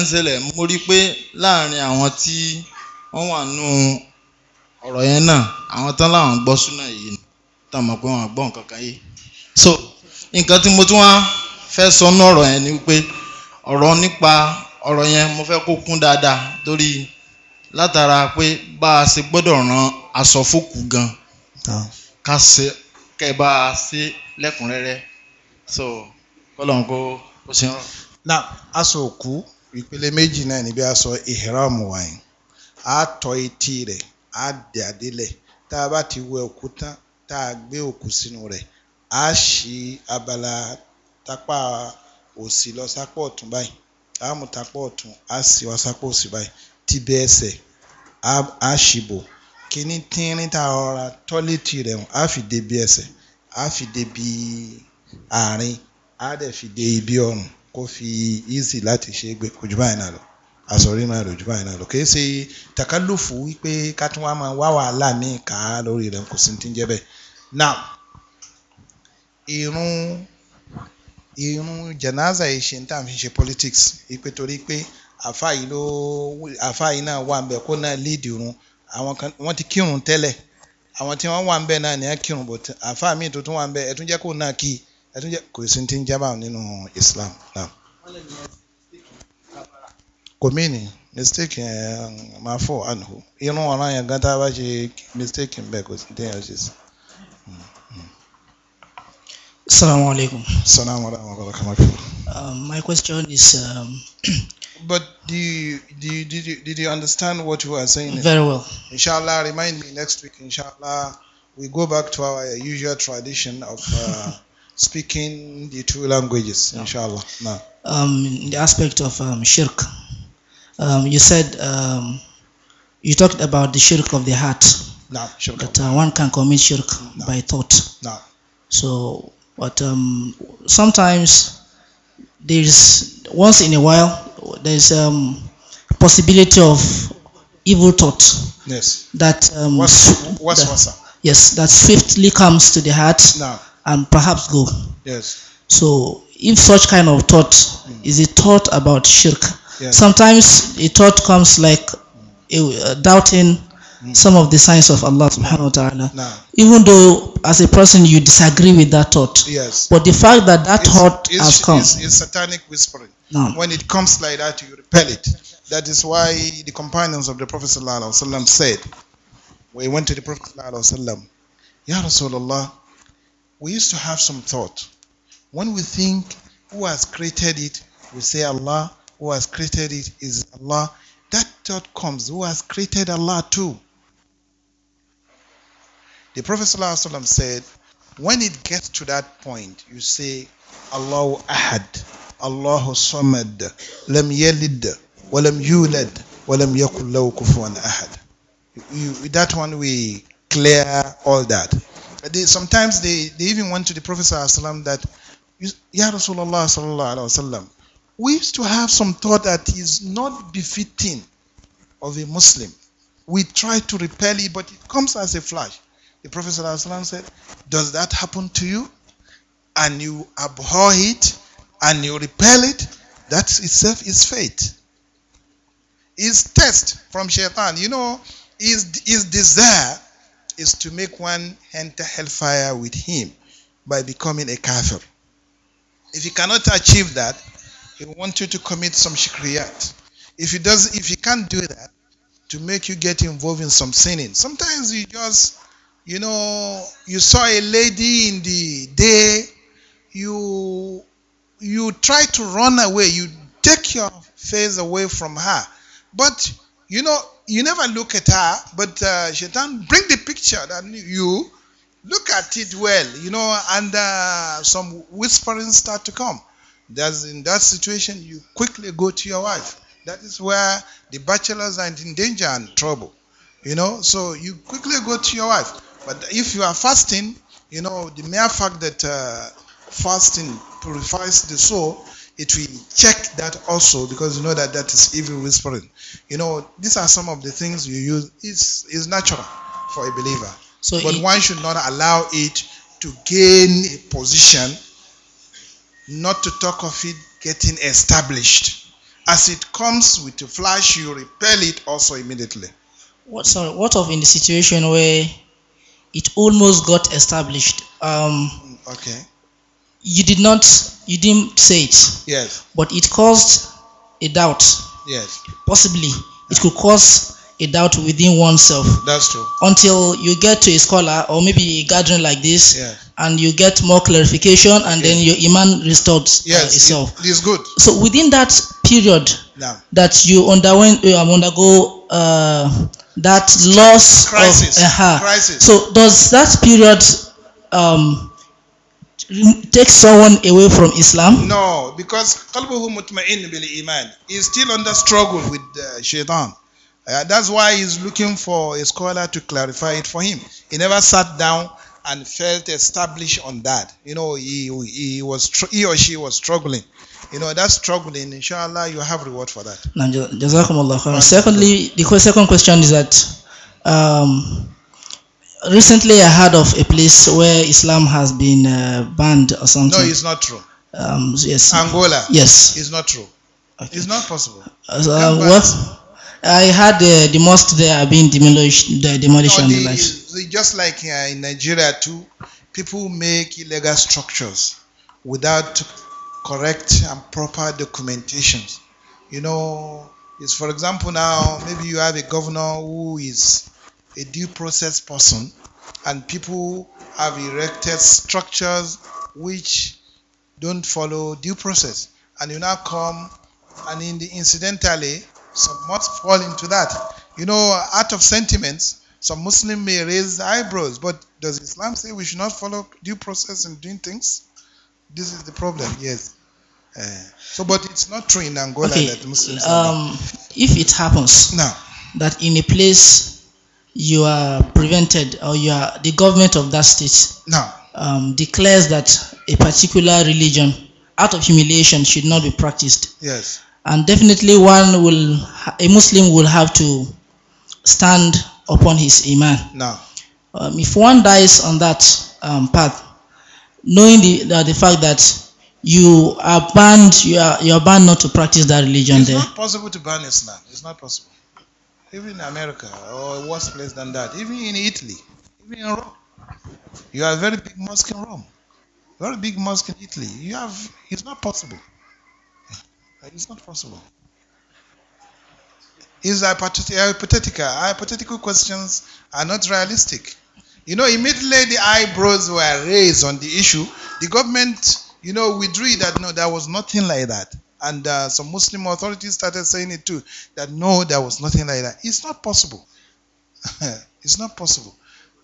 so nǹkan tí mo tún wá fẹ́ sọ ní ọ̀rọ̀ yẹn ni pé ọ̀rọ̀ nípa ọ̀rọ̀ yẹn mo fẹ́ kó kún dáadáa torí látara pé bá a ṣe gbọ́dọ̀ ran aṣọ fòkù gan ká ṣe kẹ́ bá a ṣe lẹ́kùnrẹ́rẹ́ so kọ́lọ́n kó kó ṣe rán. na aṣọ òkú ìpele méjì náà níbi aṣọ ìhìrámù wáyé a tọ etí rẹ̀ a dẹ̀ adélẹ̀ tá a bá ti wẹ òkú tán tá a gbé òkú sínú rẹ̀ a ṣí abala tapa òsì lọ sápá ọ̀tún báyìí a mú tápá ọ̀tún a sì wá sápá òsì báyìí ti bẹ ẹsẹ̀ a ṣì bò kíní tínrín tá a rọra tọ́lẹ́tì rẹ̀ hàn á fi dé bí ẹsẹ̀ á fi dé bí àárín á dẹ̀ fi dé ibi ọrùn kó fi easy láti ṣe gbé ojú báyìí náà lọ àsọ̀rí náà lójú báyìí náà lọ kì ṣe tàkálùfù wípé ká máa wá wàhálà míì ká lórí rẹ̀ kò sí ní ti jẹ́ bẹ́ẹ̀ now irun irun janaza yìí ṣe ń tà fi ṣe politics ipe torí pé àáfàá yìí ló àáfàá yìí náà wà ń bẹ kó náà lead irun àwọn kan wọ́n ti kírun tẹ́lẹ̀ àwọn tí wọ́n wà ń bẹ náà ní kírun bò àáfàá míì tuntun wà ń bẹ ẹ̀tún kó náà kí ẹ̀tún jẹ́ kò sí ti ń jábà nínú Islam náà. kò mistake yẹn máa fọ àná irun ọ̀ràn yẹn gan tá a bá ṣe mistake ń bẹ kò sí ti ń Assalamu alaikum. Assalamu alaikum. Um, my question is. Um, but do you, do you, did, you, did you understand what you are saying? Very well. Inshallah, remind me next week, inshallah, we go back to our usual tradition of uh, speaking the two languages, no. inshallah. No. Um, in the aspect of um, shirk, um, you said, you talked about the shirk of the heart. No, shirk. That uh, one can commit shirk no. by thought. No. So but um, sometimes there's once in a while there's um, possibility of evil thought. Yes. That um, what's, what's, that, yes, that swiftly comes to the heart and perhaps go. Yes. So if such kind of thought mm. is a thought about shirk, yes. sometimes a thought comes like a, a doubting Mm. some of the signs of Allah subhanahu wa ta'ala. Even though as a person you disagree with that thought. Yes. But the fact that that it's, thought it's, has come. It's, it's satanic whispering. When it comes like that, you repel it. That is why the companions of the Prophet ﷺ said, we went to the Prophet ﷺ, Ya Rasulullah, we used to have some thought. When we think who has created it, we say Allah, who has created it is Allah. That thought comes, who has created Allah too? The Prophet ﷺ said, when it gets to that point, you say, Allahu Ahad, Allahu Samad, Lam Yalid, Walam Yulad, Walam Kufuwan Ahad. with that one, we clear all that. They, sometimes they, they even went to the Prophet ﷺ that, Ya Rasulullah sallallahu alaihi wasallam, we used to have some thought that is not befitting of a Muslim. We try to repel it, but it comes as a flash. The Prophet said, Does that happen to you? And you abhor it and you repel it? That itself is faith. Is test from shaitan. You know, his, his desire is to make one enter hellfire with him by becoming a kafir. If you cannot achieve that, he wants you to commit some shikriyat. If he does, if he can't do that, to make you get involved in some sinning. Sometimes you just you know you saw a lady in the day you you try to run away you take your face away from her but you know you never look at her but uh, shaitan bring the picture that you look at it well you know and uh, some whispering start to come that's in that situation you quickly go to your wife that is where the bachelors are in danger and trouble you know so you quickly go to your wife but if you are fasting, you know, the mere fact that uh, fasting purifies the soul, it will check that also because you know that that is evil whispering. You know, these are some of the things you use. It's, it's natural for a believer. So but it, one should not allow it to gain a position, not to talk of it getting established. As it comes with a flash, you repel it also immediately. What sorry, what of in the situation where it almost got established. Um, okay. You did not, you didn't say it. Yes. But it caused a doubt. Yes. Possibly, yeah. it could cause a doubt within oneself. That's true. Until you get to a scholar or maybe a gathering like this, yeah. and you get more clarification, and yes. then your iman restored uh, yes, uh, itself. It is good. So within that period yeah. that you underwent, you um, undergo uh, that loss crisis, of uh, uh-huh. crisis. So does that period um, take someone away from Islam? No, because qalbuhu mutma'in bil iman is still under struggle with uh, shaitan. Uh, that's why he's looking for a scholar to clarify it for him. He never sat down and felt established on that. You know, he he was he or she was struggling. you know that's struggling inshallah you have reward for that Jazakumullah. secondly the second question is that um, recently i heard of a place where islam has been uh, banned or something no it's not true um, yes angola yes it's not true okay. it's not possible uh, uh, what I had the most there being been demolished. The demolition. No, the, the just like uh, in Nigeria too, people make illegal structures without correct and proper documentations. You know, it's for example now, maybe you have a governor who is a due process person and people have erected structures which don't follow due process. And you now come and in the incidentally, some must fall into that. You know, out of sentiments, some Muslim may raise eyebrows, but does Islam say we should not follow due process in doing things? This is the problem, yes. Uh, so, but it's not true in Angola okay. that Muslims. Um, if it happens now that in a place you are prevented or you are the government of that state now um, declares that a particular religion out of humiliation should not be practiced. Yes. And definitely, one will a Muslim will have to stand upon his iman. Now, um, if one dies on that um, path, knowing the, the, the fact that you are banned, you are, you are banned not to practice that religion it's there. It's not possible to ban Islam. It's not possible. Even in America, or worse place than that, even in Italy, even in Rome. You have a very big mosque in Rome, very big mosque in Italy. You have, it's not possible. It's not possible. Is hypothetical. Hypothetical questions are not realistic. You know, immediately the eyebrows were raised on the issue. The government, you know, withdrew that no, there was nothing like that. And uh, some Muslim authorities started saying it too that no, there was nothing like that. It's not possible. it's not possible.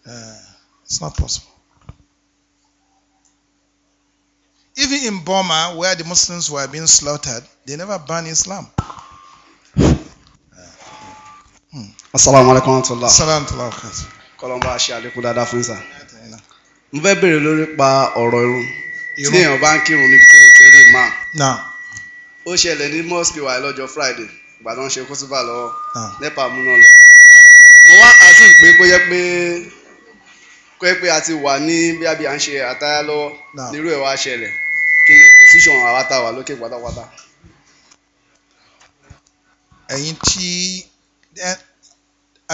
Uh, it's not possible. Even in Burma, where the Muslims were being slaughtered, they never banned Islam. Assalamu alaikum wa rahmatullah. kọlọmọ àṣẹ àlékún dáadáa fún sà n fẹ́ bèrè lórí pa ọ̀rọ̀ irun tí èèyàn bá ń kírun níbi tí òtún rí máa ó ṣẹlẹ̀ ní mosque wa lọ́jọ́ friday ìgbà tó ń ṣe kóṣùbà lọ́wọ́ nípa múná lọ mo wá àtún pé kó yẹ pé kó yẹ pé a ti wà ní bí a bí à ń ṣe àtayá lọ́wọ́ nírú ẹ̀ wá ṣẹlẹ̀ kí ni position àwa tá wà lókè pátápátá. ẹ̀yin tí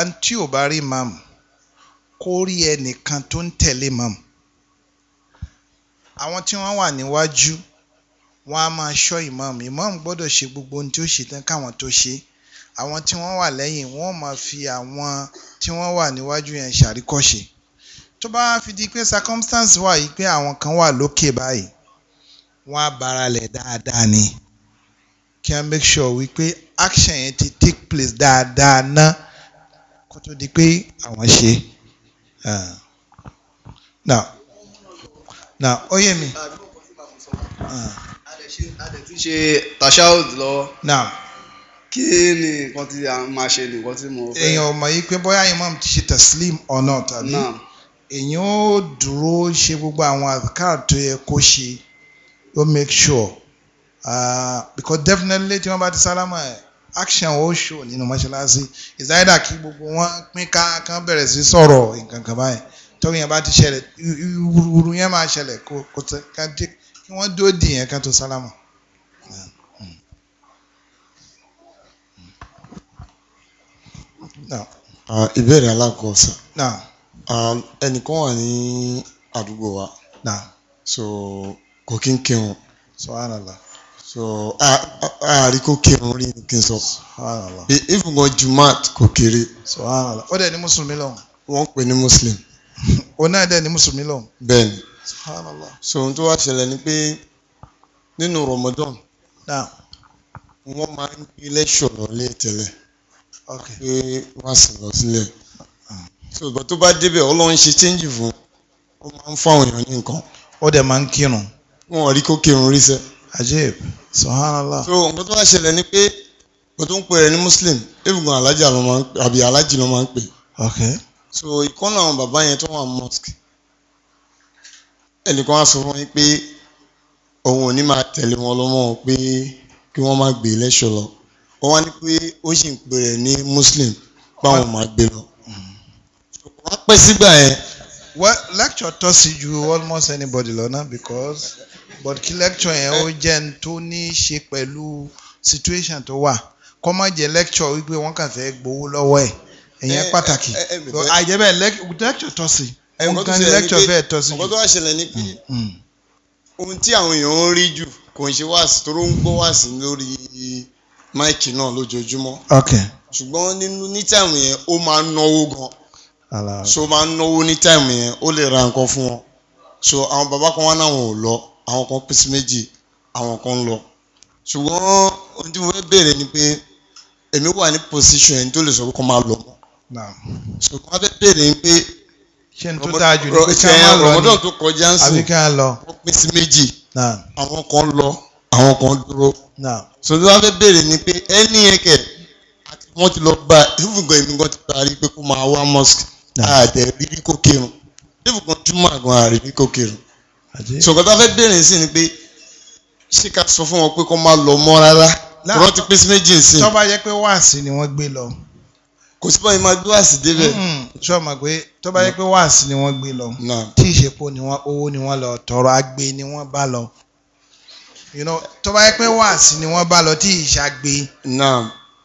ẹni tí ò bá rí màmù kó rí ẹnìkan tó ń tẹ̀lé ìmáàmù àwọn tí wọ́n wà níwájú wọ́n á máa ṣọ́ ìmáàmù ìmáàmù gbọ́dọ̀ ṣe gbogbo ohun tí ó ṣe tán káwọn tó ṣe àwọn tí wọ́n wà lẹ́yìn wọ́n máa fi àwọn tí wọ́n wà níwájú yẹn ṣàríkọ́ṣe tó bá fi di pé circumstance wà yìí pé àwọn kan wà lókè báyìí wọ́n á baralẹ̀ dáadáa ni kí wọ́n make sure wípé action yẹn ti take place dáadáa ná kó tó di pé àwọn ṣe é. Ah. now now ó yé mi. a lè ti ṣe now kí ni nǹkan tí a máa ṣe nǹkan tí mo fẹ́. èèyàn ò yìí pé bóyá imam ti ṣe slim or not àbí èèyàn ó dúró ṣe gbogbo àwọn àdìkáà tó yẹ kó ṣe ó make sure uh, because definitely tí wọ́n bá ti sálámà ẹ̀ action ó ṣò nínú mọ́ṣáláṣí ìsáyédà kí gbogbo wọn pín ká kán bẹ̀rẹ̀ sí sọ̀rọ̀ nǹkan kan báyìí tọ́wọ́ yẹn bá ti ṣẹlẹ̀ wúruwúru yẹn máa ṣẹlẹ̀ kó kí wọ́n dó dì yẹn kan tó sálámù. ìbéèrè alákọ̀ọ́sà ẹnìkan wà ní àdúgbò wa so kò kí ń kírun. subhanallah so ààrí kò kírun rí ní kí n sọ bí ìfúngàn jumat kò kéré. ó dẹ̀ ní mùsùlùmí lọ́hùn. wọ́n pè ní muslim. òun náà dẹ̀ ní mùsùlùmí lọ́hùn. bẹ́ẹ̀ni so ohun tó wá ṣẹlẹ̀ ni pé nínú ramadan wọ́n máa ń gbé lẹ́ṣọ̀rọ̀ lé tẹ́lẹ̀ pé wọ́n sọ̀rọ̀ sílẹ̀ so ìgbà tó bá débẹ̀ ọlọ́run ṣe change fún ó máa ń fáwọn èèyàn ní nǹkan. ó dẹ̀ máa ń kírun. wọn ò rí kó kírun rí sẹ́ẹ̀ ajib subhanallah. so nǹkan tó wá ṣẹlẹ̀ ni pé kò tó ń pè é ní muslim egungun alájà ló máa ń pè àbí alájì ló máa ń pè. ok. so ìkọ́nà àwọn bàbá yẹn tó wà mosque ẹnìkan á sọ fún yín pé òun ò ní máa tẹ̀lé wọn lọ́mọ pé kí wọ́n má gbé lẹ́ṣọ̀ lọ wọ́n wá ní pé ó sì ń pè é ní muslim báwọn máa gbé lọ. wọ́n pẹ́ sígbà yẹn. well lecture tọ́ sí ju almost anybody lọ náà because but kí lecture yẹn ó eh. jẹ́ n tó ní í ṣe pẹ̀lú situation tó wà kọ́ má jẹ́ lecture wípé wọ́n kàn fẹ́ gbowó lọ́wọ́ ẹ̀ ẹ̀yẹn eh, pàtàkì eh, àìjẹ́bẹ̀ lecture tọ́ sí nǹkan ni lecture fẹ́ tọ́ sí jù. ọ̀gọ́ tó wá ṣẹlẹ̀ ni pé mm, mm. ohun tí àwọn èèyàn ń rí jù kò ń ṣe wáàsí tó ló ń gbọ́ wáàsí lórí máìkì náà lójoojúmọ́. ṣùgbọ́n nínú ní táìmù yẹn ó máa ń náwó gan so máa ń náwó ní táìmù yẹn ó lè ra nǹkan fún wọn so àwọn bàbá kan wá náà wọn ò lọ àwọn kan pín sí méjì àwọn kan ń lọ ṣùgbọ́n ohun tí mo fẹ́ bèèrè ni pé èmi wà ní position ẹni tó lè sọ pé kó máa lọ mọ́ ṣùgbọ́n wọ́n fẹ́ bèèrè ni pé rọmọdún tó kọjá ń sìn wọ́n pín sí méjì àwọn kan lọ àwọn kan dúró ṣùgbọ́n wọ́n fẹ́ bèèrè ni pé ẹni yẹn kẹ̀ wọ́n ti lọ gba ìfúngàn èmi gan ti parí pé kó máa wá mosque àtẹ̀rí kó kírun ìfúngàn túmọ̀ àgbọn àrí kó kírun ṣùgbọ́n tá a fẹ́ bèrè sí ni pé ṣé ká sọ fún wọn pé kó má lọ mọ́ rárá wọ́n ti pín sí méjì sí. tó bá jẹ́ pé wáàsí ni wọ́n gbé lọ. kò sí báyìí máa gbé wáàsí débẹ̀. sọ hmm, ma pé tó bá jẹ́ pé wáàsí ni wọ́n gbé lọ tí ìṣepọ̀ ni wọ́n owó ni wọ́n lọ tọrọ agbe ni wọ́n bá lọ you know tó bá yẹ pé wáàsí ni wọ́n bá lọ tí ìṣàgbé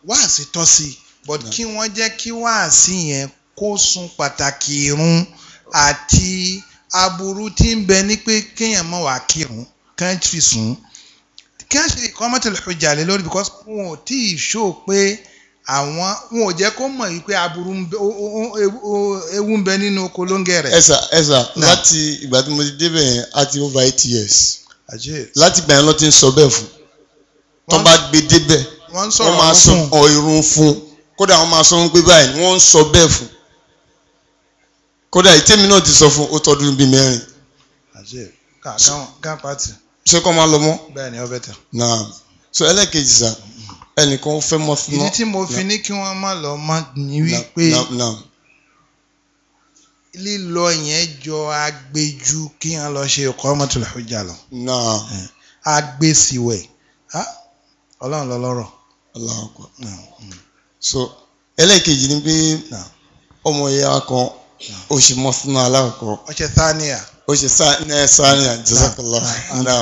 wáàsí tọ́ sí but kí wọ́n jẹ́ kí wáàsí yẹn kó sun pàtàkì irun àti aburú tí ń bẹ ní pé kéèyàn mọ̀ wá kírun kàn fi sùn kàn ṣe ìkọ́mọ́tẹ̀lẹ̀ ìjà lé lórí because wọn ò tí ì ṣó pé àwọn wọn ò jẹ́ kó mọ̀ yìí pé aburú ewu ń bẹ nínú oko lóńgẹ rẹ̀. ẹ sà ẹ sà láti ìgbà tí mo ti débẹ̀ yẹn àti over eight years láti ìgbà yẹn ló ti ń sọ bẹ́ẹ̀ fún tó bá gbé débẹ̀ wọ́n máa sọ irun fún kódà wọ́n máa sọ wọn pé báyìí wọ́n ń sọ bẹ́ẹ̀ fún kódà ìtẹ́mi náà ti sọ fún ó tọdún bíi mẹ́rin. ṣé kọ́ máa lọ mọ́. bẹ́ẹ̀ ni ọbẹ̀ tẹ̀. so ẹlẹ́kejì sá ẹnìkan fẹ́ mọ́ fún. ìdí tí mo fi ní kí wọ́n má lọ mọ́ ni wípé lílọ yẹn jọ agbẹjú kí wọ́n lọ ṣe iqamatul hujja lọ. náà agbèsìwẹ̀ ọlọ́run lọ́lọ́rọ̀. ọlọ́run kọ mm. so ẹlẹ́kejì ni pé ọmọ ìyá kan oṣù mọ́sánná alákọ̀ọ́. oṣù sáníà. oṣù sáníà jésàkàlá náà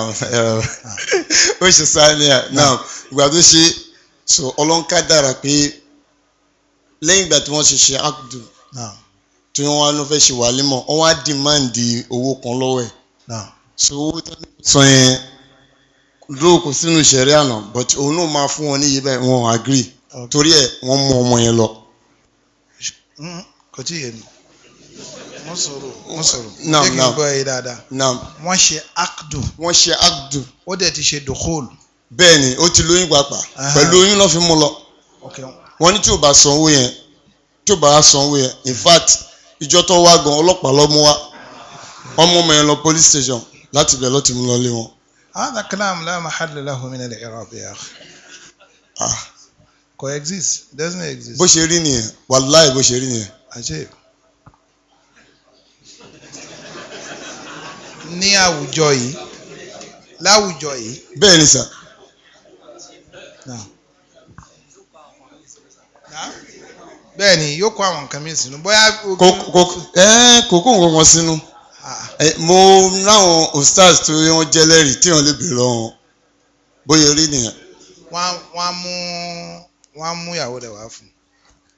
oṣù sáníà náà ìgbà tó ṣe so ọlọ́nkà dára pé lẹ́yìn ìgbà tí wọ́n ṣe ṣe akudu tí wọ́n wá ló fẹ́ ṣe wà límọ̀ wọ́n wá dìmáǹdì owó kan lọ́wọ́ ẹ̀ so owó tó ní sọ yẹn lóòkù sínú ìṣẹ̀rí àná but òun náà máa fún wọn níyì bẹ́ẹ̀ wọn agree torí ẹ̀ wọ́n mú ọmọ yẹn lọ. kò tí ì yé mi musoro musoro naam naam gbọ́ yìí dáadáa naam wọ́n ṣe akdu wọ́n ṣe akdu ó dẹ̀ ti ṣe dòkóòlù. bẹ́ẹ̀ni ó ti lóyún pàápàá pẹ̀lú oyún lọ fi mú lọ wọ́n ní tí ò bá sanwó yẹn tí ò bá sanwó yẹn in fact ìjọ tó wá gan ọlọ́pàá lọ mú wa wọ́n mú mẹ́rin lọ police station láti bẹ̀ lọ́ọ́ ti mú lọ lé wọn. هذا كلام لا محل له من الإعراب يا أخي ah. coexist doesn't exist. bó ṣe rí nìyẹn wàláì bó ṣe rí nìyẹn. àjẹ́ ní àwùjọ yìí láwùjọ yìí. bẹ́ẹ̀ ni sà. bẹ́ẹ̀ ni yóò kó àwọn nǹkan mi sínú bóyá. kókó nǹkan wọn sínú ah. mo láwọn ostars tó wọn jẹlẹrìí tí wọn lè bèrè lọ́wọ́ bóyá rí nìyẹn. wọ́n á mú wọ́n á mú ìyàwó rẹ̀ wá fún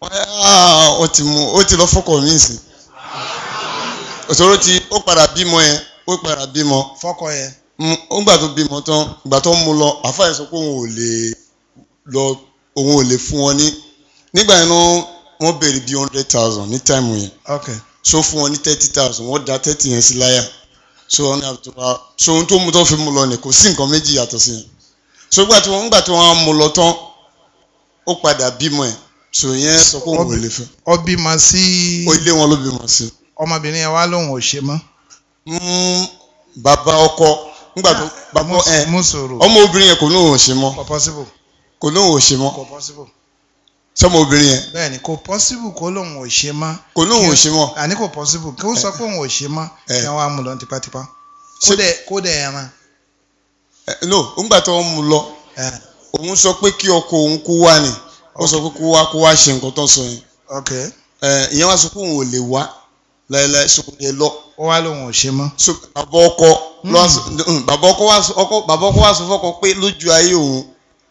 un ó ó ti lọ fọkọ mi sí òṣòro ti ó padà bímọ yẹn ó padà bímọ. fọkọ yẹn. Mm, ó gbà tó bímọ tán ìgbà tó ń mu lọ àfáà yẹn sọ pé òun ò lè lọ òun ò lè fún wọn ní nígbà yẹn náà wọ́n béèrè bíi hundred thousand ní táìmù yẹn. ok so fún wọn ní thirty thousand wọ́n da thirty yẹn sí láyà so wọ́n ní àtúntò so ohun tó mú tó fi mú lọ ni kò sí nǹkan méjì yàtọ̀ sí yẹn so gbà tí wọ́n ń gbà tí wọ́n á mú lọ tán ó padà bímọ ẹ̀ so yẹn sọ pé òun ò lè fẹ́. ó bímọ sí. ó ilé wọn ló bímọ sí. ọmọbìnrin yẹn wá lóun ò ṣe mọ́. bàbá ọkọ nígbà tó ah, bàbá ẹ eh, ọmọ obìnrin yẹn kò lóun ò ṣe kò ò ṣe sọmọ obìnrin yẹn. bẹ́ẹ̀ni kò pọsibù kó lóun ò ṣe mọ́. kò lóun ò ṣe mọ́. àní kò pọsibù kó sọ pé òun ò ṣe eh. kí wọn mú lọ tipátipá ẹran. Eh, no tó ń ọkọ òun wá ni ó láìláì sókòlè lọ. ó wá lóun ò ṣe mọ́. bàbá ọkọ bàbá ọkọ wá sọ fọkọ pé lójú ayé òun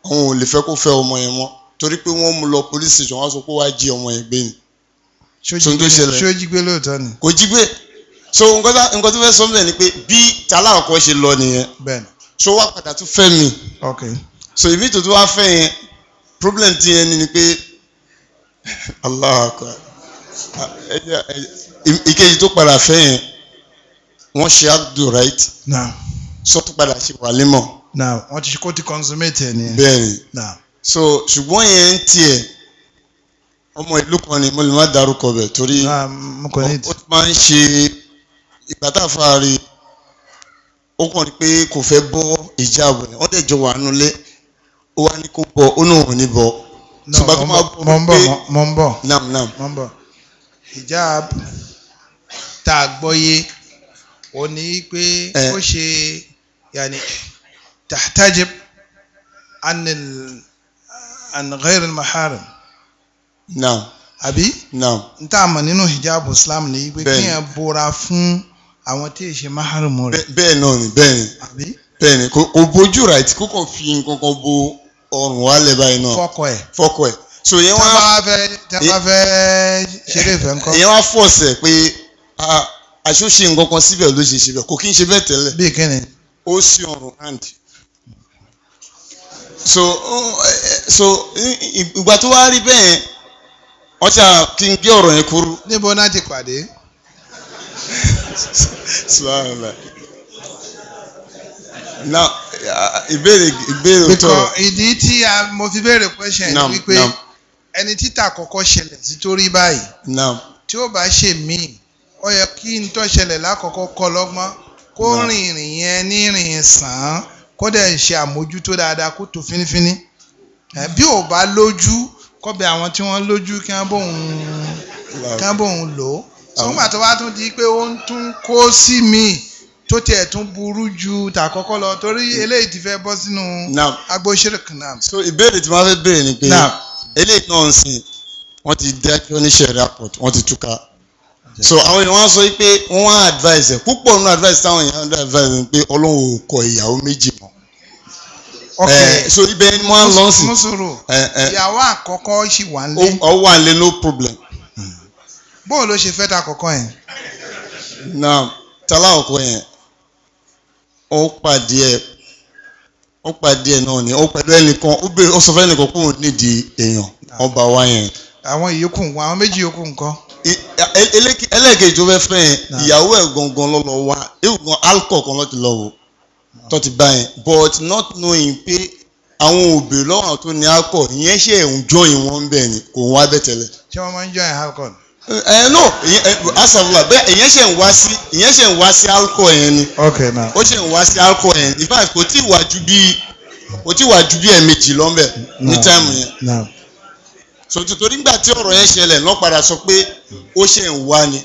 òun ò lè fẹ́ kó fẹ́ ọmọ yẹn mọ́ torí pé wọ́n mú lọ police station wọ́n sọ pé wàá jí ọmọ yẹn gbé ni. ṣó jí gbé lóòótọ́ ni. kò jí gbé so nǹkan tó fẹ́ sọ mílẹ̀ ni pé bí tàlà ọkọ ṣe lọ nìyẹn. bẹ́ẹ̀ni. so wá padà tún fẹ́ mi. ok so ìbí tó tún wá fẹ́ yẹn problem ti yẹn ni pé Allah akọ ah, ẹ jẹ ẹ jẹ ìkejì tó padà fẹ́ yẹn wọ́n ṣe abdul right. now sọ tó padà ṣe wà límọ̀. now wọ́n ti kó ti consummate ẹ̀ nìyẹn. bẹ́ẹ̀ni now so ṣùgbọ́n yẹn ń tiẹ̀ ọmọ ìlú kan ni mo lè má dárúkọ bẹ̀ torí ó máa ń ṣe ìgbà tá a fa rí ó kàn ní pé kò fẹ́ bọ́ ìjà yẹn wọ́n dẹ̀ jọ wà nulẹ̀ ó wá ní kó bọ̀ ó náà ò ní bọ̀. ṣùgbọ́n kó máa bọ̀ pé mọ̀ ń bọ̀ tá a gbọ́ yé ó ní pé ó ṣe yàní tahtajib anil an ghayr al maharim. naam. àbí. naam. n tá a mọ̀ nínú hijab islam ni pé kéèyàn bora fún àwọn tí èsì maharim rẹ̀. bẹ́ẹ̀ náà ni bẹ́ẹ̀ ni. àbí. bẹ́ẹ̀ ni kò bójú ra ètí kò kàn fi nǹkan bo ọrùn wálẹ̀ báyìí náà. fọkọ ẹ. fọkọ ẹ so yẹn wá. tẹ́ bá fẹ́ tẹ́ bá fẹ́ ṣeré ìfẹ́ ńkọ́. yẹn wá fọ̀ọ̀sẹ̀ pé àṣùṣe nǹkan kan síbẹ̀ ló ṣe síbẹ̀ kò kí n ṣe bẹ́ẹ̀ tẹ́lẹ̀ bí kẹ́ni ó sí ọrùn hand so so ìgbà tó wá rí bẹ́ẹ̀ ọjà kí n gé ọ̀rọ̀ yẹn kúrú. níbo náà ti pàdé. subhanallah now ìbéèrè ìbéèrè tó. ìdí tí mo fi béèrè question ni wípé ẹni títà kọ́kọ́ ṣẹlẹ̀ sí torí báyìí tí ó bá ṣe míì ó yẹ kí n tó ṣẹlẹ̀ lákọ̀ọ́kọ́ kọ́ lọ́gbọ́n kó rìn ìrìn yẹn ní ìrìn sàn án kó dẹ̀ ṣe àmójútó dáadáa kó tó fínífíní bí ò bá lójú kọ́ bẹ àwọn tí wọ́n lójú kí wọ́n bóun kí wọ́n bóun lò ó sọ́gbà tó bá tún di pé ó ń tún kó sí mi tó tiẹ̀ tún burú ju tàkọ́kọ́ lọ torí hmm. eléyìí ti fẹ́ bọ́ sínú agbóṣèrèkì náà. so ìbéèrè tí wọ́n fẹ́ béèrè ni pé eléyìí náà ń sìn wọ́n ti dẹ́kun ní sẹ̀ríà port wọ́n ti túká so àwọn èèyàn wá sọ pé wọ́n wá advice ẹ̀ púpọ̀ nínú advice táwọn èèyàn dá advice ẹ̀ pé ọlọ́run ò kọ ìyàwó méjì mọ́ so ibẹ̀ ni wọ́n á lọ sí. musoro ìyàwó àkọ́kọ́ ṣì wà ń lé. ó wà ń lé no problem. bó o ló ṣe fẹ́ ta àkọ́kọ́ yẹn. na tala ọkọ yẹn ó pàdé ẹ ó pàdé ẹ náà ni ó pẹ̀lú ẹnìkan ó bèrè ó sọ fẹ́ ẹnìkan kó o nídìí èèyàn ọba wa yẹn. àwọn ìyókù àwọn méjì yòókù nǹkan ẹlẹ́kẹ̀ẹ́ tó fẹ́ fẹ́ yẹn ìyàwó ẹ̀ gangan lọ́lọ́ wa ewu gan alcohol kan lọ́ti lọ́wọ́ tó ti bá yẹn but not knowing pé àwọn òbí lọ́wọ́ àwọn tó ní alcohol ìyẹn ṣe ń join wọn bẹ́ẹ̀ ni kò wá bẹ́ẹ̀ tẹ́lẹ̀. ṣé wọ́n máa ń join alcohol. ẹ eh, ẹ eh, no eh, asàfùlà bẹ́ẹ̀ ìyẹn ṣe ń wá sí ìyẹn ṣe ń wá sí alcohol yẹn ni. ok na ó ṣe ń wá sí alcohol yẹn in fact kò tí ì wá ju bí kò tí ì wá ju bí ẹ̀ẹ̀mejì lọ́nbẹ̀ ní táìmù yẹn sòtì torí ngbà tí ọ̀rọ̀ yẹn ṣẹlẹ̀ ló padà sọ pé ó ṣe ń wá ni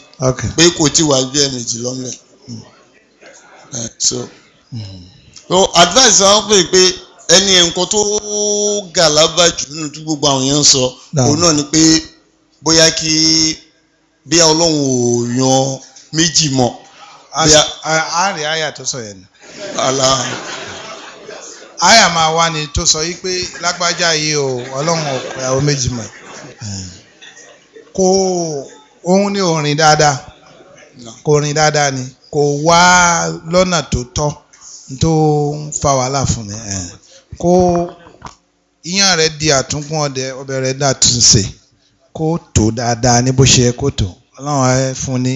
pé kò tí wà bí ẹ̀mejì lọ́mọlẹ̀ eh, so so advice àwọn pè pé ẹni nǹkan tó gàlábà jù nínú tí gbogbo àwọn yẹn ń sọ òun náà ni pé bóyá kí bí ọlọ́run ò yan méjì mọ́. a rí àyà tó sọ yẹn. àyà máa wá ni tó sọ yìí pé lágbájá yìí o ọlọ́run ọ̀pẹ àwọn méjì mọ̀ kó òun ní orin dáadáa kò rìn dáadáa ni kò wá lọ́nà tó tọ́ tó ń fa wàhálà fún mi kó iyán rẹ̀ di àtúnkún ọdẹ ọbẹ̀ rẹ̀ tó dáadáa ní bó ṣe tó ọlọ́run fún ní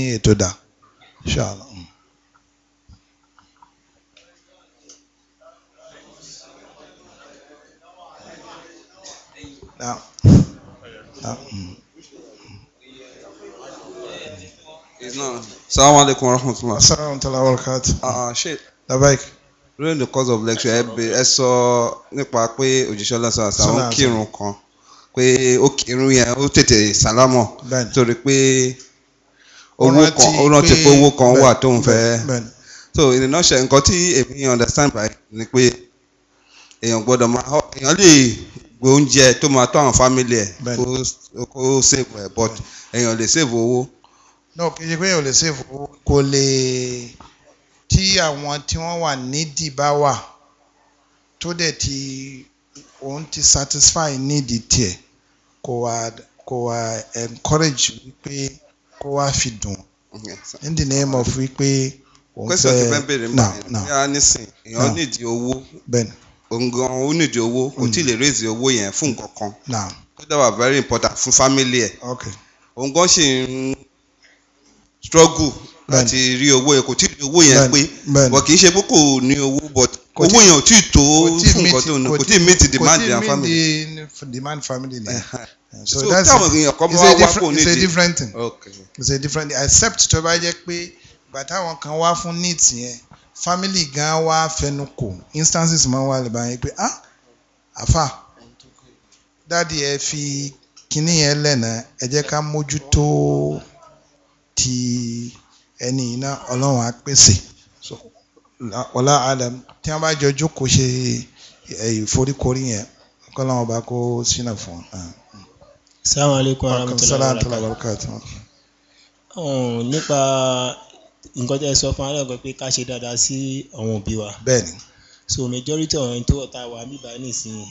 Assalamu alaikum wa rahmatullah. Assalamu alaikum wa barakatuh. Ah, ṣe. Ah, Dabaik. During the course of lecture, ẹ sọ nípa pé òjíṣẹ́ lọ́sọ̀ àṣà kírun kan pé ó kírun yẹn ó tètè sálámọ̀ torí pé owó kan ó rántí pé owó kan wà So nǹkan tí èmi understand by ni pé èèyàn máa èèyàn lè gbogbo oúnjẹ tó máa tó àwọn fámìlì ẹ̀ kó save ẹ̀ but èèyàn lè save owó. náà kì í ṣe pé èèyàn lè save owó kò lè tí àwọn tí wọ́n wà nídìí bá wà tó dẹ̀ ti òun ti satisfy nídìí tiẹ̀ kò wá kò wá encourage wípé kó wá fi dùn in the name of wípé òun fẹ́ na na. question ti fẹ́ bèrè mọ́ ẹ̀ ní ànísìn èèyàn nídìí owó. bẹ́ẹ̀ni òǹgàn ó nídìí owó kò tí ì lè hmm. raise owó yẹn fún nǹkan kan ó dábàá very important fún family ẹ̀ òǹgàn sì ń struggle láti rí owó yẹn kò tí ì rí owó yẹn pé wọ́n kì í ṣe pé ní owó but owó yẹn ò tí ì tó fún nǹkan tó ní kò tí meet the demand their family. kò tí meet the demand family ni. so that's so, it it's a different thing okay. it's a different thing except tó bá jẹ́ pé bàtà àwọn kan wá fún needs yẹn family gan wa fẹnu kò instances máa ń wà lè báyìí pé ah afa? dáàdi ẹ fi kinní yẹn lẹ́nà ẹ jẹ́ ká mójútó ti ẹni iná ọlọ́run á pèsè ọlá adam tí wọ́n bá jọ jókòó ṣe ìforíkorí yẹn kọ́láwọn ọba kó sínà fún un. sáwọn aleykum aramitola arakata. nípa nǹkan tẹ́ sọ fún aláǹkan pé ká ṣe dáadáa sí àwọn òbí wa. bẹ́ẹ̀ni. so majority àwọn ẹni tó wọ̀ tá wà níbà nísìnyí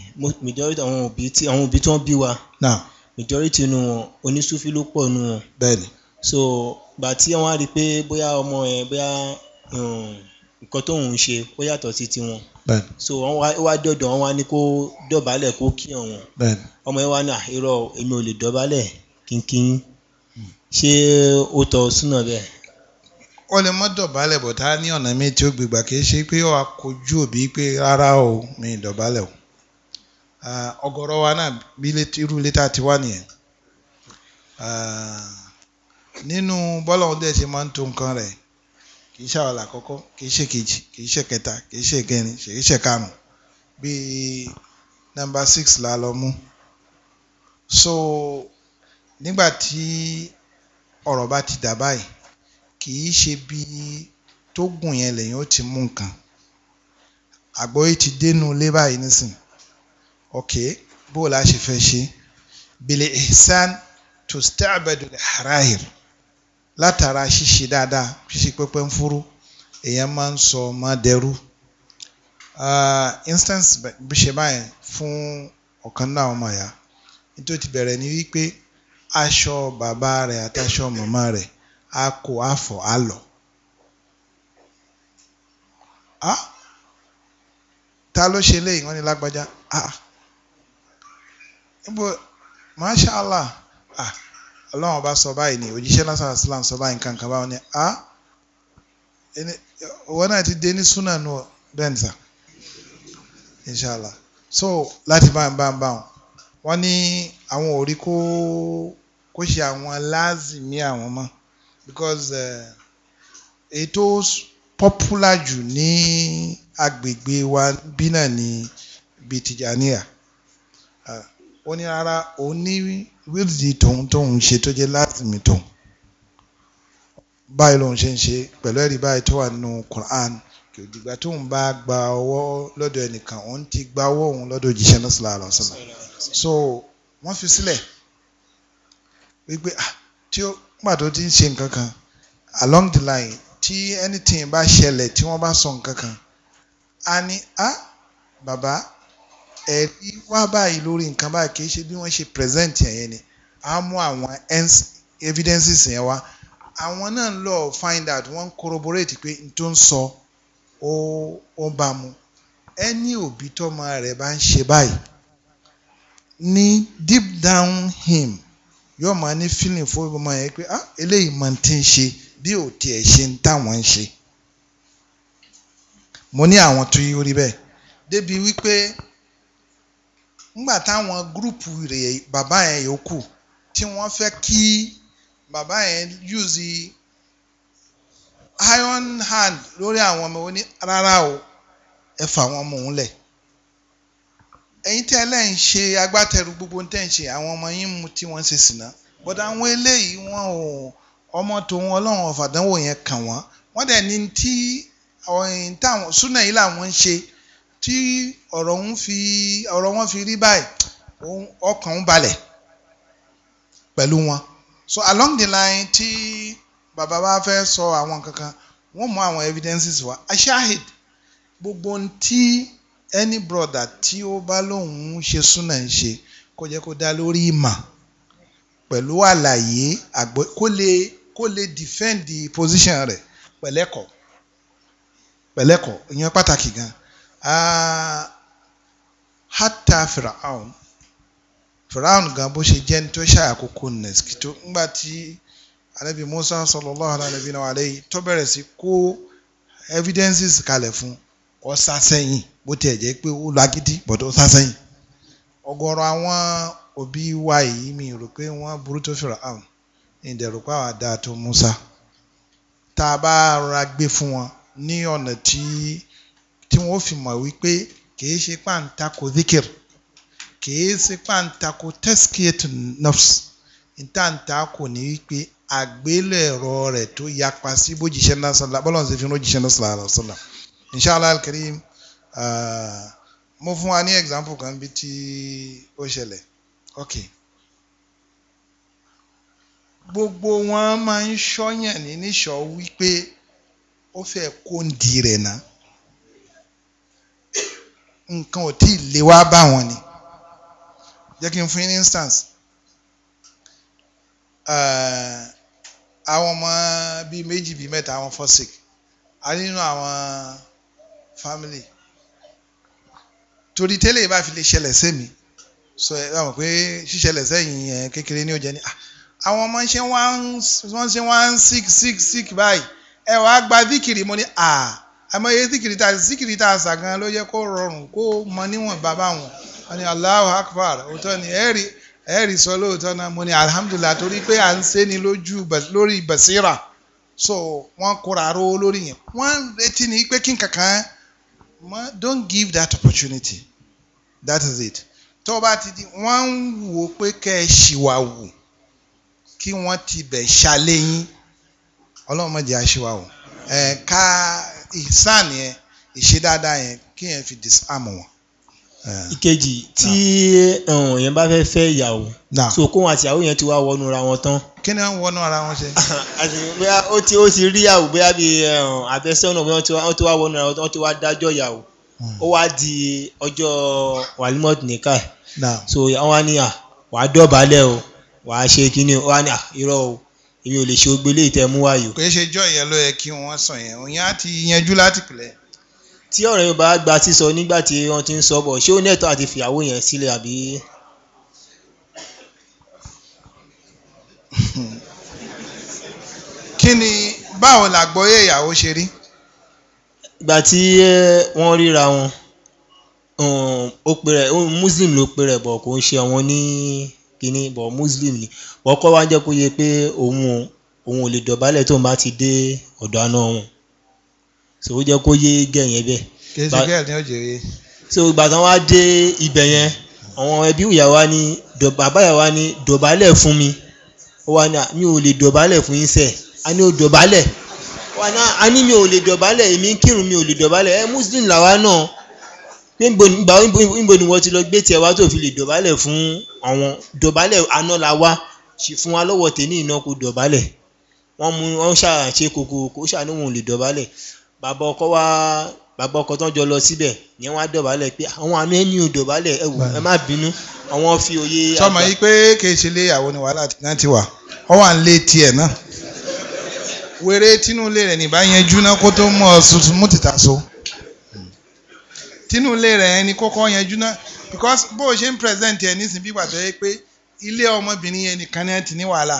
majority àwọn òbí tí àwọn òbí tí wọ́n bí wa. na majority nu wọn onísúfí ló pọ̀ nu wọn. bẹ́ẹ̀ni. so gbà tí wọ́n á rí i pé bóyá ọmọ ẹ̀ bóyá um, nǹkan tóun ń ṣe ó yàtọ̀ sí tiwọn. bẹ́ẹ̀ni. so wọ́n wá wá dọ̀dọ̀ wọ́n wá ní kó dọ̀bálẹ̀ kó kí ọ̀wọ́n. bẹ́ẹ̀ni. ọmọ ẹ̀ wá ní irọ́ èmi ò lè dọ̀bálẹ̀ kínkín hmm. ṣé ó tọ́ súnà ó lè mọ́ dọ̀bálẹ̀ bọ̀ tá a ní ọ̀nà mi tí ó gbégbà kì í ṣe pé ó akojú òbí pé rárá o mi dọ̀bálẹ̀ o ọ̀gọ̀rọ̀ wa náà bí irú létà ti wá nìyẹn nínú bọ́lọ̀hún dẹ̀ ṣe máa ń to nǹkan rẹ̀ kì í ṣàwọlà àkọ́kọ́ kì ṣe kejì kì ṣe kẹta kì ṣe kẹrin kì ṣe karùn bíi nọ́mbà six la lọ mú so nígbà tí ọ̀rọ̀ bá ti dà báyìí kì í ṣe ibi tó gùn yẹn lèèyàn ó ti mú nǹkan àgbọ́yé ti dé inú ilé báyìí nísìnyí okay bó o la ṣe fẹ́ ṣe bìlẹ̀ ihsan tusta'badu al-harahir látara ṣíṣe dáadáa ṣíṣe pẹ́pẹ́ ń fúrú èèyàn máa ń sọ ọmọ dẹrú instance bí ṣe báyẹn fún ọ̀kan náà ọmọ àyà nítorí ti bẹ̀rẹ̀ ni wípé aṣọ bàbá rẹ̀ àtàṣọ màmá rẹ̀ akụ afọ alọ ah ta ló ṣe léyìn wọn ni lágbájá ah masha allah ah ọlọ́run ọba sọ báyìí ni òjíṣẹ́ lásán islam sọ báyìí nǹkan kan báwọn ni ah wọn náà ti dé ní súnà nù bẹ́ẹ̀ sà so láti bá ń bá ń bá wọn wọn ní àwọn ò kó kó ṣe àwọn láàzìmí àwọn mọ́ because eh, èyí popular jù ní agbègbè wa bí náà ni bíi tìjànìyà ah, ó ní rárá òun ní wíìlì tòun tóun ṣe tó jẹ́ láàzìmì tòun báyìí lòun ṣe ń ṣe pẹ̀lú ẹ̀rí báyìí tó wà nínú Quran kò dìgbà tóun bá gba ọwọ́ lọ́dọ̀ ẹnìkan òun ti gba ọwọ́ òun lọ́dọ̀ òjíṣẹ́ náà sílá àlọ́ sílá so wọ́n fi sílẹ̀ wípé ah tí ó nígbà tó ti ń ṣe nǹkan kan along the line tí anything bá ṣẹlẹ̀ tí wọ́n bá sọ nǹkan kan a ní a bàbá ẹ̀rí wá báyìí lórí nǹkan báyìí kì ṣe bí wọ́n ṣe present yẹn ni a mú àwọn evidences yẹn wá àwọn náà ń lọ find out wọ́n corroborate pé n tó ń sọ ó ó bá mu ẹni òbí tọ́mọ rẹ̀ bá ń ṣe báyìí ní deep down him yóò máa ní feeling fún ọmọ yẹn pé ah eléyìí máa ti ń ṣe bí ò tiẹ̀ ṣe ń táwọn ń ṣe mo ní àwọn tó yí orí bẹ́ẹ̀ débi wípé ńgbà táwọn gúrùpù rẹ̀ bàbá yẹn yòókù tí wọ́n fẹ́ kí bàbá yẹn use iron hand lórí àwọn ọmọ wọn ní rárá o ẹ fà wọn mọ̀ ń lẹ̀ ẹ̀yin tí ẹlẹ́ ń ṣe agbátẹrù gbogbo ń tẹ̀ ń ṣe àwọn ọmọ yín mu tí wọ́n ṣe sìnà bọ́dà àwọn eléyìí wọn ò ọmọ tòun ọlọ́run ọ̀fàdánwò yẹn kàn wọ́n wọ́n dẹ̀ ní tí ọ̀yìn táwọn súnà yìí làwọn ń ṣe tí ọ̀rọ̀ wọn fi rí báyìí ọkàn ń balẹ̀ pẹ̀lú wọn so along the line tí bàbá bá fẹ́ sọ àwọn kankan wọ́n mú àwọn evidences wá ashahid gbogbo ohun tí any brother tí ó bá lóun ń ṣe súnà ń ṣe kó jẹ́ kó dá lórí ìmọ̀ pẹ̀lú àlàyé àgbẹ̀ kó lè kó lè defend the position rẹ̀ pẹ̀lẹ́kọ̀ pẹ̀lẹ́kọ̀ ìyẹn pàtàkì gan hata firaun firaun gan bó ṣe jẹ́ ní tó ṣe àkókò nẹ̀sìkìtò ńgbà tí anabi musa sallallahu alayhi wa alayhi tó bẹ̀rẹ̀ sí kó evidences kalẹ̀ fún un ó sá sẹ́yìn bó tiẹ̀ jẹ́ pé ó lágídí but ó sá sẹ́yìn ọ̀gọ̀rọ̀ àwọn òbí wa yìí mi rò pé wọ́n burú tó fìrà àwọn ìdẹ̀rù pa àwọn àdá tó Musa tá a bá ra gbé fún wọn ní ọ̀nà tí tí wọ́n fi mọ̀ wípé kìí ṣe pàǹtakò zikir kìí ṣe pàǹtakò tẹ́síkìtì nọ́fs ìtàǹtakò ní wípé àgbélẹ̀rọ rẹ̀ tó yapa sí bójìṣẹ́ náà sọ̀la bọ́lá ń ṣe fi ń rojìṣẹ́ náà sọ̀la sọ̀la inshallah alkarim uh, mo fún wa ní example kan bí tí ó ṣẹlẹ̀ ok gbogbo wọn máa ń ṣọ́yàn ní níṣọ́ wípé ó fẹ́ kó ń di rẹ̀ náà nǹkan ò tí ì lè wá bá wọn ni jẹ́ kí n fún yín ní instance uh, àwọn ọmọ bíi méjì bíi mẹ́ta àwọn fọ́sìk a nínú àwọn. Uh, family torí tẹ́lẹ̀ bá fi lè ṣẹlẹ̀ sẹ́mi sọ ẹ báwọn pé ṣíṣẹlẹ̀ sẹ́yìn yẹn kékeré ní òjẹ́ ni ah, àwọn ọmọ ṣe wọ́n ṣe wọ́n sick sick sick báyìí ẹ wàá gba zikiri mo ní à àmọ́ iye zikiri ta zikiri ta àṣà gan ló yẹ kó rọrùn kó mọ níwọ̀n bàbá wọn wọn ni Allahu Akbar òótọ́ ni ẹ̀rí ẹ̀rí sọ lóòótọ́ náà mo ní alhamdulillah torí pé à ń ṣe ni lójú lórí basira so wọ́n kóra ró lórí yẹn wọ́n retí ni pé kí n kankan don't give that opportunity that is it tó bá ti di wọ́n ń wò ó pé kẹ́ ẹ ṣìwàwù kí wọ́n ti bẹ̀ ṣàléyìn ọlọ́run má jẹ́ aṣìwàwù ẹ̀ ká ìsàn yẹn ìṣe dáadáa yẹn kí yẹn fi disarm wọn. Eh. ìkejì tí um, yẹn bá fẹ́ fẹ́ ìyàwó so kóhun àti ìyàwó yẹn ti wá wọnú ara wọn tán. kí ni wọ́n wọnú ara wọn ṣe. o ó ti ó ti rí ìyàwó bóyá bí um, àfẹ́sọ́nà bóyá wọ́n ti wá wọnú ara wọn tán wọ́n ti wá dájọ́ ìyàwó hmm. ó wá di ọjọ́ walimot nìka so àwọn ni à wà á dọ̀bálẹ̀ o wà á ṣe kíni wà á ní à irọ́ o èmi ò lè ṣe ogbélé ìtẹ́mú wáyò. kò ṣe jọ ìyẹn ló yẹ kí wọ́n sàn yẹn òun yẹn á ti yanjú láti pìlẹ̀ tí ọ̀rẹ́ yóò bá gba sísọ nígbà tí wọ́n ti ń sọ bọ̀ ṣé ó ní ẹ̀tọ́ àti fìyàwó yẹn sílẹ̀ àbí. kí ni báwo làgbọ́yé ìyàwó ṣe rí. ìgbà tí wọ́n ríra wọn muslim ló pe rẹ̀ bọ̀ kò ń ṣe àwọn ní kínní bọ̀ muslim ni wọ́n kọ́ wá jẹ́ kó yẹ pé òun òun ò lè dọ̀bálẹ̀ tóun bá ti dé ọ̀dọ̀ àna wọn so ó jẹ́ kó yé gẹ̀ yẹn bẹ́ẹ̀. ṣe gẹ́ẹ̀ ní òjèrè. so ìgbà tán wá dé ibẹ̀ yẹn àwọn ẹbí ìyàwó ni bàbá ìyàwó ni dọ̀bálẹ̀ fún mi ó wà ní mi ò lè dọ̀bálẹ̀ fún yín sẹ́ẹ̀ a ní o dọ̀bálẹ̀ wà ní a ní mi ò lè dọ̀bálẹ̀ èmi ń kírun mi ò lè dọ̀bálẹ̀ ẹ muslim làwa náà nígbà níbo ni wọ́n ti lọ gbé tiẹ̀ wá tó fi lè dọ̀bálẹ̀ fún àwọn dọ̀bálẹ̀ aná la wá fún wa lọ́wọ́ tèmi iná kó dọ̀bálẹ̀ wọ́n mú wọ́n ṣàṣe kòkòrò kó ṣàníwọ̀n lè dọ̀bálẹ̀ bàbá ọkọ wá bàbá ọkọ tán jọ lọ síbẹ̀ ni wọ́n á dọ̀bálẹ̀ pé àwọn àmì ẹni ò dọ̀bálẹ̀ ẹ wò ẹ má bínú àwọn fi òye. sọmọ yìí pé kìí ṣe léyàwó ni wàhálà náà ti wà ọ wà ń lé tiẹ̀ náà wèrè tinúlé rẹ̀ nìbá yanjú náà kó tó mú ọ mú tìta so tinúlé rẹ̀ ẹni kọ́kọ́ yanjú náà because bó o ṣe ń present ẹ nísìn bí gbàtọ́ yẹ pé ilé ọmọbìnrin yẹn nìkan náà ti ní wàhálà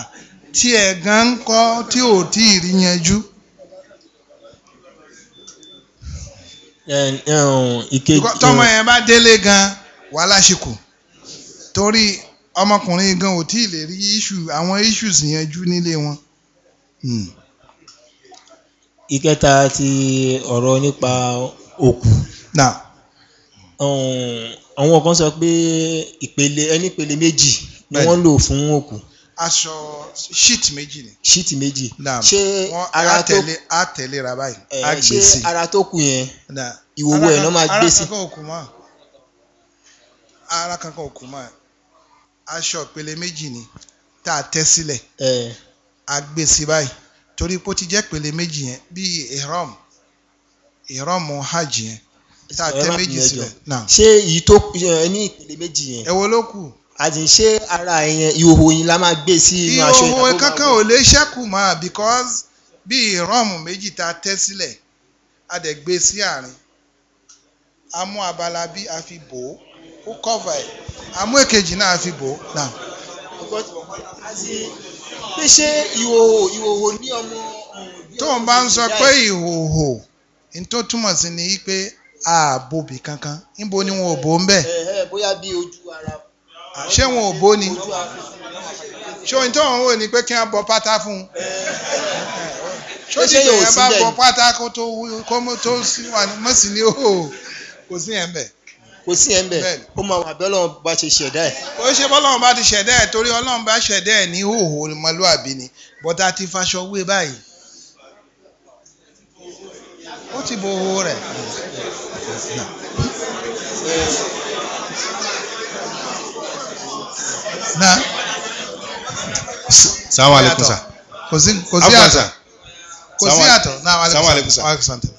tiẹ̀ gan kọ́ tí ò tí ì rí yanjú. Um, ìkejì. tọmọ yẹn bá délé gan wàhálà ṣe kù torí ọmọkùnrin gan ò tí ì lè rí iṣu àwọn issues yẹn jú nílé wọn. Hmm. ìkẹta ti ọ̀rọ̀ nípa òkú. Um, àwọn kan sọ pé ìpele méjì ni wọ́n lò fún òkú aṣọ sheet méjì ni. sheet méjì. ṣé ara tó ṣé àtẹ̀léra báyìí. ẹ eh, ṣé ara tó kù yẹn ìwòwò ẹ̀ náà máa gbé ara kankan ò mọ́ ara kankan ò mọ́ aṣọ ìpele méjì ni tá a tẹ́ sílẹ̀ eh. a gbé sí báyìí torí pé ó ti jẹ́ ìpele méjì yẹn bíi ihram ihram hajj yẹn tá a tẹ́ méjì sílẹ̀. ṣé èyí tó ẹni ìpele méjì yẹn. ẹ wo ló kù àjìnṣe ara ẹ̀yẹn ìhòhò yìí la máa gbé sí inú aṣọ ìdàgbò. ìhòhò kankan ò lè ṣẹ́kù mọ́ because bí ìrọ́ọ̀mù méjì ta tẹ́ sílẹ̀ a dẹ̀ gbé sí àárín a mú abala bí a fi bò ó ó kọ́va ẹ̀ a mú èkejì náà a fi bò ó náà. pé ṣé ìhòhò ìhòhò ní ọmọ. tó ń bá ń sọ pé ìhòhò n tó túmọ̀ sí ni pé ààbò bì kankan níbo ni wọn ò bò ń bẹ̀. bóyá bí ojú ara ṣé wọn ò bó ni ṣé ohun tí wọn wò ni pé kí wọn bọ pátá fún un ṣó ti tó yẹn bá bọ pátá kó tó kó tó wà ní mọ́sí ni o kò sí yẹn bẹ̀. kò sí yẹn bẹ̀ ó máa wà bẹ́ẹ̀ lọ́wọ́ bá ti ṣẹ̀dá ẹ̀. ó ṣe bọ́lọ́wọ́ bá ti ṣẹ̀dá ẹ̀ torí ọlọ́run bá ṣẹ̀dá ẹ̀ ní hòhò ọmọlúwàbí ni bọ́tà ti faṣọ wé báyìí ó ti bo owó rẹ̀. na salamu alaikum sa kò sí kò sí àtọ kò sí àtọ salamu alaikum sa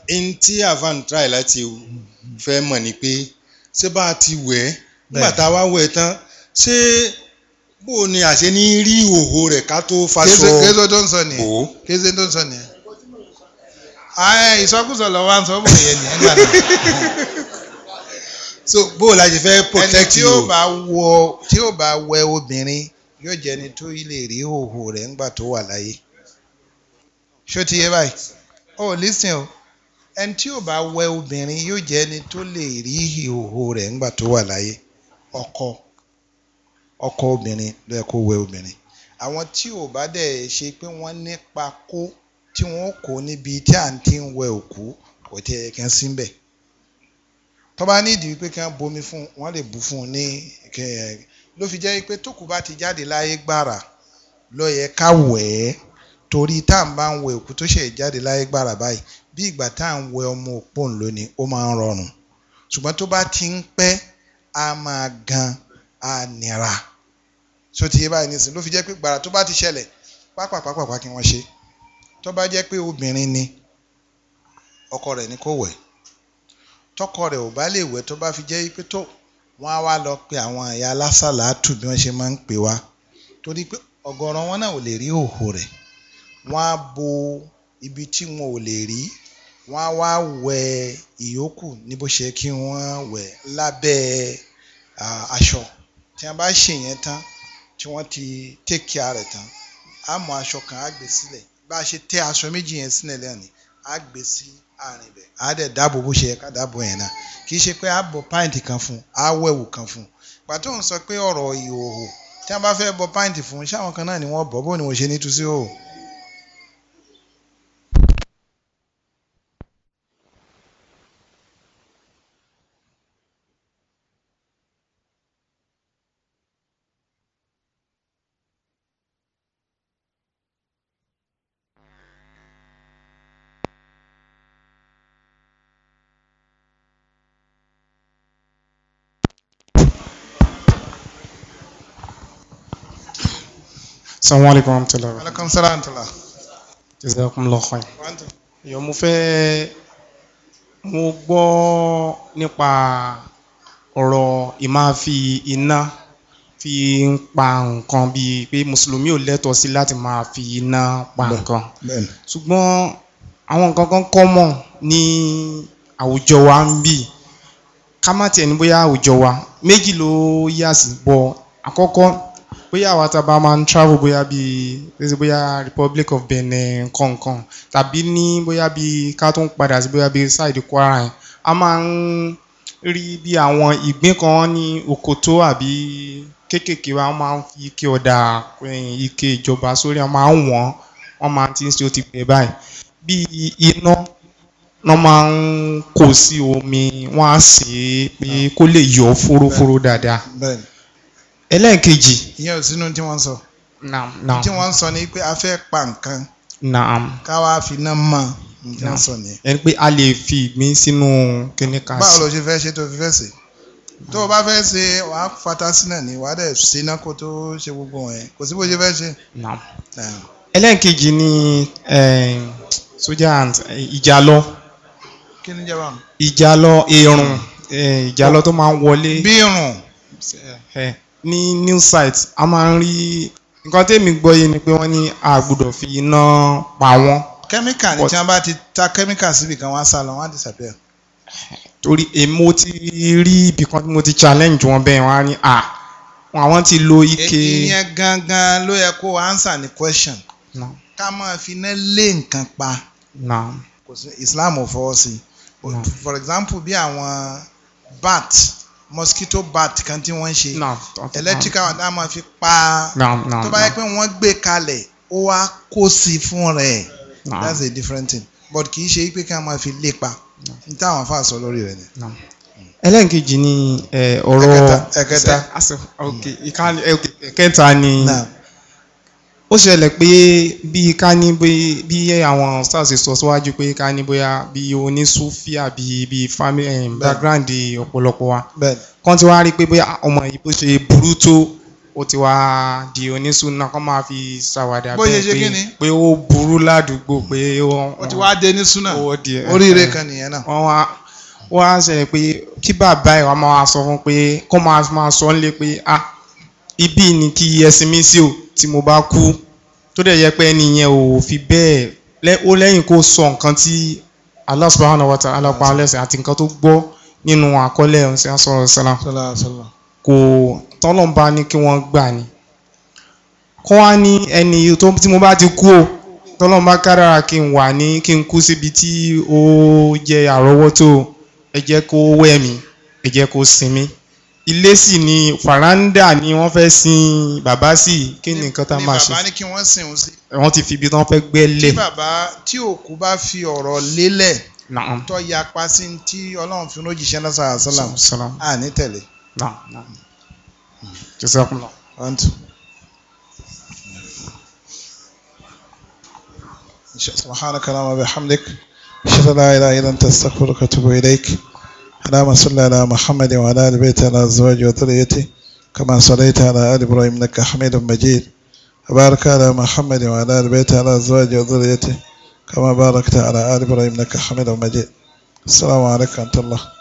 n tí avan try láti fẹ́ mọ̀ ni pé ṣé bá a ti wẹ̀ ẹ́ nígbà tá a wá wẹ̀ tán ṣé bó o ní àṣẹ ní rí ìhòòhò rẹ̀ ká tó faṣọ kéze tó ń sọ nìyẹn kéze tó ń sọ nìyẹn ìsọkúsọ lọ wá ń sọ bóyá nìyẹn gbà náà so bó o la ṣe fẹ́ protect you. ẹni tí ó bá wọ tí ó bá wẹ obìnrin yóò jẹ́ ẹni tó lè rí ìhòòhò rẹ̀ ńgbà tó wà láyé ṣó ti yé báyìí o listen o ẹni tí ó bá wẹ obìnrin yóò jẹ́ ẹni tó lè rí ìhòòhò rẹ̀ ńgbà tó wà láyé ọkọ ọkọ obìnrin ló yẹ kó wẹ obìnrin àwọn tí ò bá dẹ̀ ṣe pé wọ́n nípa kó tí wọ́n kó níbi tí à ń ti wẹ òkú kò tí ẹ kàn sí bẹ́ẹ̀ tó bá nídìí wípé kí wọ́n bomi fún wọ́n lè bù fún un ní ló fi jẹ́ pé tókù bá ti jáde láyé gbàrà ló yẹ ká wẹ̀ ẹ́ torí tá à ń bá ń wẹ òkú tó ṣe jáde láyé gbàrà báyìí bí ìgbà tá à ń wẹ ọmọ òpóòn lónìí ó máa ń rọrùn ṣùgbọ́n tó bá ti ń pẹ́ a máa gan a nira so ti yé báyìí nísìnyí ló fi jẹ́ pé gbàrà tó bá ti ṣẹlẹ̀ pápápápápá kí wọ́n ṣe tó bá jẹ́ pé obìnrin ni ọkọ rẹ̀ ni kò wẹ̀ tọkọ rẹ̀ ò bá lè wẹ̀ tó bá fi jẹ́ pé tó wọ́n á wá lọ pe àwọn ẹ̀yà alásàlátù bí wọ́n ṣe máa ń pè wá torí pé ọ̀gọ̀rọ̀ wọn náà ò lè rí òhò rẹ̀ wọ́n á bo ibi tí wọn ò lè rí wọ́n á wá wẹ̀ ìyókù ní bó ṣe kí wọ́n wẹ̀ lábẹ́ aṣọ tí wọ́n bá ṣe yẹn tán tí wọ́n ti take care rẹ̀ tán á mú aṣọ kan á gbé sílẹ̀ bá a ṣe tẹ́ aṣọ méjì yẹn sílẹ̀ lẹ́yìn á gbé sí àárín bẹ̀ á dẹ̀ dáàbò bó ṣe yẹ ká dáàbò yẹn náà kì í ṣe pé á bọ pint kan fún á wẹ̀wù kan fún pàtó ń sọ pé ọ̀rọ̀ ìhòòhò tí wọ́n bá fẹ́ bọ pint fún ṣáwọn kan náà ni wọ́n bọ̀ bó ni mo ṣe ní tú sí òòhò. salamu alaykum wa rahmatulah. alaykum salaam wa rahmatulah. jazakumullahu khairan. yọ mo fẹ́ mo gbọ́ nípa ọ̀rọ̀ ìmáfi iná fi ń pa nǹkan bíi pé mùsùlùmí ò lẹ́tọ̀ọ́ sí láti máa fi iná pa nǹkan ṣùgbọ́n àwọn nǹkan kan common ní àwùjọ wa ń bì ká má tiẹ̀ ní bóyá àwùjọ wa méjì ló yà sí bọ́ àkọ́kọ́ bóyá àwọn àtàbà máa ń travel bóyá bíi bóyá Republic of Benin nǹkankan tàbí ní bóyá bíi ká tó ń padà sí bóyá bíi side Kwara yẹn a máa ń rí bí àwọn ìgbín kan ní òkòtó àbí kéékèèké wa máa ń fi ike ọ̀dà eh, ike ìjọba sórí wọn máa ń wọ́n wọ́n máa ti ń ṣe ó ti báyìí bí iná wọ́n máa ń kó sí omi wọ́n á sè é pé kó lè yọ fúrúfúrú dáadáa ẹlẹ́ẹ̀kejì. ìyẹn ò sínú tí wọ́n sọ. naam naam tí wọ́n sọ ni pé a fẹ́ pa nǹkan. naam káwa finá mọ nǹkan sọ ni. ẹni pé a lè fi mí sínú kíní kan. báwo lo ṣe fẹ́ ṣe tó fi fẹ́ ṣe tó o bá fẹ́ ṣe wàá fata sínà ni wàá dẹ̀ síná kó tó ṣe gbogbo wọn yẹn kò sí bó ṣe fẹ́ ṣe. naam ẹlẹ́ẹ̀kejì ni eh, sójà eh, ìjàlọ. kí ni jẹ́ báwọn. ìjàlọ èrùn eh, ìjàlọ tó máa ń wọlé. bí irun ní new site a máa ń rí nǹkan tẹ́mi gbọ́ yé ni pé wọ́n ní a gbọ́dọ̀ fi iná pa wọ́n. kẹ́míkà ni tí wọ́n bá ti ta kẹ́míkà síbi kan wọ́n á sá lọ wọ́n á disappear. torí èmo ti rí ibì kan tí mo ti challenge wọn bẹ́ẹ̀ wọ́n á ní à àwọn ti lo ike. ìyẹn gangan ló yẹ kó answer ni question. ká máa fi iná lé nǹkan pa. kò sí Islam ò fọwọ́ sí for example bí àwọn bat mosquito bat kan tí wọ́n ń ṣe electrical one náà máa fi pa tó bá yẹ pé wọ́n gbé kalẹ̀ ó wá kó sí fún rẹ̀ that's a different thing but kì í ṣe pé ká máa fi lè pa n táwọn afa sọ lórí rẹ̀ ni. ẹlẹ́nkejì ni ọ̀rọ̀ ẹ̀kẹta ẹ̀kẹta ah, ok ìkẹta ni ó ṣẹlẹ̀ pé bíi ká ní bí àwọn stars sọ síwájú pé ká ní bóyá bí onísúfì àbí bí family eh, background ọ̀pọ̀lọpọ̀ wa kán ti wá rí pé bóyá ọmọ yìí bó ṣe burú tó ó ti wá di onísúná kán máa fi ṣàwàdà bẹ́ẹ̀ pé ó burú ládùúgbò pé ó ti wá dé nísúná oríire kan nìyẹn náà wọ́n á ṣẹlẹ̀ pé kí bàbá ẹ̀ wá máa sọ fún pé kó máa sọ ń lé pé ah ibi ni kí ẹsìn mi sí o tí mo bá kú tó dẹ̀ yẹ pé ẹni yẹn ò fi bẹ́ẹ̀ ó lẹ́yìn kó sọ nǹkan tí Allah subhanahu wa ta'ala pa lẹ́sẹ̀ àti nǹkan tó gbọ́ nínú àkọọ́lẹ̀ ọ̀sẹ̀ asọ̀rọ̀ sẹ́lá kò tọ́lọ́mbà ní kí wọ́n gbà ní kó wá ní ẹni tí mo bá ti kú o tọ́lọ́mbà kádàrà kí n wà ní kí n kú síbi tí ó jẹ́ àrọ́wọ́tó ẹ kó wẹ̀ mí ẹ kó sinmi ilé sì ni fàrándà ni wọ́n fẹ́ sin bàbá sí kí ni nǹkan tá a máa ṣe. ni bàbá ní kí wọ́n sìn òun sí. wọ́n ti fi ibi tí wọ́n fẹ́ gbẹ́ lẹ̀. tí bàbá tí òkú bá fi ọ̀rọ̀ lélẹ̀ tó yapa sí tí ọlọ́run fi lójijì náà sàlám sàlám àní tẹ̀lé. jazakumullah. سبحانك اللهم وبحمدك اشهد ان لا اله الا انت استغفرك واتوب اليك اللهم صل على محمد وعلى ال بيت الازواج وذريته كما صليت على ال ابراهيم انك حميد مجيد وبارك على محمد وعلى ال بيت الازواج وذريته كما باركت على ال ابراهيم انك حميد مجيد السلام عليكم ورحمه الله